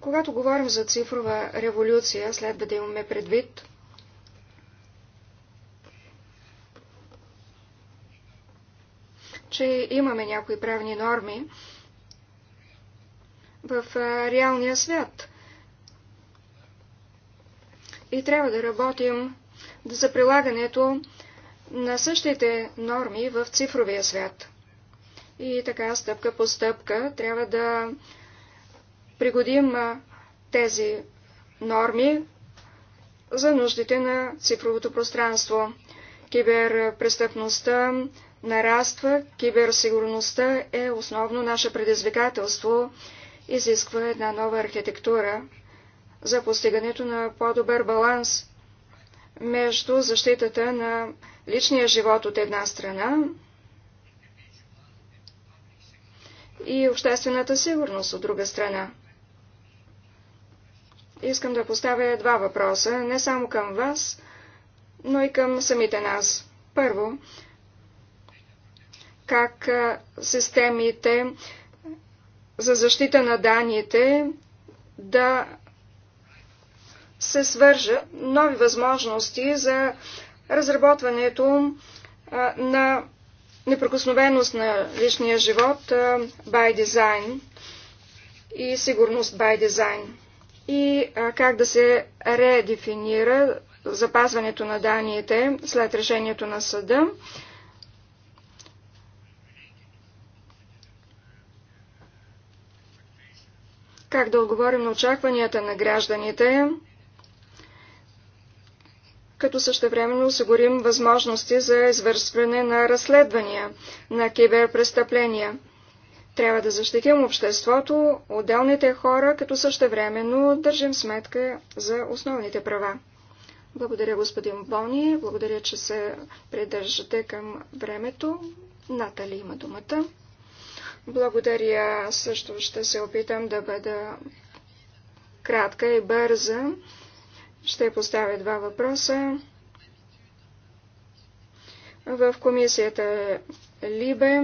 Когато говорим за цифрова революция, следва да имаме предвид, че имаме някои правни норми в реалния свят. И трябва да работим за прилагането на същите норми в цифровия свят. И така, стъпка по стъпка, трябва да пригодим тези норми за нуждите на цифровото пространство. Киберпрестъпността, нараства, киберсигурността е основно наше предизвикателство, изисква една нова архитектура за постигането на по-добър баланс между защитата на личния живот от една страна и обществената сигурност от друга страна. Искам да поставя два въпроса, не само към вас, но и към самите нас. Първо, как системите за защита на данните да се свържат нови възможности за разработването на неприкосновеност на личния живот by design и сигурност by design и как да се редефинира запазването на данните след решението на съда. как да отговорим на очакванията на гражданите, като същевременно осигурим възможности за извършване на разследвания на киберпрестъпления. Трябва да защитим обществото, отделните хора, като същевременно държим сметка за основните права. Благодаря, господин Бони. Благодаря, че се придържате към времето. Натали има думата. Благодаря. Също ще се опитам да бъда кратка и бърза. Ще поставя два въпроса. В комисията Либе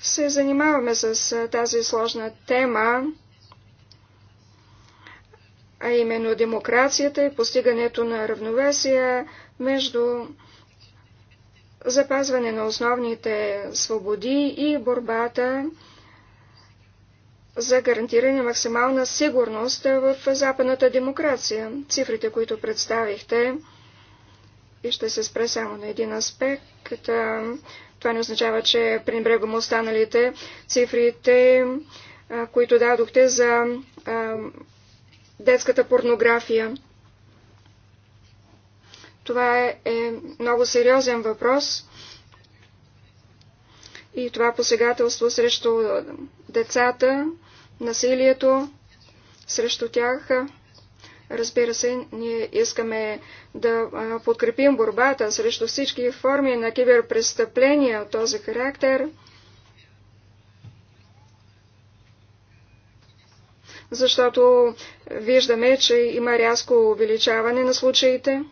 се занимаваме с тази сложна тема, а именно демокрацията и постигането на равновесие между запазване на основните свободи и борбата за гарантиране на максимална сигурност в западната демокрация. Цифрите, които представихте, и ще се спре само на един аспект. Това не означава, че пренебрегвам останалите цифрите, които дадохте за детската порнография. Това е много сериозен въпрос и това посегателство срещу децата, насилието срещу тях. Разбира се, ние искаме да подкрепим борбата срещу всички форми на киберпрестъпления от този характер. Защото виждаме, че има рязко увеличаване на случаите.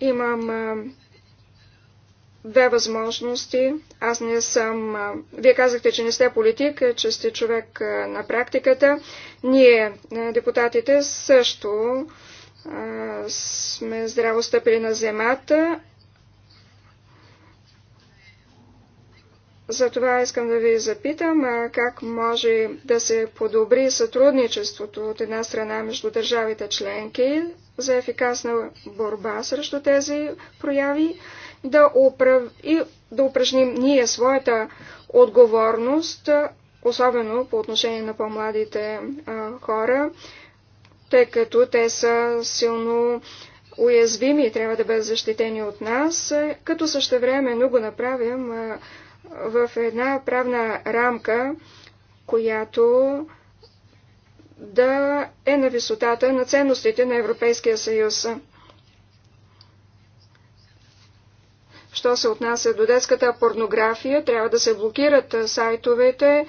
Имам две възможности. Аз не съм... Вие казахте, че не сте политик, че сте човек на практиката. Ние, депутатите, също сме здраво стъпили на земята Затова искам да ви запитам как може да се подобри сътрудничеството от една страна между държавите членки за ефикасна борба срещу тези прояви да управ... и да упражним ние своята отговорност, особено по отношение на по-младите хора, тъй като те са силно уязвими и трябва да бъдат защитени от нас, като същевременно го направим в една правна рамка, която да е на висотата на ценностите на Европейския съюз. Що се отнася до детската порнография, трябва да се блокират сайтовете,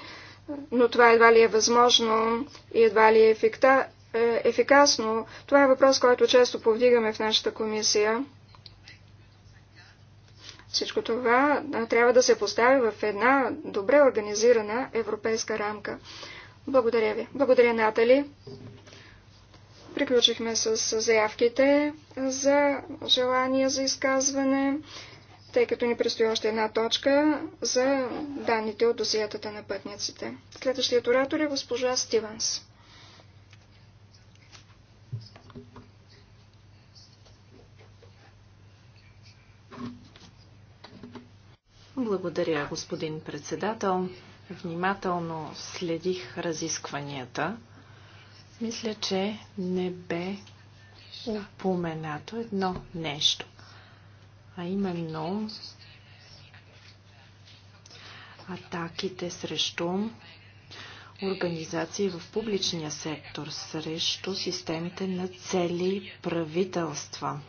но това едва ли е възможно и едва ли е ефикта, е, ефикасно. Това е въпрос, който често повдигаме в нашата комисия. Всичко това трябва да се постави в една добре организирана европейска рамка. Благодаря ви. Благодаря, Натали. Приключихме с заявките за желания за изказване, тъй като ни предстои още една точка за данните от досиетата на пътниците. Следващият оратор е госпожа Стиванс. Благодаря, господин председател. Внимателно следих разискванията. Мисля, че не бе упоменато едно нещо, а именно атаките срещу организации в публичния сектор, срещу системите на цели правителства.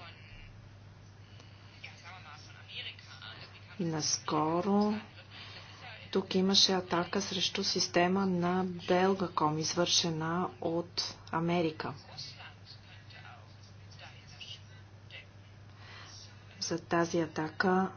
Наскоро тук имаше атака срещу система на Белгаком, извършена от Америка. За тази атака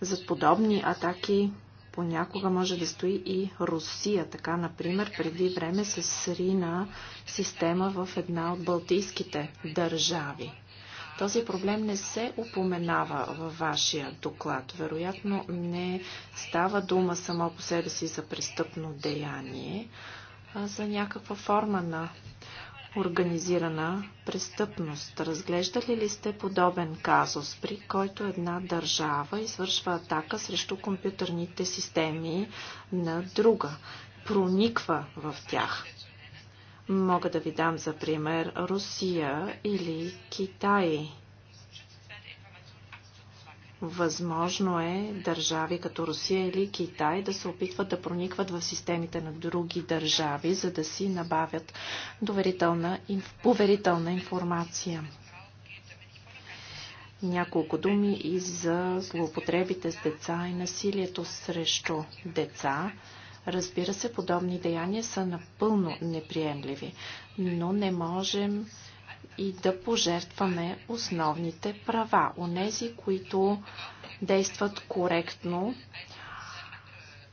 за подобни атаки понякога може да стои и Русия. Така, например, преди време се срина система в една от балтийските държави. Този проблем не се упоменава във вашия доклад. Вероятно не става дума само по себе си за престъпно деяние, а за някаква форма на организирана престъпност. Разглеждали ли сте подобен казус, при който една държава извършва атака срещу компютърните системи на друга, прониква в тях? Мога да ви дам за пример Русия или Китай. Възможно е държави като Русия или Китай да се опитват да проникват в системите на други държави, за да си набавят доверителна, поверителна информация. Няколко думи и за злоупотребите с деца и насилието срещу деца. Разбира се, подобни деяния са напълно неприемливи, но не можем и да пожертваме основните права. Онези, които действат коректно,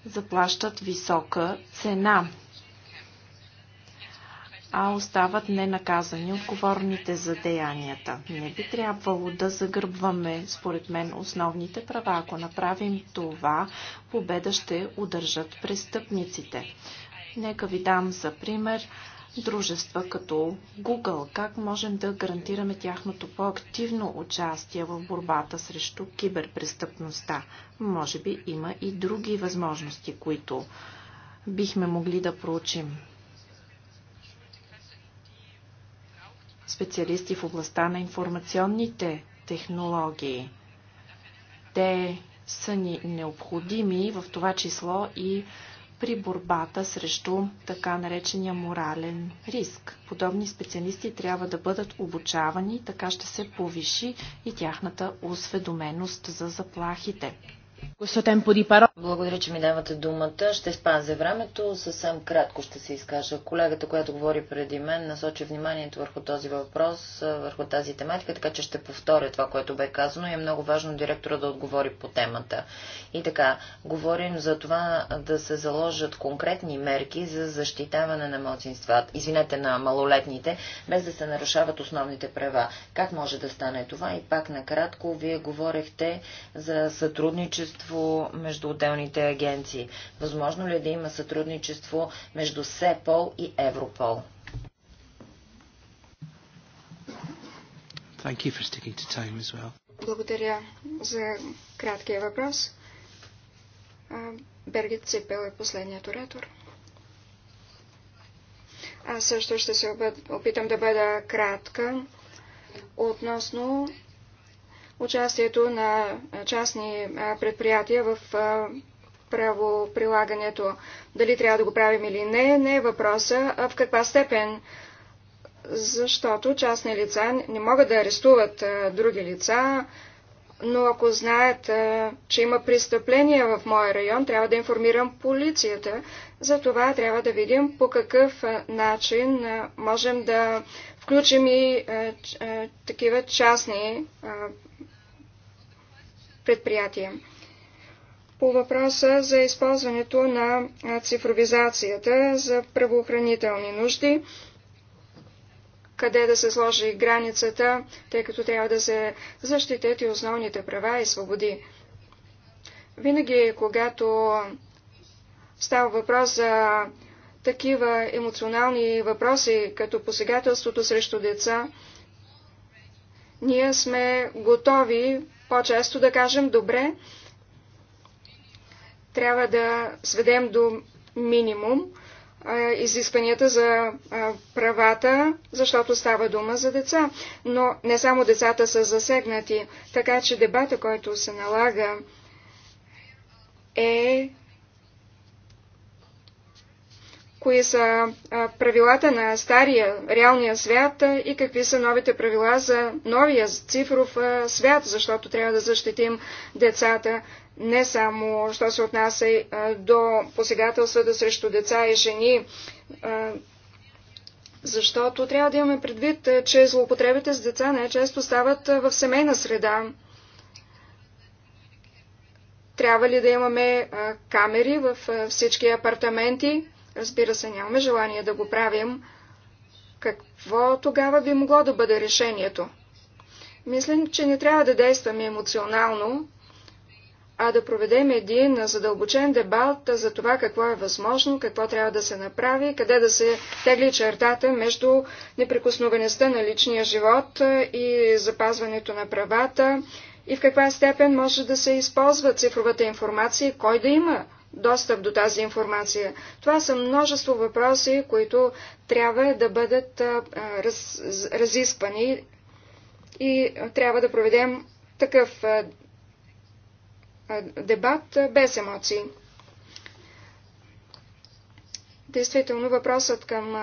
заплащат висока цена, а остават ненаказани отговорните за деянията. Не би трябвало да загърбваме, според мен, основните права. Ако направим това, победа ще удържат престъпниците. Нека ви дам за пример дружества като Google? Как можем да гарантираме тяхното по-активно участие в борбата срещу киберпрестъпността? Може би има и други възможности, които бихме могли да проучим. Специалисти в областта на информационните технологии. Те са ни необходими в това число и при борбата срещу така наречения морален риск. Подобни специалисти трябва да бъдат обучавани, така ще се повиши и тяхната осведоменост за заплахите. Благодаря, че ми давате думата. Ще спазя времето. Съвсем кратко ще се изкажа. Колегата, която говори преди мен, насочи вниманието върху този въпрос, върху тази тематика, така че ще повторя това, което бе казано и е много важно директора да отговори по темата. И така, говорим за това да се заложат конкретни мерки за защитаване на младсинства, извинете, на малолетните, без да се нарушават основните права. Как може да стане това? И пак накратко, вие говорехте за сътрудничество сътрудничество между отделните агенции? Възможно ли е да има сътрудничество между СЕПОЛ и Европол? Thank you for sticking to time as well. Благодаря за краткия въпрос. Бергит цепел е последният оратор. Аз също ще се опитам да бъда кратка относно участието на частни предприятия в правоприлагането. Дали трябва да го правим или не, не е въпроса, а в каква степен. Защото частни лица не могат да арестуват други лица, но ако знаят, че има престъпления в моя район, трябва да информирам полицията. За това трябва да видим по какъв начин можем да включим и такива частни предприятия. По въпроса за използването на цифровизацията за правоохранителни нужди, къде да се сложи границата, тъй като трябва да се защитят и основните права и свободи. Винаги, когато става въпрос за такива емоционални въпроси, като посегателството срещу деца, ние сме готови по-често да кажем добре, трябва да сведем до минимум изискванията за правата, защото става дума за деца. Но не само децата са засегнати, така че дебата, който се налага, е кои са правилата на стария, реалния свят и какви са новите правила за новия цифров свят, защото трябва да защитим децата не само, що се отнася до посегателствата срещу деца и жени, защото трябва да имаме предвид, че злоупотребите с деца най-често стават в семейна среда. Трябва ли да имаме камери в всички апартаменти? Разбира се, нямаме желание да го правим. Какво тогава би могло да бъде решението? Мислим, че не трябва да действаме емоционално, а да проведем един задълбочен дебат за това какво е възможно, какво трябва да се направи, къде да се тегли чертата между неприкосновеността на личния живот и запазването на правата и в каква степен може да се използва цифровата информация кой да има достъп до тази информация. Това са множество въпроси, които трябва да бъдат раз, разисквани и трябва да проведем такъв дебат без емоции. Действително въпросът към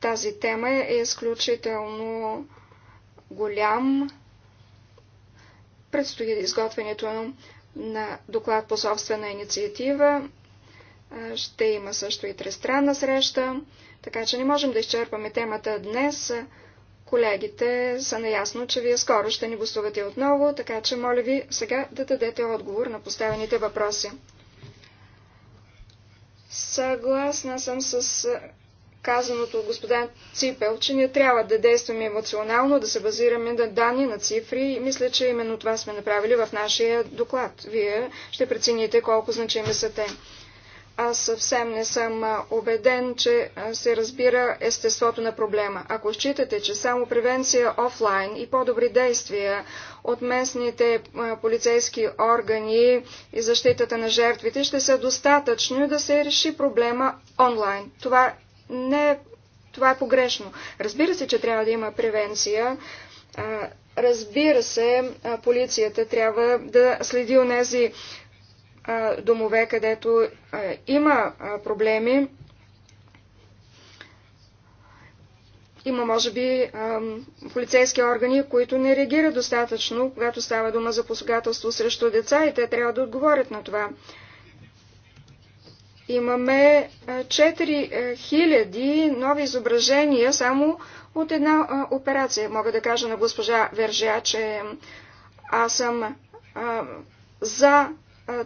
тази тема е изключително голям. Предстои изготвянето на на доклад по собствена инициатива. Ще има също и тристранна среща, така че не можем да изчерпаме темата днес. Колегите са наясно, че вие скоро ще ни гостувате отново, така че моля ви сега да дадете отговор на поставените въпроси. Съгласна съм с казаното от господин Ципел, че ние трябва да действаме емоционално, да се базираме на данни, на цифри и мисля, че именно това сме направили в нашия доклад. Вие ще прецените колко значими са те. Аз съвсем не съм убеден, че се разбира естеството на проблема. Ако считате, че само превенция офлайн и по-добри действия от местните полицейски органи и защитата на жертвите ще са достатъчни да се реши проблема онлайн. Това не, това е погрешно. Разбира се, че трябва да има превенция. Разбира се, полицията трябва да следи тези домове, където има проблеми. Има, може би, полицейски органи, които не реагират достатъчно, когато става дума за посогателство срещу деца и те трябва да отговорят на това. Имаме 4000 нови изображения само от една операция. Мога да кажа на госпожа Вержа, че аз съм за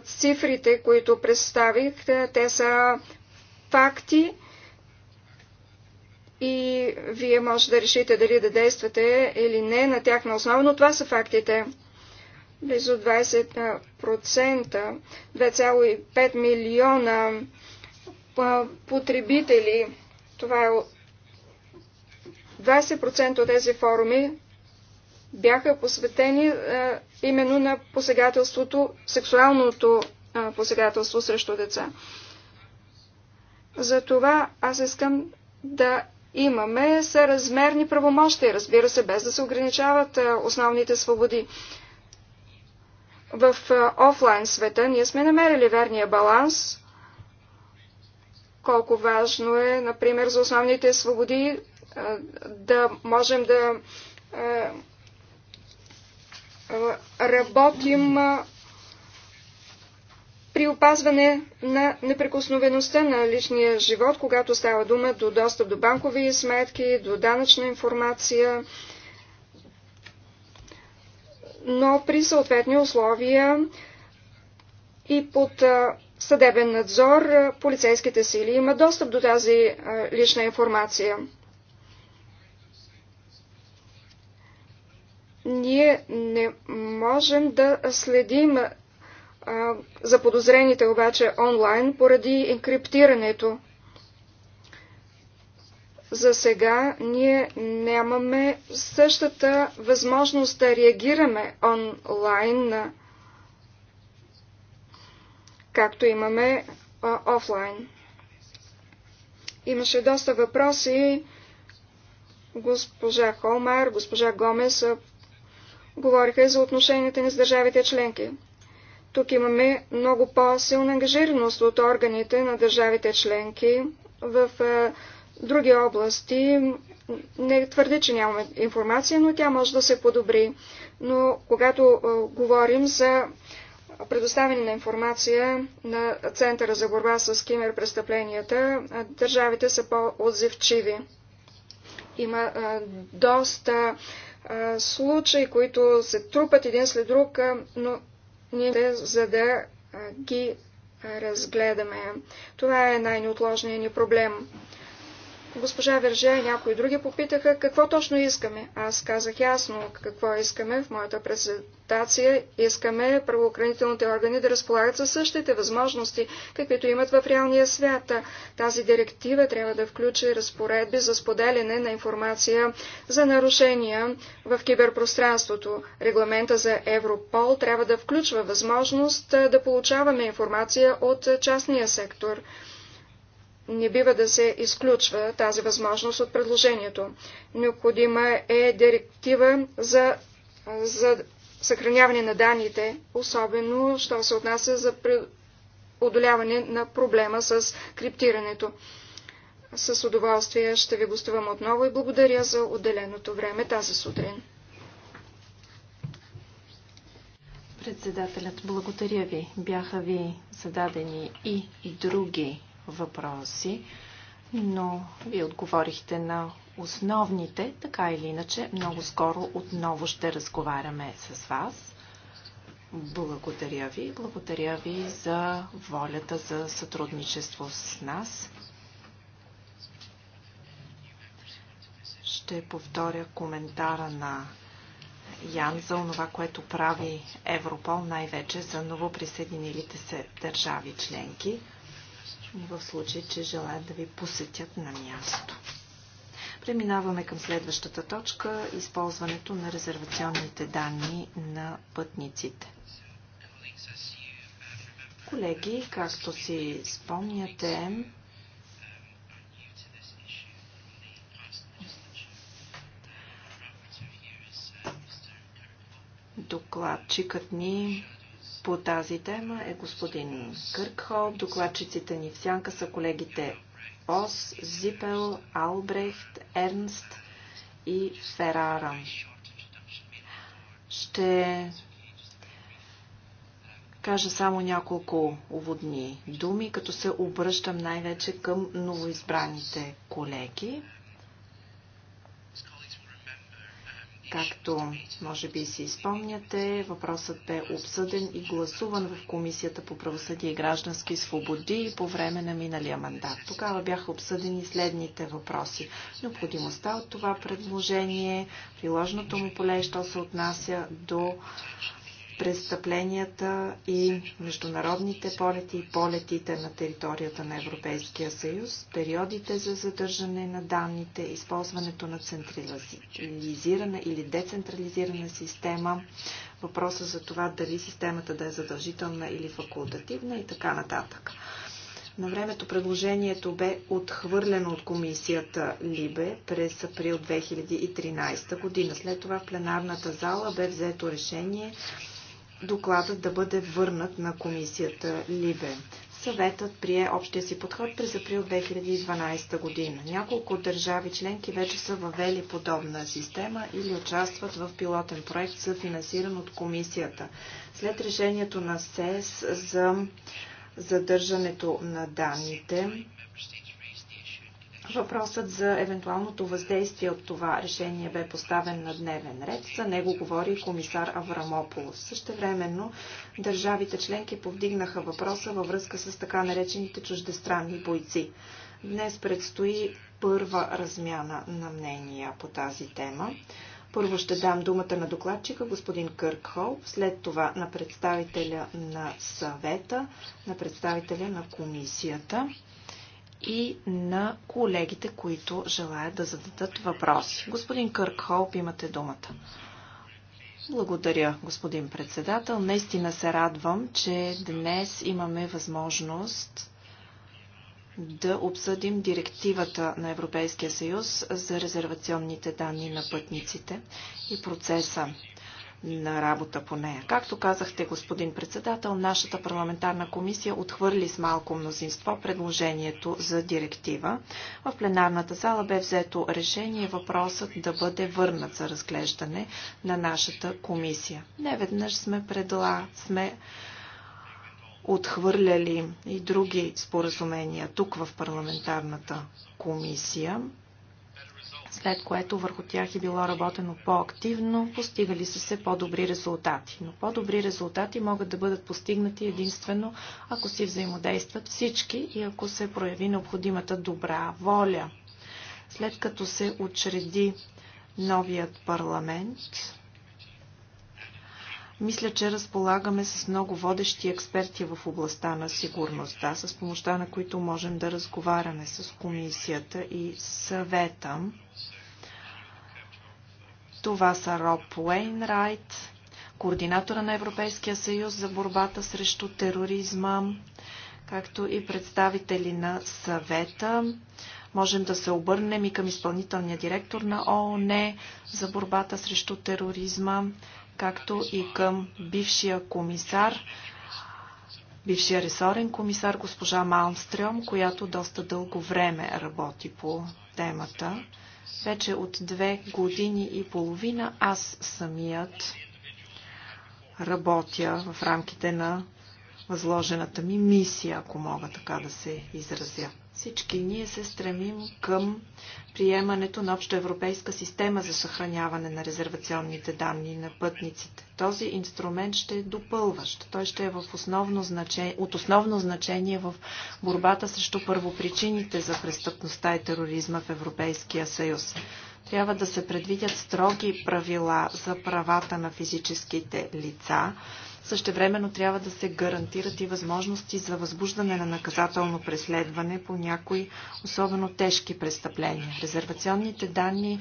цифрите, които представих. Те са факти и вие може да решите дали да действате или не на тях на основа, но това са фактите близо 20%, 2,5 милиона потребители. Това е 20% от тези форуми бяха посветени а, именно на посегателството, сексуалното а, посегателство срещу деца. Затова аз искам да имаме съразмерни правомощи, разбира се, без да се ограничават а, основните свободи в офлайн света ние сме намерили верния баланс, колко важно е, например, за основните свободи да можем да работим при опазване на неприкосновеността на личния живот, когато става дума до достъп до банкови сметки, до данъчна информация, но при съответни условия и под съдебен надзор полицейските сили имат достъп до тази лична информация. Ние не можем да следим за подозрените обаче онлайн поради инкриптирането. За сега ние нямаме същата възможност да реагираме онлайн, както имаме офлайн. Имаше доста въпроси. Госпожа Холмар, госпожа Гомес говориха и за отношенията ни с държавите членки. Тук имаме много по-силна ангажираност от органите на държавите членки в други области. Не твърди, че нямаме информация, но тя може да се подобри. Но когато говорим за предоставяне на информация на Центъра за борба с киберпрестъпленията, държавите са по-отзивчиви. Има доста случаи, които се трупат един след друг, но ние за да ги разгледаме. Това е най-неотложният ни проблем. Госпожа Вержа и някои други попитаха какво точно искаме. Аз казах ясно какво искаме в моята презентация. Искаме правоохранителните органи да разполагат със същите възможности, каквито имат в реалния свят. Тази директива трябва да включи разпоредби за споделяне на информация за нарушения в киберпространството. Регламента за Европол трябва да включва възможност да получаваме информация от частния сектор не бива да се изключва тази възможност от предложението. Необходима е директива за, за съхраняване на данните, особено, що се отнася за удоляване на проблема с криптирането. С удоволствие ще ви гостувам отново и благодаря за отделеното време тази сутрин. Председателят, благодаря ви. Бяха ви зададени и други въпроси, но вие отговорихте на основните, така или иначе, много скоро отново ще разговаряме с вас. Благодаря ви. Благодаря ви за волята за сътрудничество с нас. Ще повторя коментара на Ян за това, което прави Европол, най-вече за новоприсъединилите се държави членки в случай, че желаят да ви посетят на място. Преминаваме към следващата точка – използването на резервационните данни на пътниците. Колеги, както си спомняте, докладчикът ни по тази тема е господин Къркхол. Докладчиците ни в сянка са колегите Ос, Зипел, Албрехт, Ернст и Ферара. Ще кажа само няколко уводни думи, като се обръщам най-вече към новоизбраните колеги. Както може би си спомняте, въпросът бе обсъден и гласуван в Комисията по правосъдие и граждански свободи по време на миналия мандат. Тогава бяха обсъдени следните въпроси. Необходимостта от това предложение, приложното му поле, що се отнася до престъпленията и международните полети и полетите на територията на Европейския съюз, периодите за задържане на данните, използването на централизирана или децентрализирана система, въпроса за това дали системата да е задължителна или факултативна и така нататък. На времето предложението бе отхвърлено от комисията Либе през април 2013 година. След това в пленарната зала бе взето решение докладът да бъде върнат на комисията Либе. Съветът прие общия си подход през април 2012 година. Няколко държави членки вече са въвели подобна система или участват в пилотен проект, съфинансиран от комисията. След решението на СЕС за задържането на данните, Въпросът за евентуалното въздействие от това решение бе поставен на дневен ред. За него говори комисар Аврамополос. Същевременно държавите членки повдигнаха въпроса във връзка с така наречените чуждестранни бойци. Днес предстои първа размяна на мнения по тази тема. Първо ще дам думата на докладчика, господин Кърк след това на представителя на съвета, на представителя на комисията и на колегите, които желаят да зададат въпроси. Господин Кърк Холп, имате думата. Благодаря, господин председател. Наистина се радвам, че днес имаме възможност да обсъдим директивата на Европейския съюз за резервационните данни на пътниците и процеса на работа по нея. Както казахте, господин председател, нашата парламентарна комисия отхвърли с малко мнозинство предложението за директива. В пленарната зала бе взето решение въпросът да бъде върнат за разглеждане на нашата комисия. Не веднъж сме предла, сме отхвърляли и други споразумения тук в парламентарната комисия след което върху тях е било работено по-активно, постигали са се по-добри резултати. Но по-добри резултати могат да бъдат постигнати единствено, ако си взаимодействат всички и ако се прояви необходимата добра воля. След като се учреди новият парламент, мисля, че разполагаме с много водещи експерти в областта на сигурността, с помощта на които можем да разговаряме с комисията и съвета. Това са Роб Уейнрайт, координатора на Европейския съюз за борбата срещу тероризма, както и представители на съвета. Можем да се обърнем и към изпълнителния директор на ООН за борбата срещу тероризма, както и към бившия комисар, бившия ресорен комисар госпожа Малмстрем, която доста дълго време работи по темата. Вече от две години и половина аз самият работя в рамките на възложената ми мисия, ако мога така да се изразя. Всички ние се стремим към приемането на обща европейска система за съхраняване на резервационните данни на пътниците. Този инструмент ще е допълващ. Той ще е в основно значение, от основно значение в борбата срещу първопричините за престъпността и тероризма в Европейския съюз. Трябва да се предвидят строги правила за правата на физическите лица, Същевременно трябва да се гарантират и възможности за възбуждане на наказателно преследване по някои особено тежки престъпления. Резервационните данни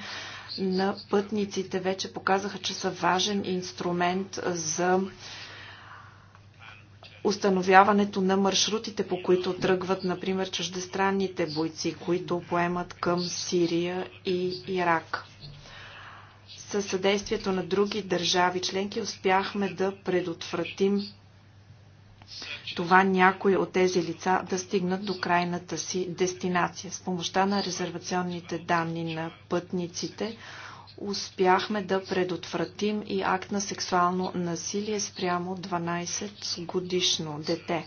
на пътниците вече показаха, че са важен инструмент за установяването на маршрутите, по които тръгват, например, чуждестранните бойци, които поемат към Сирия и Ирак със съдействието на други държави членки успяхме да предотвратим това някои от тези лица да стигнат до крайната си дестинация. С помощта на резервационните данни на пътниците успяхме да предотвратим и акт на сексуално насилие спрямо 12 годишно дете.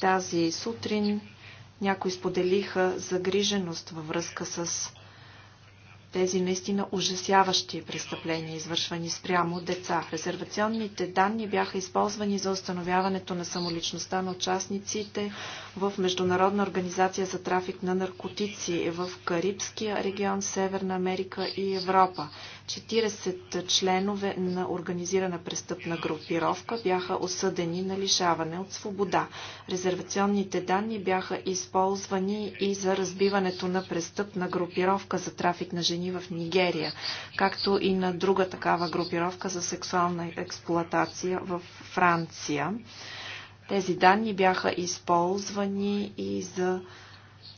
Тази сутрин някои споделиха загриженост във връзка с тези наистина ужасяващи престъпления, извършвани спрямо деца. Резервационните данни бяха използвани за установяването на самоличността на участниците в Международна организация за трафик на наркотици в Карибския регион, Северна Америка и Европа. 40 членове на организирана престъпна групировка бяха осъдени на лишаване от свобода. Резервационните данни бяха използвани и за разбиването на престъпна групировка за трафик на жени в Нигерия, както и на друга такава групировка за сексуална експлоатация в Франция. Тези данни бяха използвани и за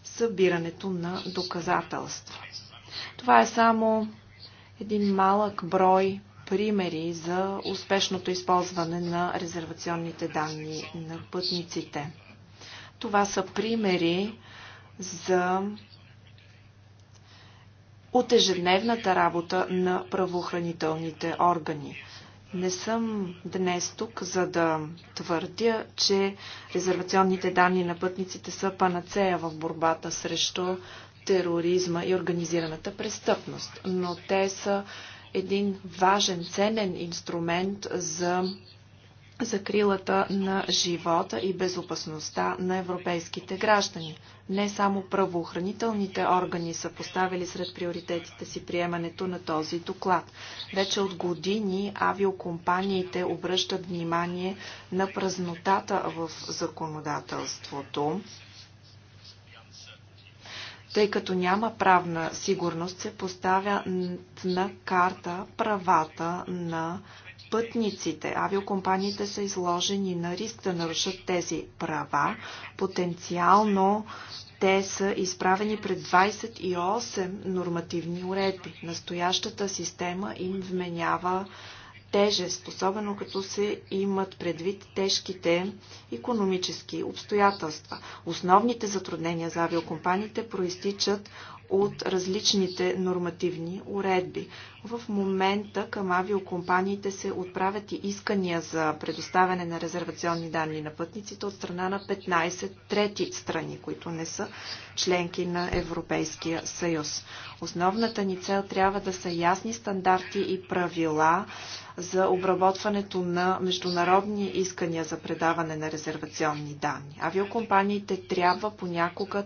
събирането на доказателства. Това е само един малък брой примери за успешното използване на резервационните данни на пътниците. Това са примери за от ежедневната работа на правоохранителните органи. Не съм днес тук, за да твърдя, че резервационните данни на пътниците са панацея в борбата срещу тероризма и организираната престъпност, но те са един важен, ценен инструмент за закрилата на живота и безопасността на европейските граждани. Не само правоохранителните органи са поставили сред приоритетите си приемането на този доклад. Вече от години авиокомпаниите обръщат внимание на празнотата в законодателството тъй като няма правна сигурност, се поставя на карта правата на пътниците. Авиокомпаниите са изложени на риск да нарушат тези права. Потенциално те са изправени пред 28 нормативни уредби. Настоящата система им вменява тежест, особено като се имат предвид тежките економически обстоятелства. Основните затруднения за авиокомпаниите проистичат от различните нормативни уредби. В момента към авиокомпаниите се отправят и искания за предоставяне на резервационни данни на пътниците от страна на 15 трети страни, които не са членки на Европейския съюз. Основната ни цел трябва да са ясни стандарти и правила за обработването на международни искания за предаване на резервационни данни. Авиокомпаниите трябва понякога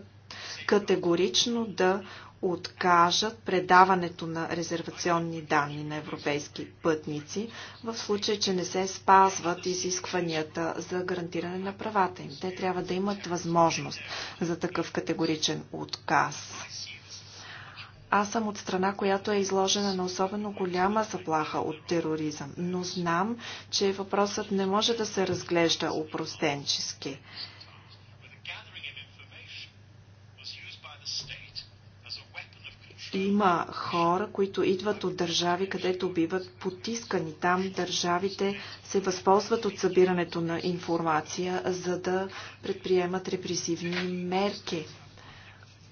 категорично да откажат предаването на резервационни данни на европейски пътници, в случай, че не се спазват изискванията за гарантиране на правата им. Те трябва да имат възможност за такъв категоричен отказ. Аз съм от страна, която е изложена на особено голяма заплаха от тероризъм, но знам, че въпросът не може да се разглежда упростенчески. има хора, които идват от държави, където биват потискани. Там държавите се възползват от събирането на информация, за да предприемат репресивни мерки.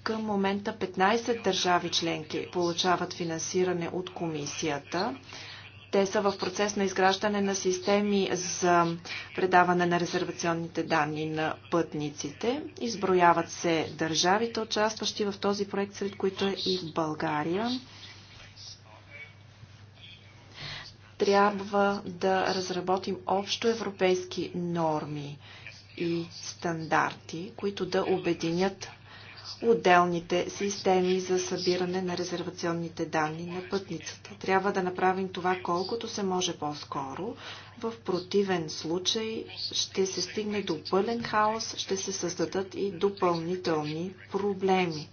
Към момента 15 държави членки получават финансиране от комисията. Те са в процес на изграждане на системи за предаване на резервационните данни на пътниците. Изброяват се държавите, участващи в този проект, сред които е и България. Трябва да разработим общо европейски норми и стандарти, които да обединят отделните системи за събиране на резервационните данни на пътницата. Трябва да направим това колкото се може по-скоро. В противен случай ще се стигне до пълен хаос, ще се създадат и допълнителни проблеми.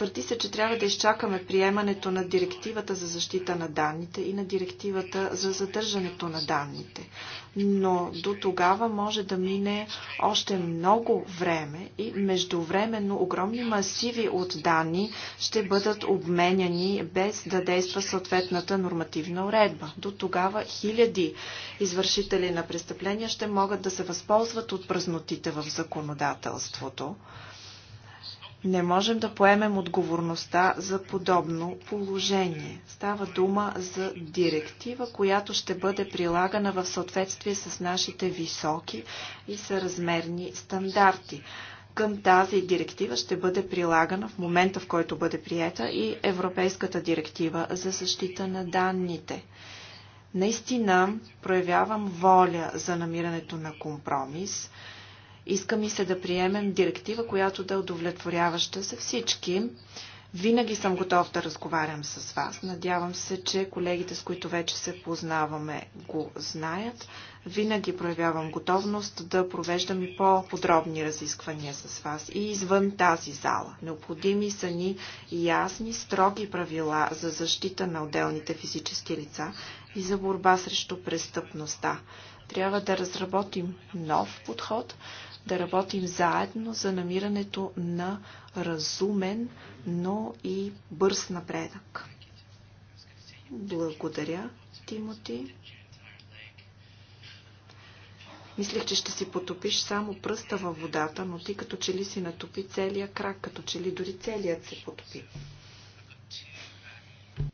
Твърди се, че трябва да изчакаме приемането на директивата за защита на данните и на директивата за задържането на данните. Но до тогава може да мине още много време и междувременно огромни масиви от данни ще бъдат обменяни без да действа съответната нормативна уредба. До тогава хиляди извършители на престъпления ще могат да се възползват от празнотите в законодателството. Не можем да поемем отговорността за подобно положение. Става дума за директива, която ще бъде прилагана в съответствие с нашите високи и съразмерни стандарти. Към тази директива ще бъде прилагана в момента, в който бъде приета и Европейската директива за защита на данните. Наистина проявявам воля за намирането на компромис – иска ми се да приемем директива, която да е удовлетворяваща за всички. Винаги съм готов да разговарям с вас. Надявам се, че колегите, с които вече се познаваме, го знаят. Винаги проявявам готовност да провеждам и по-подробни разисквания с вас и извън тази зала. Необходими са ни ясни, строги правила за защита на отделните физически лица и за борба срещу престъпността. Трябва да разработим нов подход, да работим заедно за намирането на разумен, но и бърз напредък. Благодаря, Тимоти. Мислех, че ще си потопиш само пръста във водата, но ти като че ли си натопи целия крак, като че ли дори целият се потопи.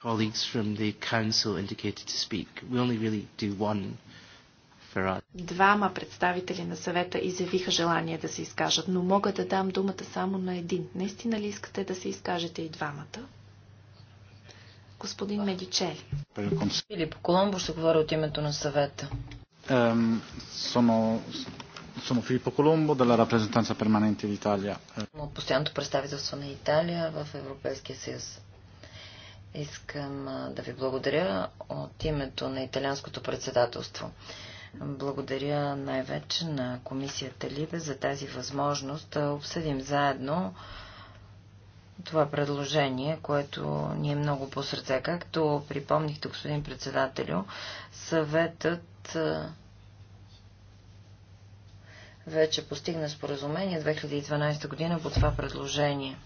Colleagues from the council indicated to speak. We only really do one Двама представители на съвета изявиха желание да се изкажат, но мога да дам думата само на един. Наистина ли искате да се изкажете и двамата? Господин Медичели. Филип Коломбо ще говори от името на съвета. Sono, sono Filippo Colombo della rappresentanza permanente d'Italia. От постоянното представителство на Италия в Европейския съюз. Искам да ви благодаря от името на италианското председателство. Благодаря най-вече на комисията Либе за тази възможност да обсъдим заедно това предложение, което ни е много по сърце. Както припомнихте, господин председателю, съветът вече постигна споразумение 2012 година по това предложение.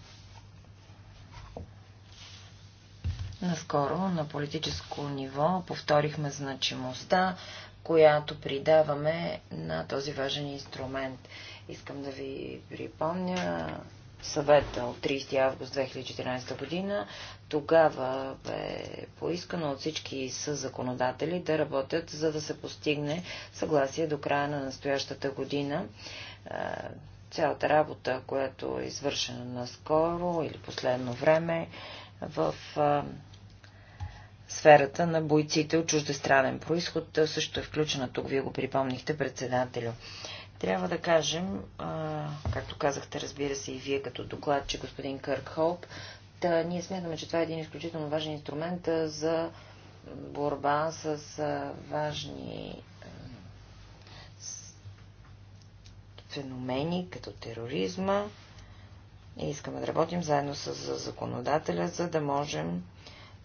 Наскоро на политическо ниво повторихме значимостта която придаваме на този важен инструмент. Искам да ви припомня съвета от 30 август 2014 година. Тогава бе поискано от всички законодатели да работят, за да се постигне съгласие до края на настоящата година. Цялата работа, която е извършена наскоро или последно време в сферата на бойците от чуждестранен происход също е включена тук, вие го припомнихте председателю. Трябва да кажем, както казахте, разбира се и вие като доклад, че господин Кърк Холп, да, ние смятаме, че това е един изключително важен инструмент за борба с важни феномени, като тероризма. И искаме да работим заедно с законодателя, за да можем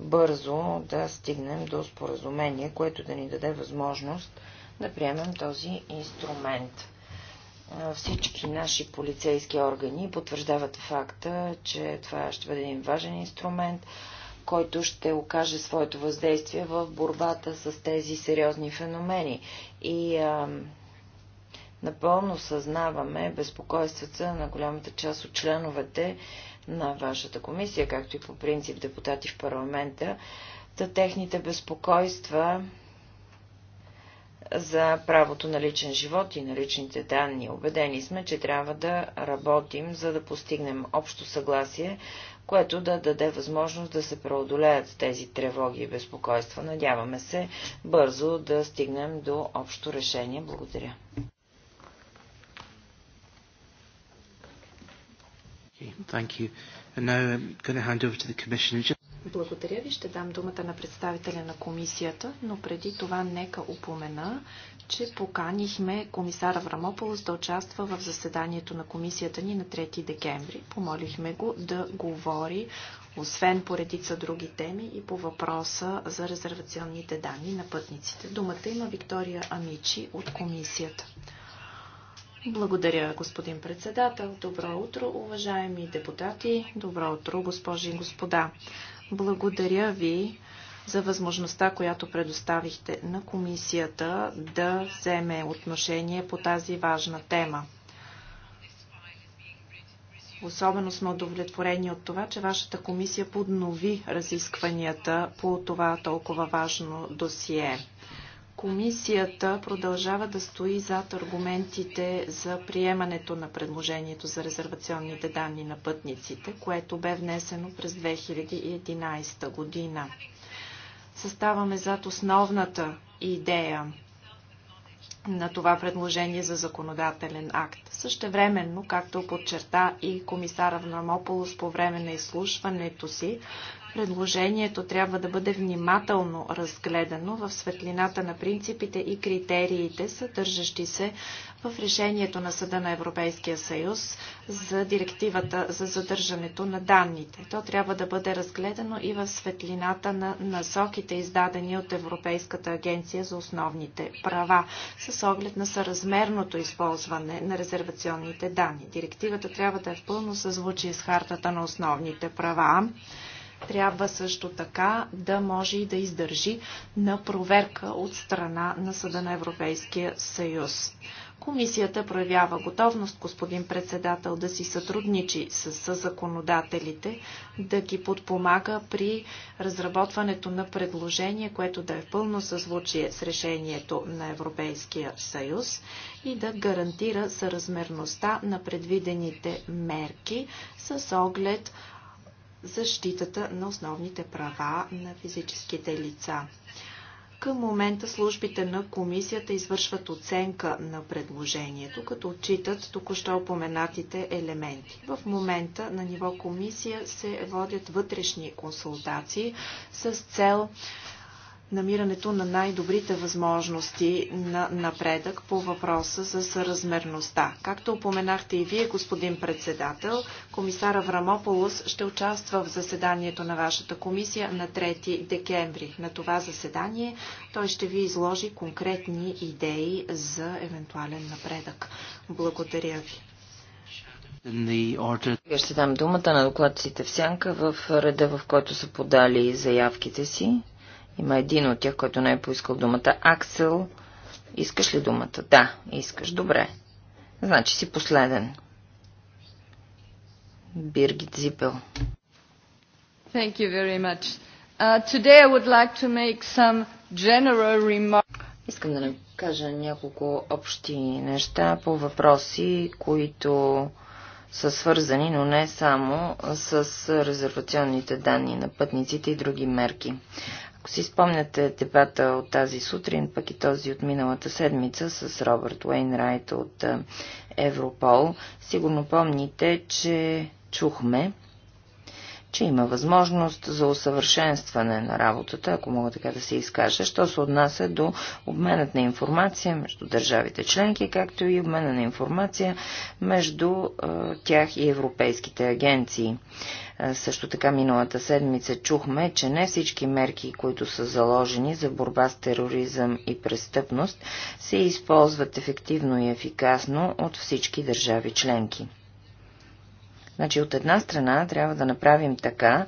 бързо да стигнем до споразумение, което да ни даде възможност да приемем този инструмент. Всички наши полицейски органи потвърждават факта, че това ще бъде един важен инструмент, който ще окаже своето въздействие в борбата с тези сериозни феномени. И а, напълно съзнаваме безпокойствата на голямата част от членовете на вашата комисия, както и по принцип депутати в парламента, да техните безпокойства за правото на личен живот и на личните данни. Обедени сме, че трябва да работим, за да постигнем общо съгласие, което да даде възможност да се преодолеят тези тревоги и безпокойства. Надяваме се бързо да стигнем до общо решение. Благодаря. Благодаря ви. Ще дам думата на представителя на комисията, но преди това нека упомена, че поканихме комисара Врамополос да участва в заседанието на комисията ни на 3 декември. Помолихме го да говори, освен по редица други теми и по въпроса за резервационните данни на пътниците. Думата има Виктория Амичи от комисията. Благодаря, господин председател. Добро утро, уважаеми депутати. Добро утро, госпожи и господа. Благодаря ви за възможността, която предоставихте на комисията да вземе отношение по тази важна тема. Особено сме удовлетворени от това, че вашата комисия поднови разискванията по това толкова важно досие. Комисията продължава да стои зад аргументите за приемането на предложението за резервационните данни на пътниците, което бе внесено през 2011 година. Съставаме зад основната идея на това предложение за законодателен акт. Същевременно, както подчерта и комисара Внамополос по време на изслушването си, Предложението трябва да бъде внимателно разгледано в светлината на принципите и критериите, съдържащи се в решението на Съда на Европейския съюз за директивата за задържането на данните. То трябва да бъде разгледано и в светлината на насоките, издадени от Европейската агенция за основните права, с оглед на съразмерното използване на резервационните данни. Директивата трябва да е в пълно съзвучие с хартата на основните права трябва също така да може и да издържи на проверка от страна на Съда на Европейския съюз. Комисията проявява готовност, господин председател, да си сътрудничи с, законодателите, да ги подпомага при разработването на предложение, което да е в пълно съзвучие с решението на Европейския съюз и да гарантира съразмерността на предвидените мерки с оглед защитата на основните права на физическите лица. Към момента службите на комисията извършват оценка на предложението, като отчитат току-що упоменатите елементи. В момента на ниво комисия се водят вътрешни консултации с цел намирането на най-добрите възможности на напредък по въпроса за съразмерността. Както упоменахте и вие, господин председател, комисар Аврамополос ще участва в заседанието на вашата комисия на 3 декември. На това заседание той ще ви изложи конкретни идеи за евентуален напредък. Благодаря ви. Ще дам думата на докладците в сянка в реда, в който са подали заявките си. Има един от тях, който не е поискал думата. Аксел, искаш ли думата? Да, искаш. Добре. Значи си последен. Биргит Зипел. Thank you very much. Uh, today I would like to make some general remarks. Искам да кажа няколко общи неща по въпроси, които са свързани, но не само с резервационните данни на пътниците и други мерки. Ако си спомняте дебата от тази сутрин, пък и този от миналата седмица с Робърт Уейнрайт от Европол, сигурно помните, че чухме, че има възможност за усъвършенстване на работата, ако мога така да се изкажа, що се отнася до обменът на информация между държавите членки, както и обмена на информация между тях и европейските агенции. Също така миналата седмица чухме, че не всички мерки, които са заложени за борба с тероризъм и престъпност, се използват ефективно и ефикасно от всички държави членки. Значи от една страна трябва да направим така,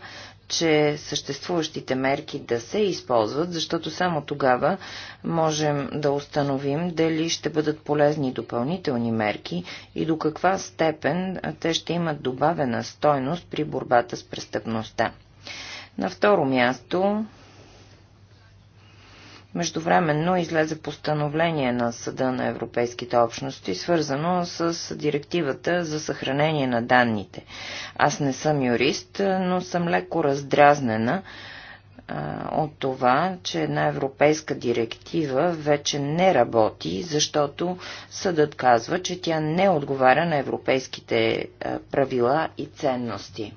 че съществуващите мерки да се използват, защото само тогава можем да установим дали ще бъдат полезни допълнителни мерки и до каква степен те ще имат добавена стойност при борбата с престъпността. На второ място Междувременно излезе постановление на Съда на Европейските общности, свързано с директивата за съхранение на данните. Аз не съм юрист, но съм леко раздразнена а, от това, че една европейска директива вече не работи, защото съдът казва, че тя не отговаря на европейските а, правила и ценности.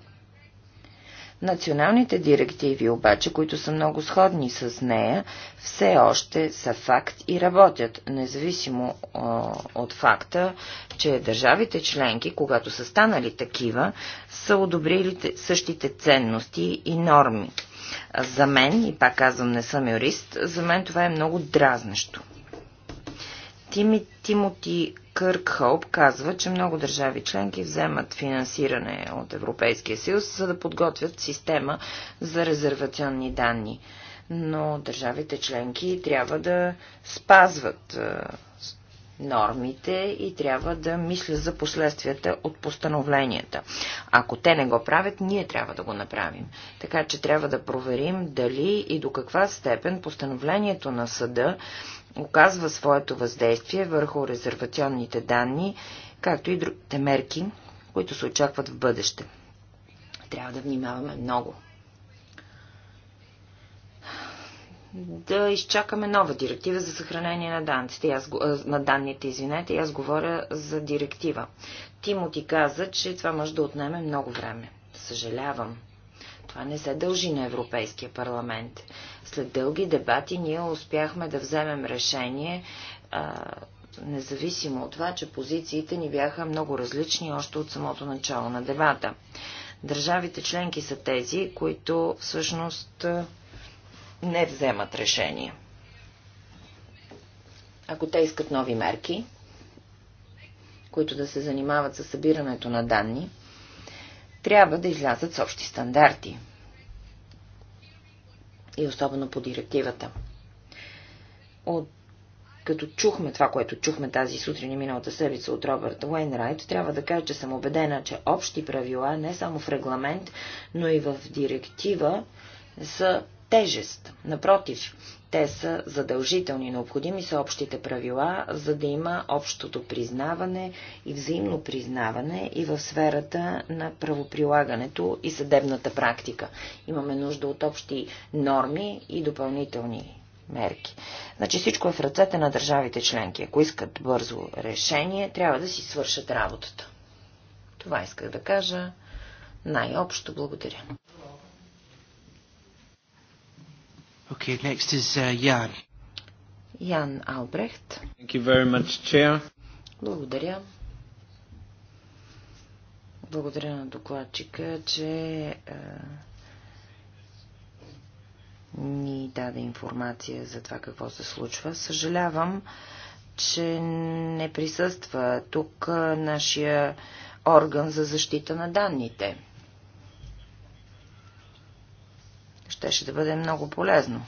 Националните директиви обаче, които са много сходни с нея, все още са факт и работят, независимо о, от факта, че държавите членки, когато са станали такива, са одобрили същите ценности и норми. За мен, и пак казвам, не съм юрист, за мен това е много дразнещо. Тимоти Кърк Хоуп казва, че много държави членки вземат финансиране от Европейския съюз, за да подготвят система за резервационни данни. Но държавите членки трябва да спазват е, нормите и трябва да мисля за последствията от постановленията. Ако те не го правят, ние трябва да го направим. Така че трябва да проверим дали и до каква степен постановлението на съда оказва своето въздействие върху резервационните данни, както и другите мерки, които се очакват в бъдеще. Трябва да внимаваме много. Да изчакаме нова директива за съхранение на данните. Аз, на данните, извинете, аз говоря за директива. Тимоти каза, че това може да отнеме много време. Съжалявам. Това не се дължи на Европейския парламент. След дълги дебати ние успяхме да вземем решение, независимо от това, че позициите ни бяха много различни още от самото начало на дебата. Държавите членки са тези, които всъщност не вземат решение. Ако те искат нови мерки, които да се занимават с събирането на данни, трябва да излязат с общи стандарти – и особено по директивата. От като чухме това, което чухме тази сутрин и миналата седмица от Робърт Уейнрайт, трябва да кажа, че съм убедена, че общи правила не само в регламент, но и в директива са тежест. Напротив, те са задължителни, необходими са общите правила, за да има общото признаване и взаимно признаване и в сферата на правоприлагането и съдебната практика. Имаме нужда от общи норми и допълнителни мерки. Значи всичко е в ръцете на държавите членки. Ако искат бързо решение, трябва да си свършат работата. Това исках да кажа. Най-общо благодаря. Okay, next is uh, Jan. Ян Albrecht. Thank you very much, Chair. Благодаря. Благодаря на докладчика, че е, ни даде информация за това какво се случва. Съжалявам, че не присъства тук е, нашия орган за защита на данните. Щеше да бъде много полезно.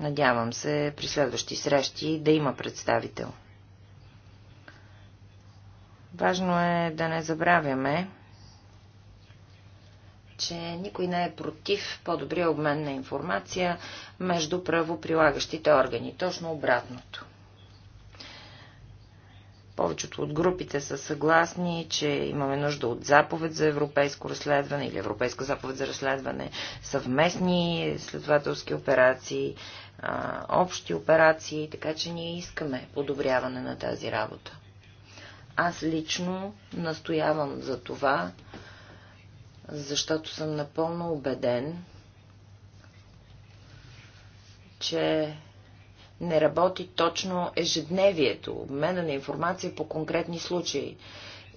Надявам се при следващи срещи да има представител. Важно е да не забравяме, че никой не е против по-добрия обмен на информация между правоприлагащите органи. Точно обратното. Повечето от групите са съгласни, че имаме нужда от заповед за европейско разследване или европейска заповед за разследване, съвместни следователски операции, общи операции, така че ние искаме подобряване на тази работа. Аз лично настоявам за това, защото съм напълно убеден, че не работи точно ежедневието, обмена на информация по конкретни случаи.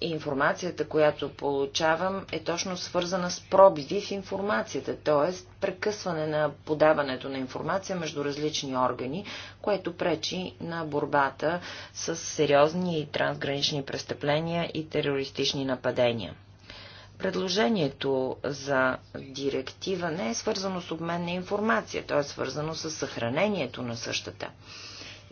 И информацията, която получавам, е точно свързана с пробиви в информацията, т.е. прекъсване на подаването на информация между различни органи, което пречи на борбата с сериозни и трансгранични престъпления и терористични нападения. Предложението за директива не е свързано с обмен на информация, то е свързано с съхранението на същата.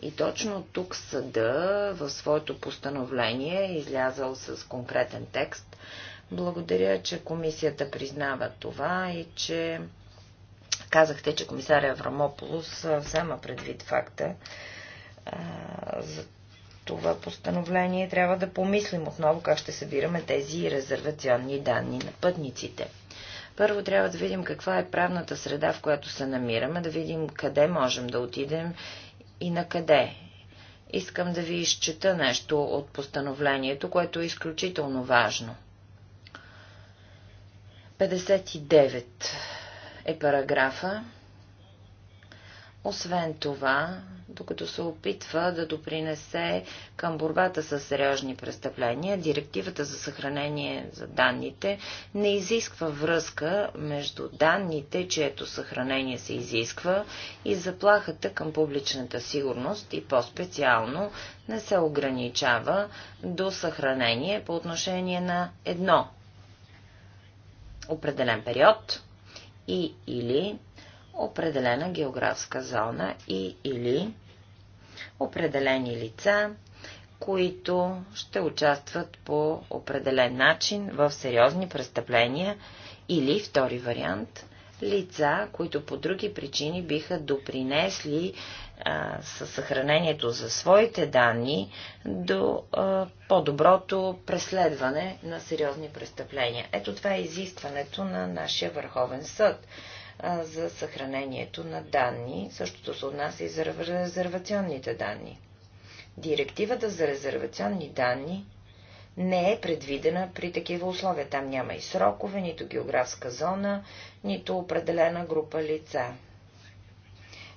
И точно тук съда в своето постановление е излязал с конкретен текст. Благодаря, че комисията признава това и че казахте, че комисаря Аврамополос взема предвид факта за това постановление, трябва да помислим отново как ще събираме тези резервационни данни на пътниците. Първо трябва да видим каква е правната среда, в която се намираме, да видим къде можем да отидем и на къде. Искам да ви изчета нещо от постановлението, което е изключително важно. 59 е параграфа, освен това, докато се опитва да допринесе към борбата с сериозни престъпления, директивата за съхранение за данните не изисква връзка между данните, чието съхранение се изисква, и заплахата към публичната сигурност и по-специално не се ограничава до съхранение по отношение на едно определен период и или определена географска зона и или определени лица, които ще участват по определен начин в сериозни престъпления или, втори вариант, лица, които по други причини биха допринесли а, със съхранението за своите данни до по-доброто преследване на сериозни престъпления. Ето това е изискването на нашия Върховен съд за съхранението на данни. Същото се отнася и за резервационните данни. Директивата за резервационни данни не е предвидена при такива условия. Там няма и срокове, нито географска зона, нито определена група лица.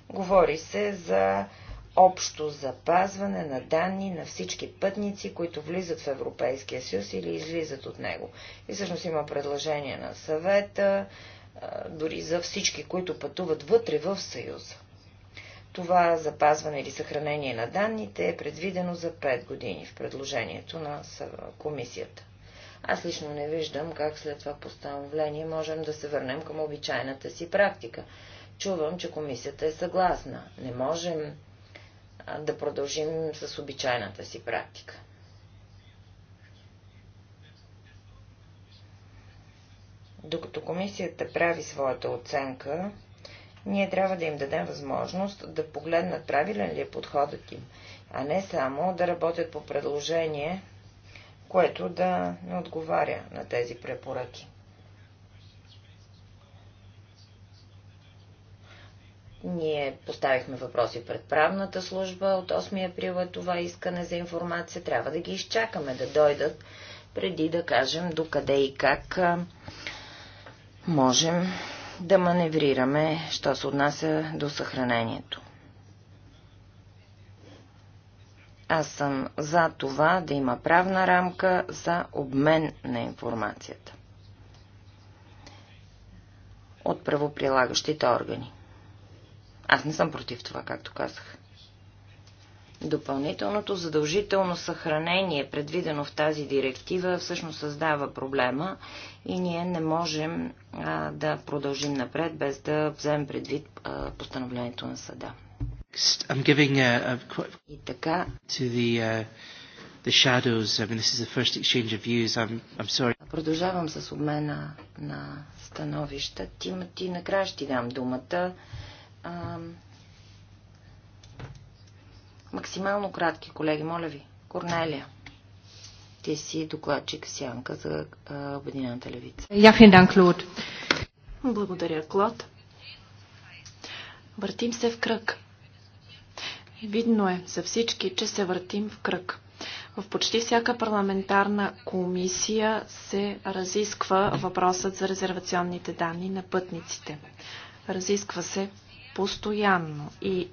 Говори се за общо запазване на данни на всички пътници, които влизат в Европейския съюз или излизат от него. И всъщност има предложение на съвета дори за всички, които пътуват вътре в Съюза. Това запазване или съхранение на данните е предвидено за 5 години в предложението на комисията. Аз лично не виждам как след това постановление можем да се върнем към обичайната си практика. Чувам, че комисията е съгласна. Не можем да продължим с обичайната си практика. Докато комисията прави своята оценка, ние трябва да им дадем възможност да погледнат правилен ли е подходът им, а не само да работят по предложение, което да не отговаря на тези препоръки. Ние поставихме въпроси пред правната служба. От 8 април е това искане за информация. Трябва да ги изчакаме да дойдат преди да кажем докъде и как можем да маневрираме, що се отнася до съхранението. Аз съм за това да има правна рамка за обмен на информацията от правоприлагащите органи. Аз не съм против това, както казах. Допълнителното задължително съхранение, предвидено в тази директива, всъщност създава проблема и ние не можем а, да продължим напред, без да вземем предвид а, постановлението на съда. A... И така. The, uh, Продължавам с обмена на становища. Ти, ти накрая ще ти дам думата. Uh, Максимално кратки, колеги, моля ви. Корнелия. Ти си докладчик Сянка за Обединената левица. Я финдан Клод. Благодаря, Клод. Въртим се в кръг. Видно е за всички, че се въртим в кръг. В почти всяка парламентарна комисия се разисква въпросът за резервационните данни на пътниците. Разисква се постоянно и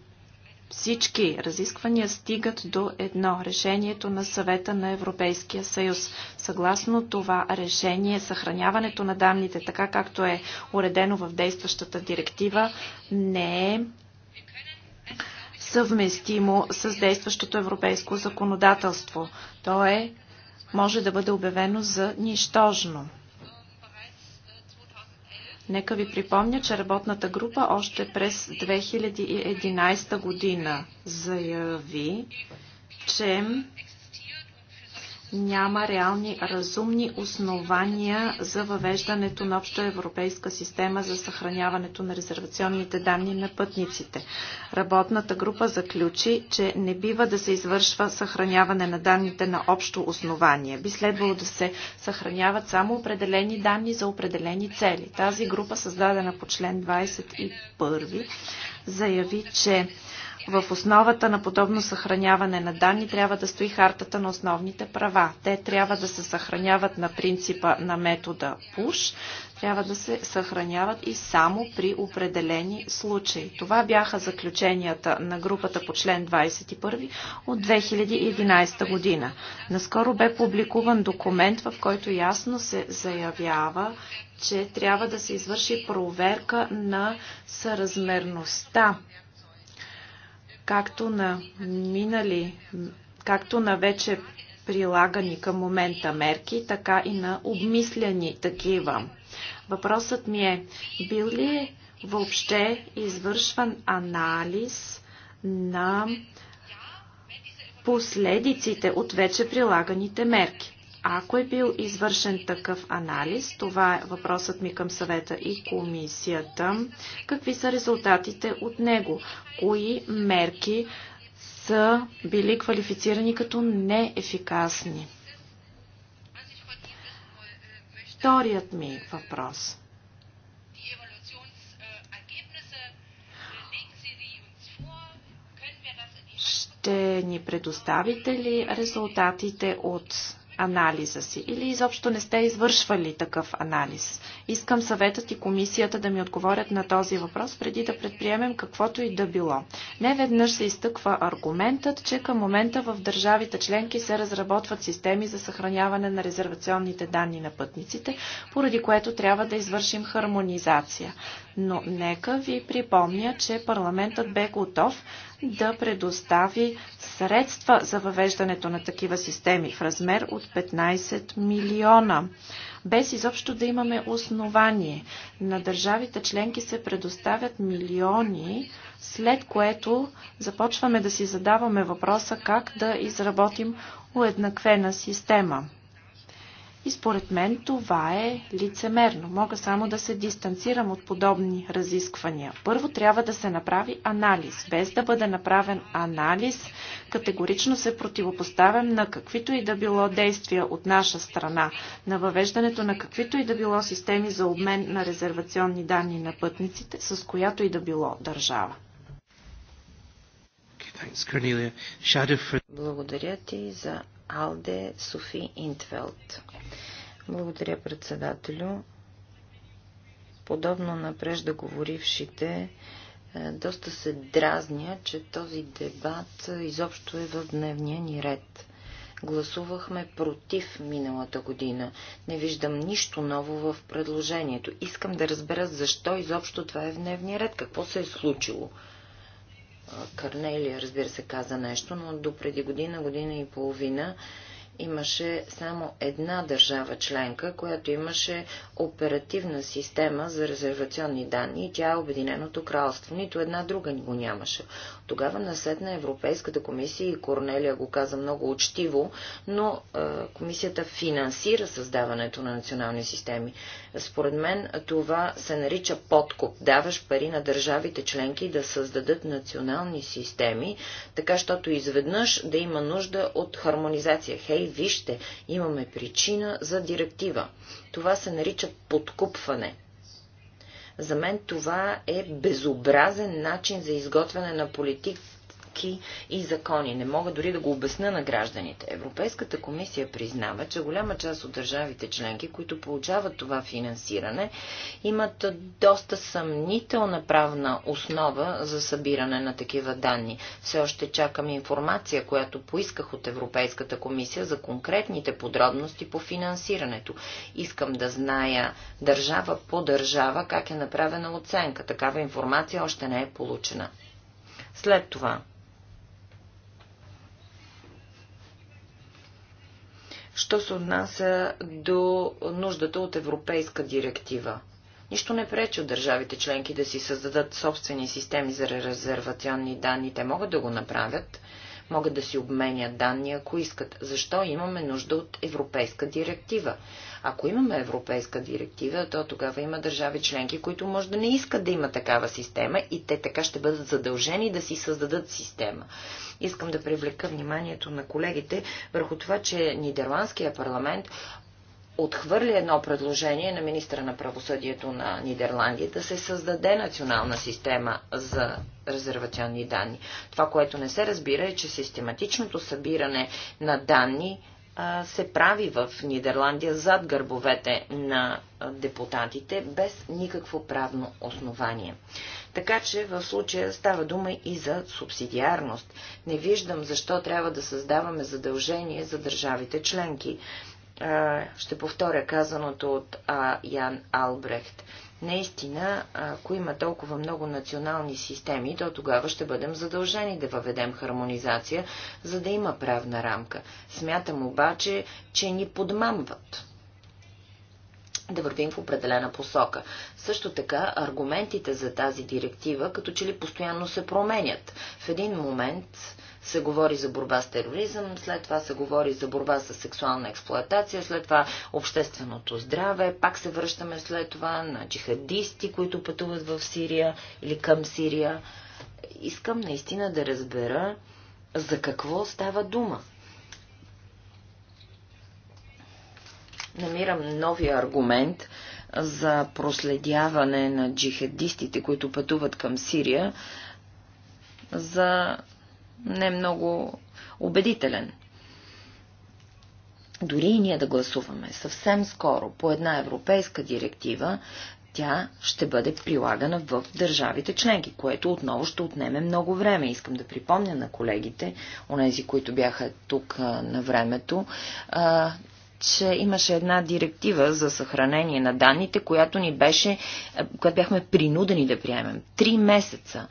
всички разисквания стигат до едно решението на съвета на Европейския съюз. Съгласно това решение, съхраняването на данните, така както е уредено в действащата директива, не е съвместимо с действащото европейско законодателство. То е, може да бъде обявено за нищожно. Нека ви припомня, че работната група още през 2011 година заяви, че няма реални разумни основания за въвеждането на обща европейска система за съхраняването на резервационните данни на пътниците. Работната група заключи, че не бива да се извършва съхраняване на данните на общо основание. Би следвало да се съхраняват само определени данни за определени цели. Тази група, създадена по член 21, заяви, че в основата на подобно съхраняване на данни трябва да стои хартата на основните права. Те трябва да се съхраняват на принципа на метода PUSH, трябва да се съхраняват и само при определени случаи. Това бяха заключенията на групата по член 21 от 2011 година. Наскоро бе публикуван документ, в който ясно се заявява, че трябва да се извърши проверка на съразмерността както на минали, както на вече прилагани към момента мерки, така и на обмисляни такива. Въпросът ми е, бил ли въобще извършван анализ на последиците от вече прилаганите мерки? Ако е бил извършен такъв анализ, това е въпросът ми към съвета и комисията, какви са резултатите от него? Кои мерки са били квалифицирани като неефикасни? Вторият ми въпрос – ще ни предоставите ли резултатите от анализа си или изобщо не сте извършвали такъв анализ? Искам съветът и комисията да ми отговорят на този въпрос преди да предприемем каквото и да било. Не веднъж се изтъква аргументът, че към момента в държавите членки се разработват системи за съхраняване на резервационните данни на пътниците, поради което трябва да извършим хармонизация. Но нека ви припомня, че парламентът бе готов да предостави средства за въвеждането на такива системи в размер от 15 милиона, без изобщо да имаме основание. На държавите членки се предоставят милиони, след което започваме да си задаваме въпроса как да изработим уеднаквена система. И според мен това е лицемерно. Мога само да се дистанцирам от подобни разисквания. Първо трябва да се направи анализ. Без да бъде направен анализ, категорично се противопоставям на каквито и да било действия от наша страна, на въвеждането на каквито и да било системи за обмен на резервационни данни на пътниците, с която и да било държава. Благодаря ти за Алде Софи Интвелт. Благодаря, председателю. Подобно на преждаговорившите, е, доста се дразня, че този дебат изобщо е в дневния ни ред. Гласувахме против миналата година. Не виждам нищо ново в предложението. Искам да разбера защо изобщо това е в дневния ред. Какво се е случило? Е, Карнелия, разбира се, каза нещо, но до преди година, година и половина имаше само една държава членка, която имаше оперативна система за резервационни данни и тя е Обединеното кралство. Нито една друга ни го нямаше. Тогава насетна Европейската комисия и Корнелия го каза много учтиво, но е, комисията финансира създаването на национални системи. Според мен това се нарича подкуп. Даваш пари на държавите членки да създадат национални системи, така, щото изведнъж да има нужда от хармонизация. Хей, вижте, имаме причина за директива. Това се нарича подкупване. За мен това е безобразен начин за изготвяне на политик, мерки и закони. Не мога дори да го обясна на гражданите. Европейската комисия признава, че голяма част от държавите членки, които получават това финансиране, имат доста съмнителна правна основа за събиране на такива данни. Все още чакам информация, която поисках от Европейската комисия за конкретните подробности по финансирането. Искам да зная държава по държава как е направена оценка. Такава информация още не е получена. След това, що се отнася до нуждата от европейска директива. Нищо не пречи от държавите членки да си създадат собствени системи за резервационни данни. Те могат да го направят, могат да си обменят данни, ако искат. Защо имаме нужда от европейска директива? Ако имаме европейска директива, то тогава има държави членки, които може да не искат да има такава система и те така ще бъдат задължени да си създадат система. Искам да привлека вниманието на колегите върху това, че Нидерландския парламент отхвърли едно предложение на министра на правосъдието на Нидерландия да се създаде национална система за резервационни данни. Това, което не се разбира е, че систематичното събиране на данни се прави в Нидерландия зад гърбовете на депутатите без никакво правно основание. Така че в случая става дума и за субсидиарност. Не виждам защо трябва да създаваме задължение за държавите членки. Ще повторя казаното от Ян Албрехт. Наистина, ако има толкова много национални системи, то тогава ще бъдем задължени да въведем хармонизация, за да има правна рамка. Смятам обаче, че ни подмамват да вървим в определена посока. Също така, аргументите за тази директива като че ли постоянно се променят. В един момент се говори за борба с тероризъм, след това се говори за борба с сексуална експлоатация, след това общественото здраве, пак се връщаме след това на джихадисти, които пътуват в Сирия или към Сирия. Искам наистина да разбера за какво става дума. Намирам новия аргумент, за проследяване на джихадистите, които пътуват към Сирия, за не много убедителен. Дори и ние да гласуваме съвсем скоро по една европейска директива, тя ще бъде прилагана в държавите членки, което отново ще отнеме много време. Искам да припомня на колегите, онези, които бяха тук на времето, че имаше една директива за съхранение на данните, която ни беше, е, която бяхме принудени да приемем. Три месеца.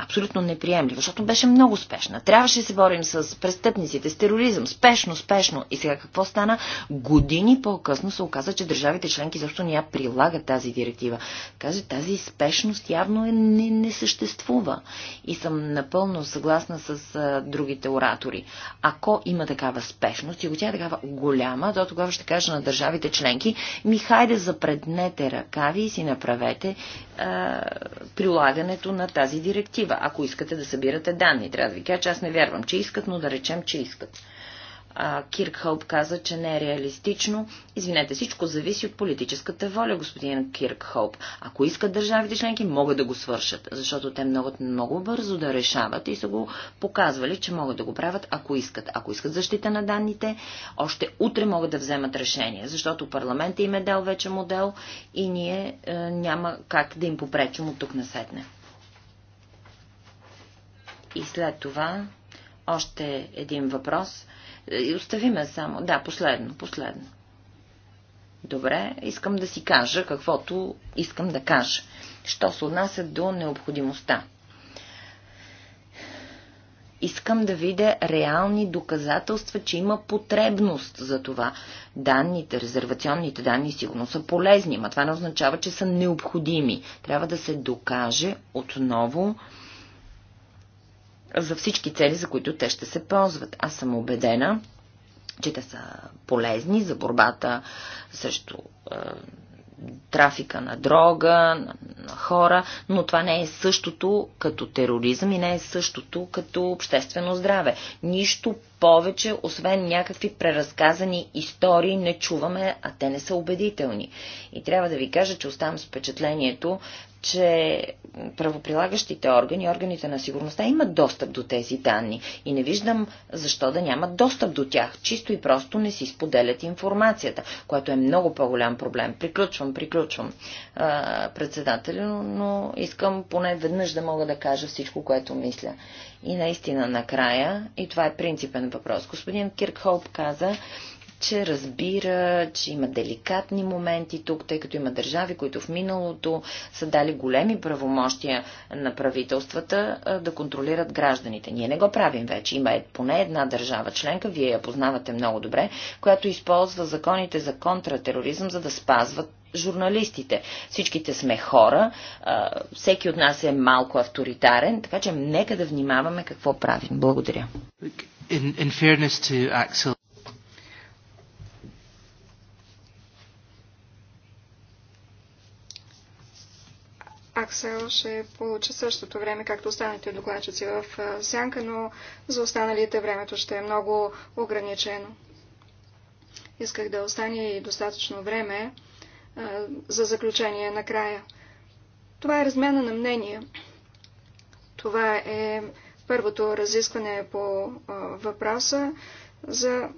Абсолютно неприемливо, защото беше много спешна. Трябваше да се борим с престъпниците, с тероризъм. Спешно, спешно. И сега какво стана? Години по-късно се оказа, че държавите членки защо не я прилагат тази директива. Каже, тази спешност явно е, не, не съществува. И съм напълно съгласна с а, е, другите оратори. Ако има такава спешност и ако тя е такава голяма, реформа, то тогава ще кажа на държавите членки, ми хайде запреднете ръкави и си направете а, прилагането на тази директива, ако искате да събирате данни. Трябва да ви кажа, че аз не вярвам, че искат, но да речем, че искат. Кирк Хълп каза, че не е реалистично. Извинете, всичко зависи от политическата воля, господин Кирк Хълп. Ако искат държавите членки, могат да го свършат, защото те могат много бързо да решават и са го показвали, че могат да го правят, ако искат. Ако искат защита на данните, още утре могат да вземат решение, защото парламентът им е дал вече модел и ние е, няма как да им попречим от тук насетне. И след това още един въпрос – и е, остави ме само. Да, последно, последно. Добре, искам да си кажа каквото искам да кажа. Що се отнася до необходимостта. Искам да видя реални доказателства, че има потребност за това. Данните, резервационните данни сигурно са полезни, но това не означава, че са необходими. Трябва да се докаже отново, за всички цели, за които те ще се ползват. Аз съм убедена, че те са полезни за борбата срещу е, трафика на дрога, на, на хора, но това не е същото като тероризъм и не е същото като обществено здраве. Нищо повече, освен някакви преразказани истории, не чуваме, а те не са убедителни. И трябва да ви кажа, че оставам с впечатлението, че правоприлагащите органи, органите на сигурността имат достъп до тези данни и не виждам защо да нямат достъп до тях. Чисто и просто не си споделят информацията, което е много по-голям проблем. Приключвам, приключвам, председателю, но искам поне веднъж да мога да кажа всичко, което мисля. И наистина накрая, и това е принципен въпрос, господин Киркхолп каза, че разбира, че има деликатни моменти тук, тъй като има държави, които в миналото са дали големи правомощия на правителствата да контролират гражданите. Ние не го правим вече. Има е поне една държава членка, вие я познавате много добре, която използва законите за контратероризъм, за да спазват журналистите. Всичките сме хора, всеки от нас е малко авторитарен, така че нека да внимаваме какво правим. Благодаря. In, in fairness to Axel, Аксел ще получи същото време, както останалите докладчици в сянка, но за останалите времето ще е много ограничено. Исках да остане и достатъчно време за заключение накрая. Това е размяна на мнение. Това е първото разискване по въпроса за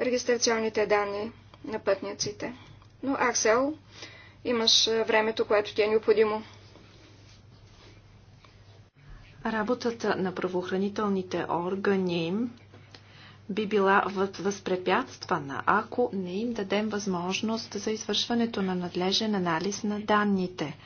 регистрационните данни на пътниците. Но Аксел имаш е, времето, което ти е необходимо. Работата на правоохранителните органи би била възпрепятствана, ако не им дадем възможност за извършването на надлежен анализ на данните.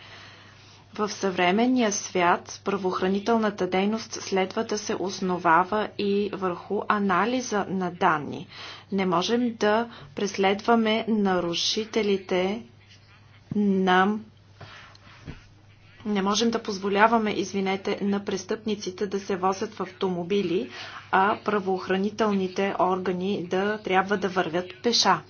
В съвременния свят правоохранителната дейност следва да се основава и върху анализа на данни. Не можем да преследваме нарушителите Нам не можем да позволяваме, извинете, на престъпниците да се возят в автомобили, а правоохранителните органи да трябва да вървят пеша.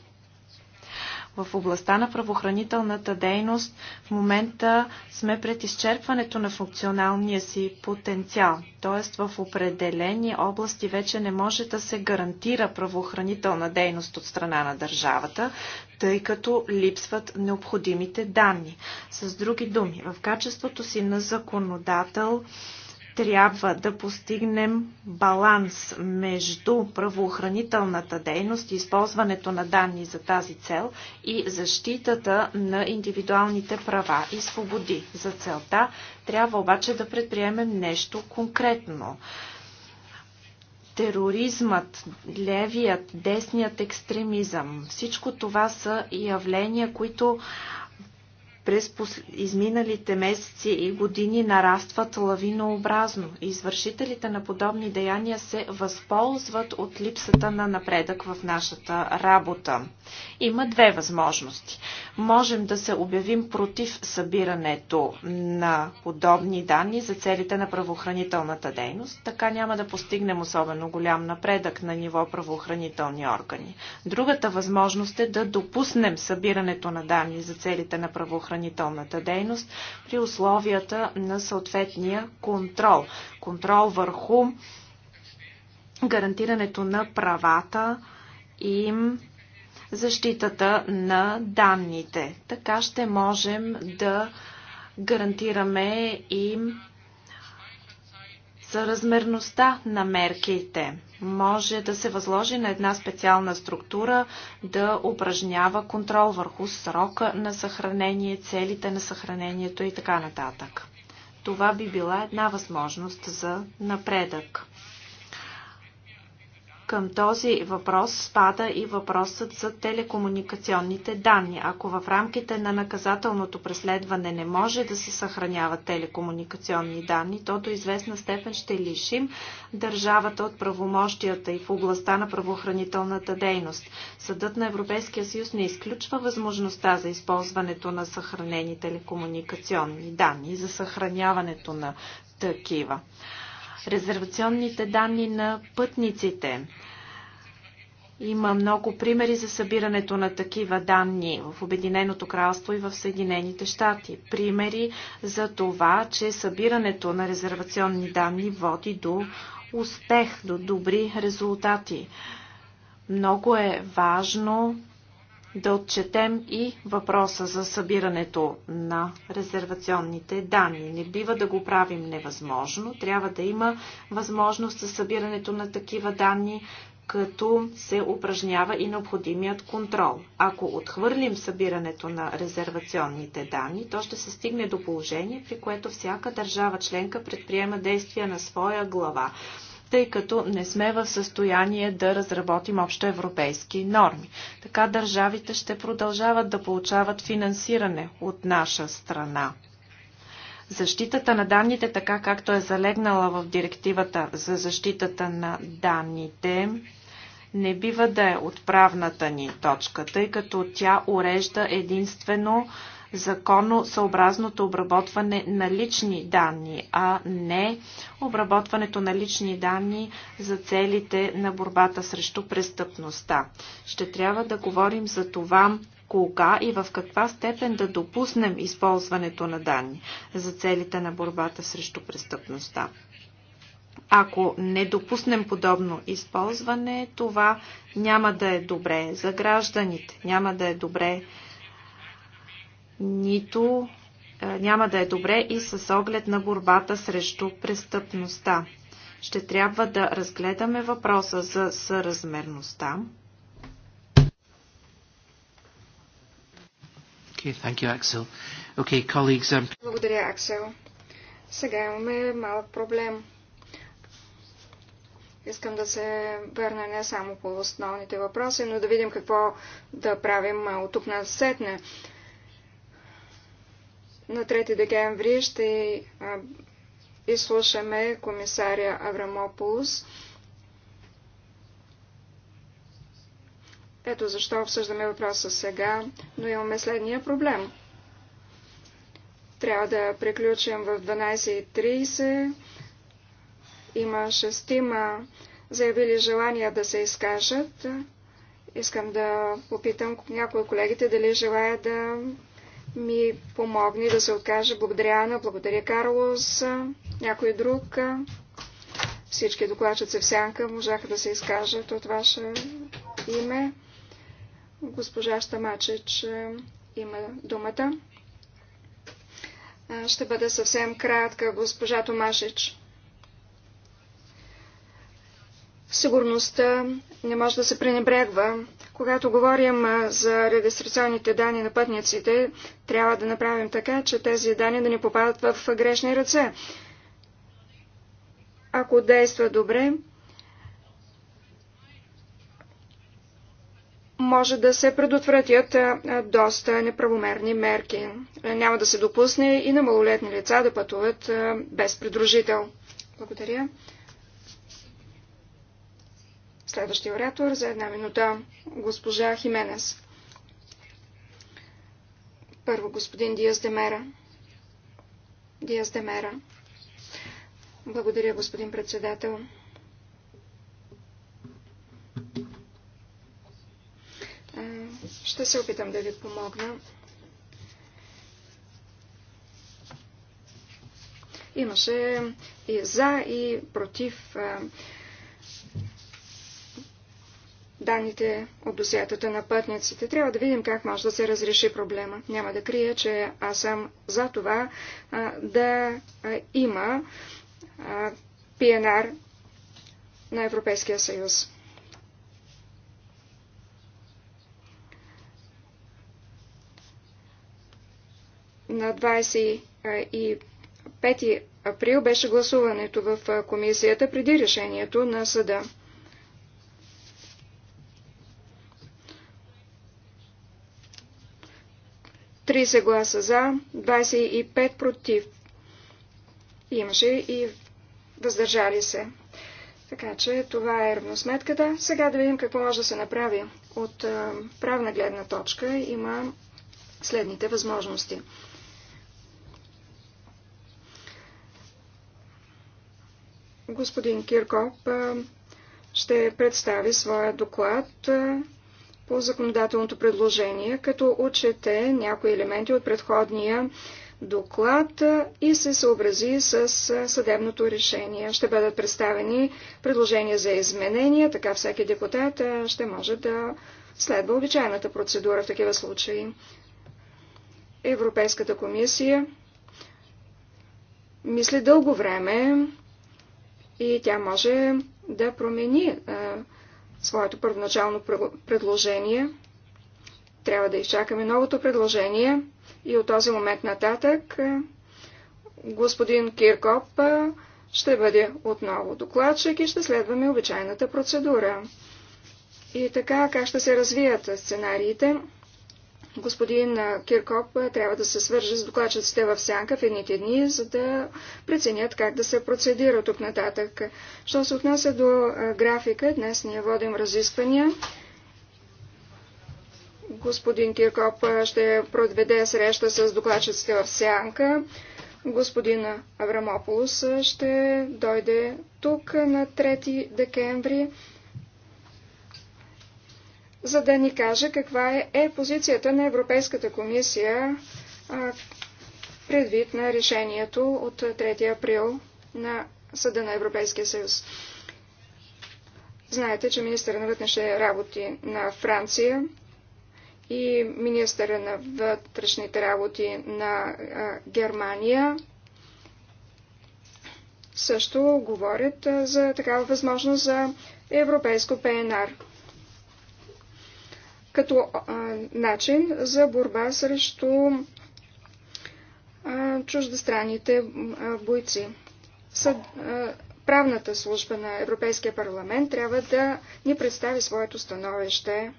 В областта на правоохранителната дейност в момента сме пред изчерпването на функционалния си потенциал. Тоест в определени области вече не може да се гарантира правоохранителна дейност от страна на държавата, тъй като липсват необходимите данни. С други думи, в качеството си на законодател, трябва да постигнем баланс между правоохранителната дейност и използването на данни за тази цел и защитата на индивидуалните права и свободи. За целта трябва обаче да предприемем нещо конкретно. Тероризмът, левият, десният екстремизъм, всичко това са явления, които през изминалите месеци и години нарастват лавинообразно. Извършителите на подобни деяния се възползват от липсата на напредък в нашата работа. Има две възможности. Можем да се обявим против събирането на подобни данни за целите на правоохранителната дейност. Така няма да постигнем особено голям напредък на ниво правоохранителни органи. Другата възможност е да допуснем събирането на данни за целите на правоохранителната правоохранителната дейност при условията на съответния контрол. Контрол върху гарантирането на правата и защитата на данните. Така ще можем да гарантираме и съразмерността на мерките. Може да се възложи на една специална структура да упражнява контрол върху срока на съхранение, целите на съхранението и така нататък. Това би била една възможност за напредък. Към този въпрос спада и въпросът за телекомуникационните данни. Ако в рамките на наказателното преследване не може да се съхраняват телекомуникационни данни, то до известна степен ще лишим държавата от правомощията и в областта на правоохранителната дейност. Съдът на Европейския съюз не изключва възможността за използването на съхранени телекомуникационни данни и за съхраняването на такива резервационните данни на пътниците, има много примери за събирането на такива данни в Обединеното кралство и в Съединените щати. Примери за това, че събирането на резервационни данни води до успех, до добри резултати. Много е важно да отчетем и въпроса за събирането на резервационните данни. Не бива да го правим невъзможно. Трябва да има възможност за събирането на такива данни като се упражнява и необходимият контрол. Ако отхвърлим събирането на резервационните данни, то ще се стигне до положение, при което всяка държава членка предприема действия на своя глава, тъй като не сме в състояние да разработим общо европейски норми. Така държавите ще продължават да получават финансиране от наша страна. Защитата на данните, така както е залегнала в директивата за защитата на данните, не бива да е отправната ни точка, тъй като тя урежда единствено законно съобразното обработване на лични данни, а не обработването на лични данни за целите на борбата срещу престъпността. Ще трябва да говорим за това кога и в каква степен да допуснем използването на данни за целите на борбата срещу престъпността. Ако не допуснем подобно използване, това няма да е добре за гражданите, няма да е добре нито е, няма да е добре и с оглед на борбата срещу престъпността. Ще трябва да разгледаме въпроса за съразмерността. Okay, thank you, Axel. Okay, colleagues, um, Благодаря, Аксел. Сега имаме малък проблем. Искам да се върна не само по основните въпроси, но да видим какво да правим от тук на сетне. На 3 декември ще изслушаме комисаря Аврамополус. Ето защо обсъждаме въпроса сега, но имаме следния проблем. Трябва да приключим в 12.30. Има шестима заявили желание да се изкажат. Искам да попитам някои от колегите дали желая да ми помогне да се откаже. Благодаря Ана, благодаря Карлос, някой друг. Всички докладчици в сянка можаха да се изкажат от ваше име. Госпожа Штамачич е, има думата. Е, ще бъде съвсем кратка госпожа Томашич. Сигурността не може да се пренебрегва. Когато говорим за регистрационните данни на пътниците, трябва да направим така, че тези данни да не попадат в грешни ръце. Ако действа добре, може да се предотвратят доста неправомерни мерки. Няма да се допусне и на малолетни лица да пътуват без придружител. Благодаря. Следващия оратор за една минута госпожа Хименес. Първо господин Диас Демера. Диас Демера. Благодаря, господин председател. Ще се опитам да ви помогна. Имаше и за, и против данните от досиятата на пътниците. Трябва да видим как може да се разреши проблема. Няма да крия, че аз съм за това да има ПНР на Европейския съюз. На 25 април беше гласуването в комисията преди решението на съда. 30 гласа за, 25 против. Имаше и въздържали се. Така че това е равносметката. Сега да видим какво може да се направи. От а, правна гледна точка има следните възможности. Господин Киркоп ще представи своя доклад по законодателното предложение, като отчете някои елементи от предходния доклад и се съобрази с съдебното решение. Ще бъдат представени предложения за изменения, така всеки депутат ще може да следва обичайната процедура в такива случаи. Европейската комисия мисли дълго време и тя може да промени своето първоначално предложение. Трябва да изчакаме новото предложение и от този момент нататък е, господин Киркоп е, ще бъде отново докладчик и ще следваме обичайната процедура. И така, как ще се развият сценариите? господин Киркоп трябва да се свържи с докладчиците в сянка в едните дни, за да преценят как да се процедира тук нататък. Що се отнася до графика, днес ние водим разисквания. Господин Киркоп ще проведе среща с докладчиците в сянка. Господин Аврамополос ще дойде тук на 3 декември за да ни каже каква е, е позицията на Европейската комисия предвид на решението от 3 април на Съда на Европейския съюз. Знаете, че министър на вътрешните работи на Франция и министър на вътрешните работи на Германия също говорят за такава възможност за европейско ПНР като а, начин за борба срещу а, чуждестранните а, бойци. Съд, а, правната служба на Европейския парламент трябва да ни представи своето становище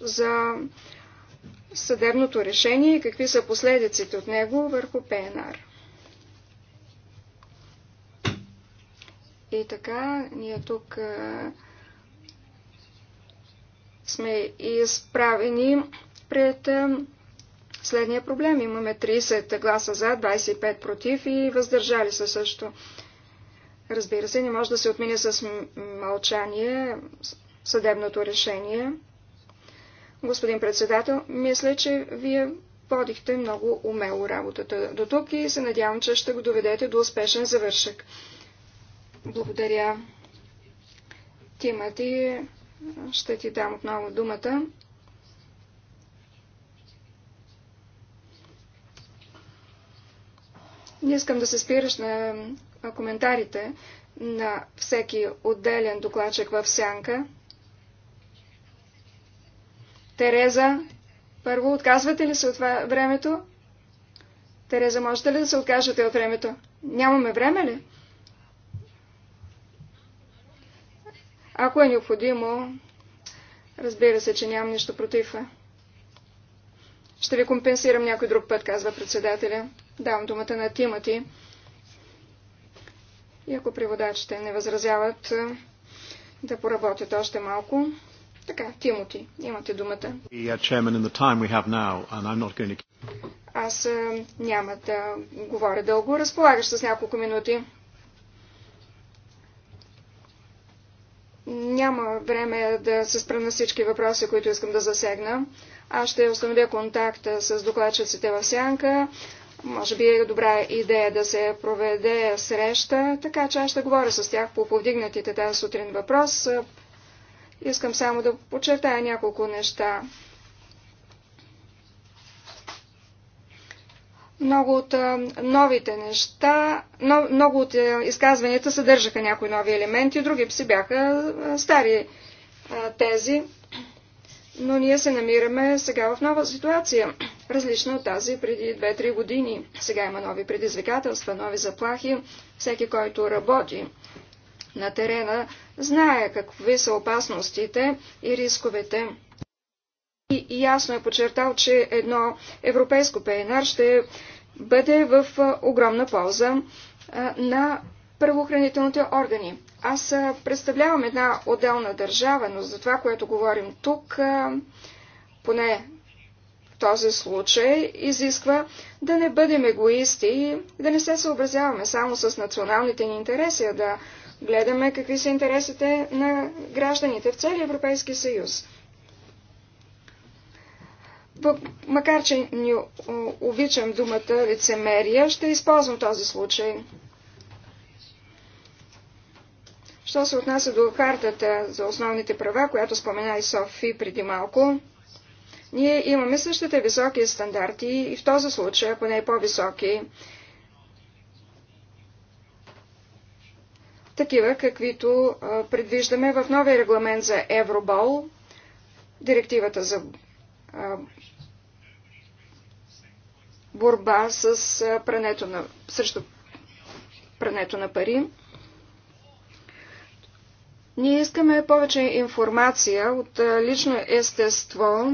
за съдебното решение и какви са последиците от него върху ПНР. И така, ние тук а, сме изправени пред следния проблем. Имаме 30 гласа за, 25 против и въздържали се също. Разбира се, не може да се отмине с мълчание съдебното решение. Господин председател, мисля, че вие водихте много умело работата до тук и се надявам, че ще го доведете до успешен завършък. Благодаря. Тимати ще ти дам отново думата. Не искам да се спираш на коментарите на всеки отделен докладчик в сянка. Тереза, първо, отказвате ли се от времето? Тереза, можете ли да се откажете от времето? Нямаме време ли? Ако е необходимо, разбира се, че нямам нищо против. Ще ви компенсирам някой друг път, казва председателя. Давам думата на Тимати. И ако преводачите не възразяват, е, да поработят още малко. Така, Тимоти, имате думата. Аз е, няма да говоря дълго. Разполагаш с няколко минути. Няма време да се спра на всички въпроси, които искам да засегна. Аз ще установя контакт с докладчиците в Сянка. Може би е добра идея да се проведе среща, така че аз ще говоря с тях по повдигнатите тази сутрин въпрос. Искам само да подчертая няколко неща. Много от новите неща, много от изказванията съдържаха някои нови елементи, други си бяха стари тези. Но ние се намираме сега в нова ситуация, различна от тази преди 2-3 години. Сега има нови предизвикателства, нови заплахи. Всеки, който работи на терена, знае какви са опасностите и рисковете. И ясно е подчертал, че едно европейско ПНР ще бъде в огромна полза на правоохранителните органи. Аз представлявам една отделна държава, но за това, което говорим тук, поне в този случай, изисква да не бъдем егоисти, да не се съобразяваме само с националните ни интереси, а да гледаме какви са интересите на гражданите в целия Европейски съюз. Макар, че не обичам думата лицемерие, ще използвам този случай. Що се отнася до картата за основните права, която спомена и Софи преди малко, ние имаме същите високи стандарти и в този случай, поне и е по-високи, такива, каквито предвиждаме в новия регламент за Евробол, директивата за борба с прането на, срещу прането на пари. Ние искаме повече информация от лично естество,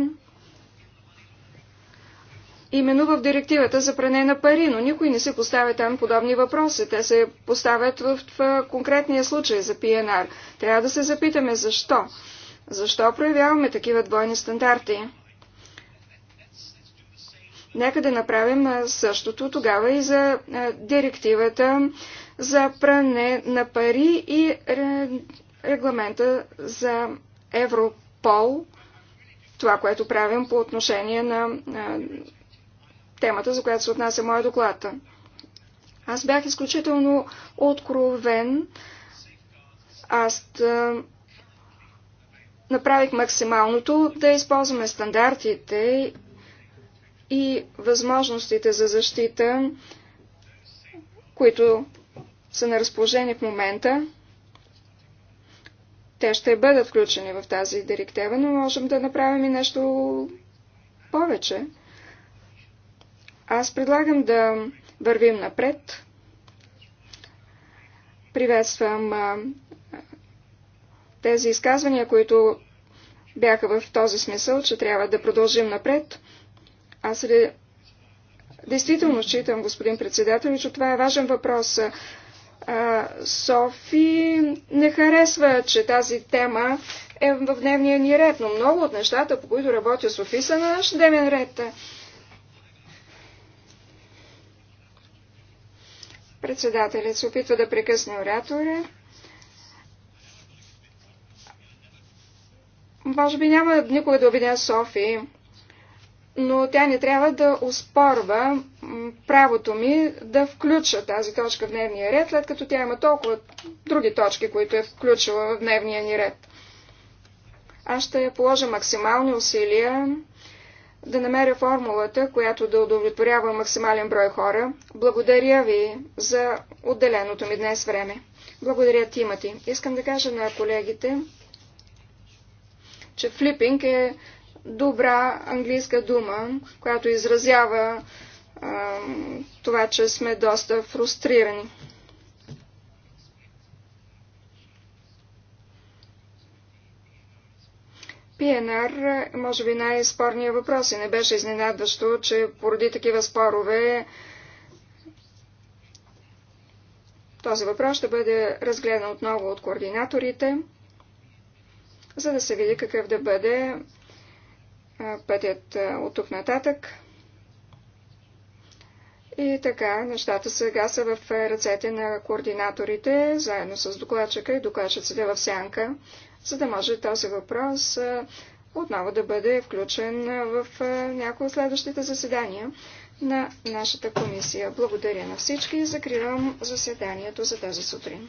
именно в директивата за пране на пари, но никой не се поставя там подобни въпроси. Те се поставят в, в конкретния случай за ПНР. Трябва да се запитаме защо. Защо проявяваме такива двойни стандарти? Нека да направим същото тогава и за директивата за пране на пари и регламента за Европол, това, което правим по отношение на темата, за която се отнася моя доклад. Аз бях изключително откровен. Аз направих максималното да използваме стандартите и възможностите за защита, които са на разположение в момента. Те ще бъдат включени в тази директива, но можем да направим и нещо повече. Аз предлагам да вървим напред. Приветствам а, тези изказвания, които бяха в този смисъл, че трябва да продължим напред. Аз ли... действително считам, господин председател, че това е важен въпрос. А, Софи не харесва, че тази тема е в дневния ни ред, но много от нещата, по които работя Софи, са на наш дневен ред. Председателят се опитва да прекъсне оратора. Може би няма никога да обидя Софи, но тя не трябва да оспорва правото ми да включа тази точка в дневния ред, след като тя има толкова други точки, които е включила в дневния ни ред. Аз ще положа максимални усилия да намеря формулата, която да удовлетворява максимален брой хора. Благодаря ви за отделеното ми днес време. Благодаря, Тимати. Искам да кажа на колегите, че флипинг е добра английска дума, която изразява това, че сме доста фрустрирани. ПНР, може би най-спорният въпрос и не беше изненадващо, че поради такива спорове този въпрос ще бъде разгледан отново от координаторите, за да се види какъв да бъде пътят от тук нататък. И така, нещата сега са в ръцете на координаторите, заедно с докладчика и докладчиците в сянка, за да може този въпрос отново да бъде включен в някои от следващите заседания на нашата комисия. Благодаря на всички и закривам заседанието за тази сутрин.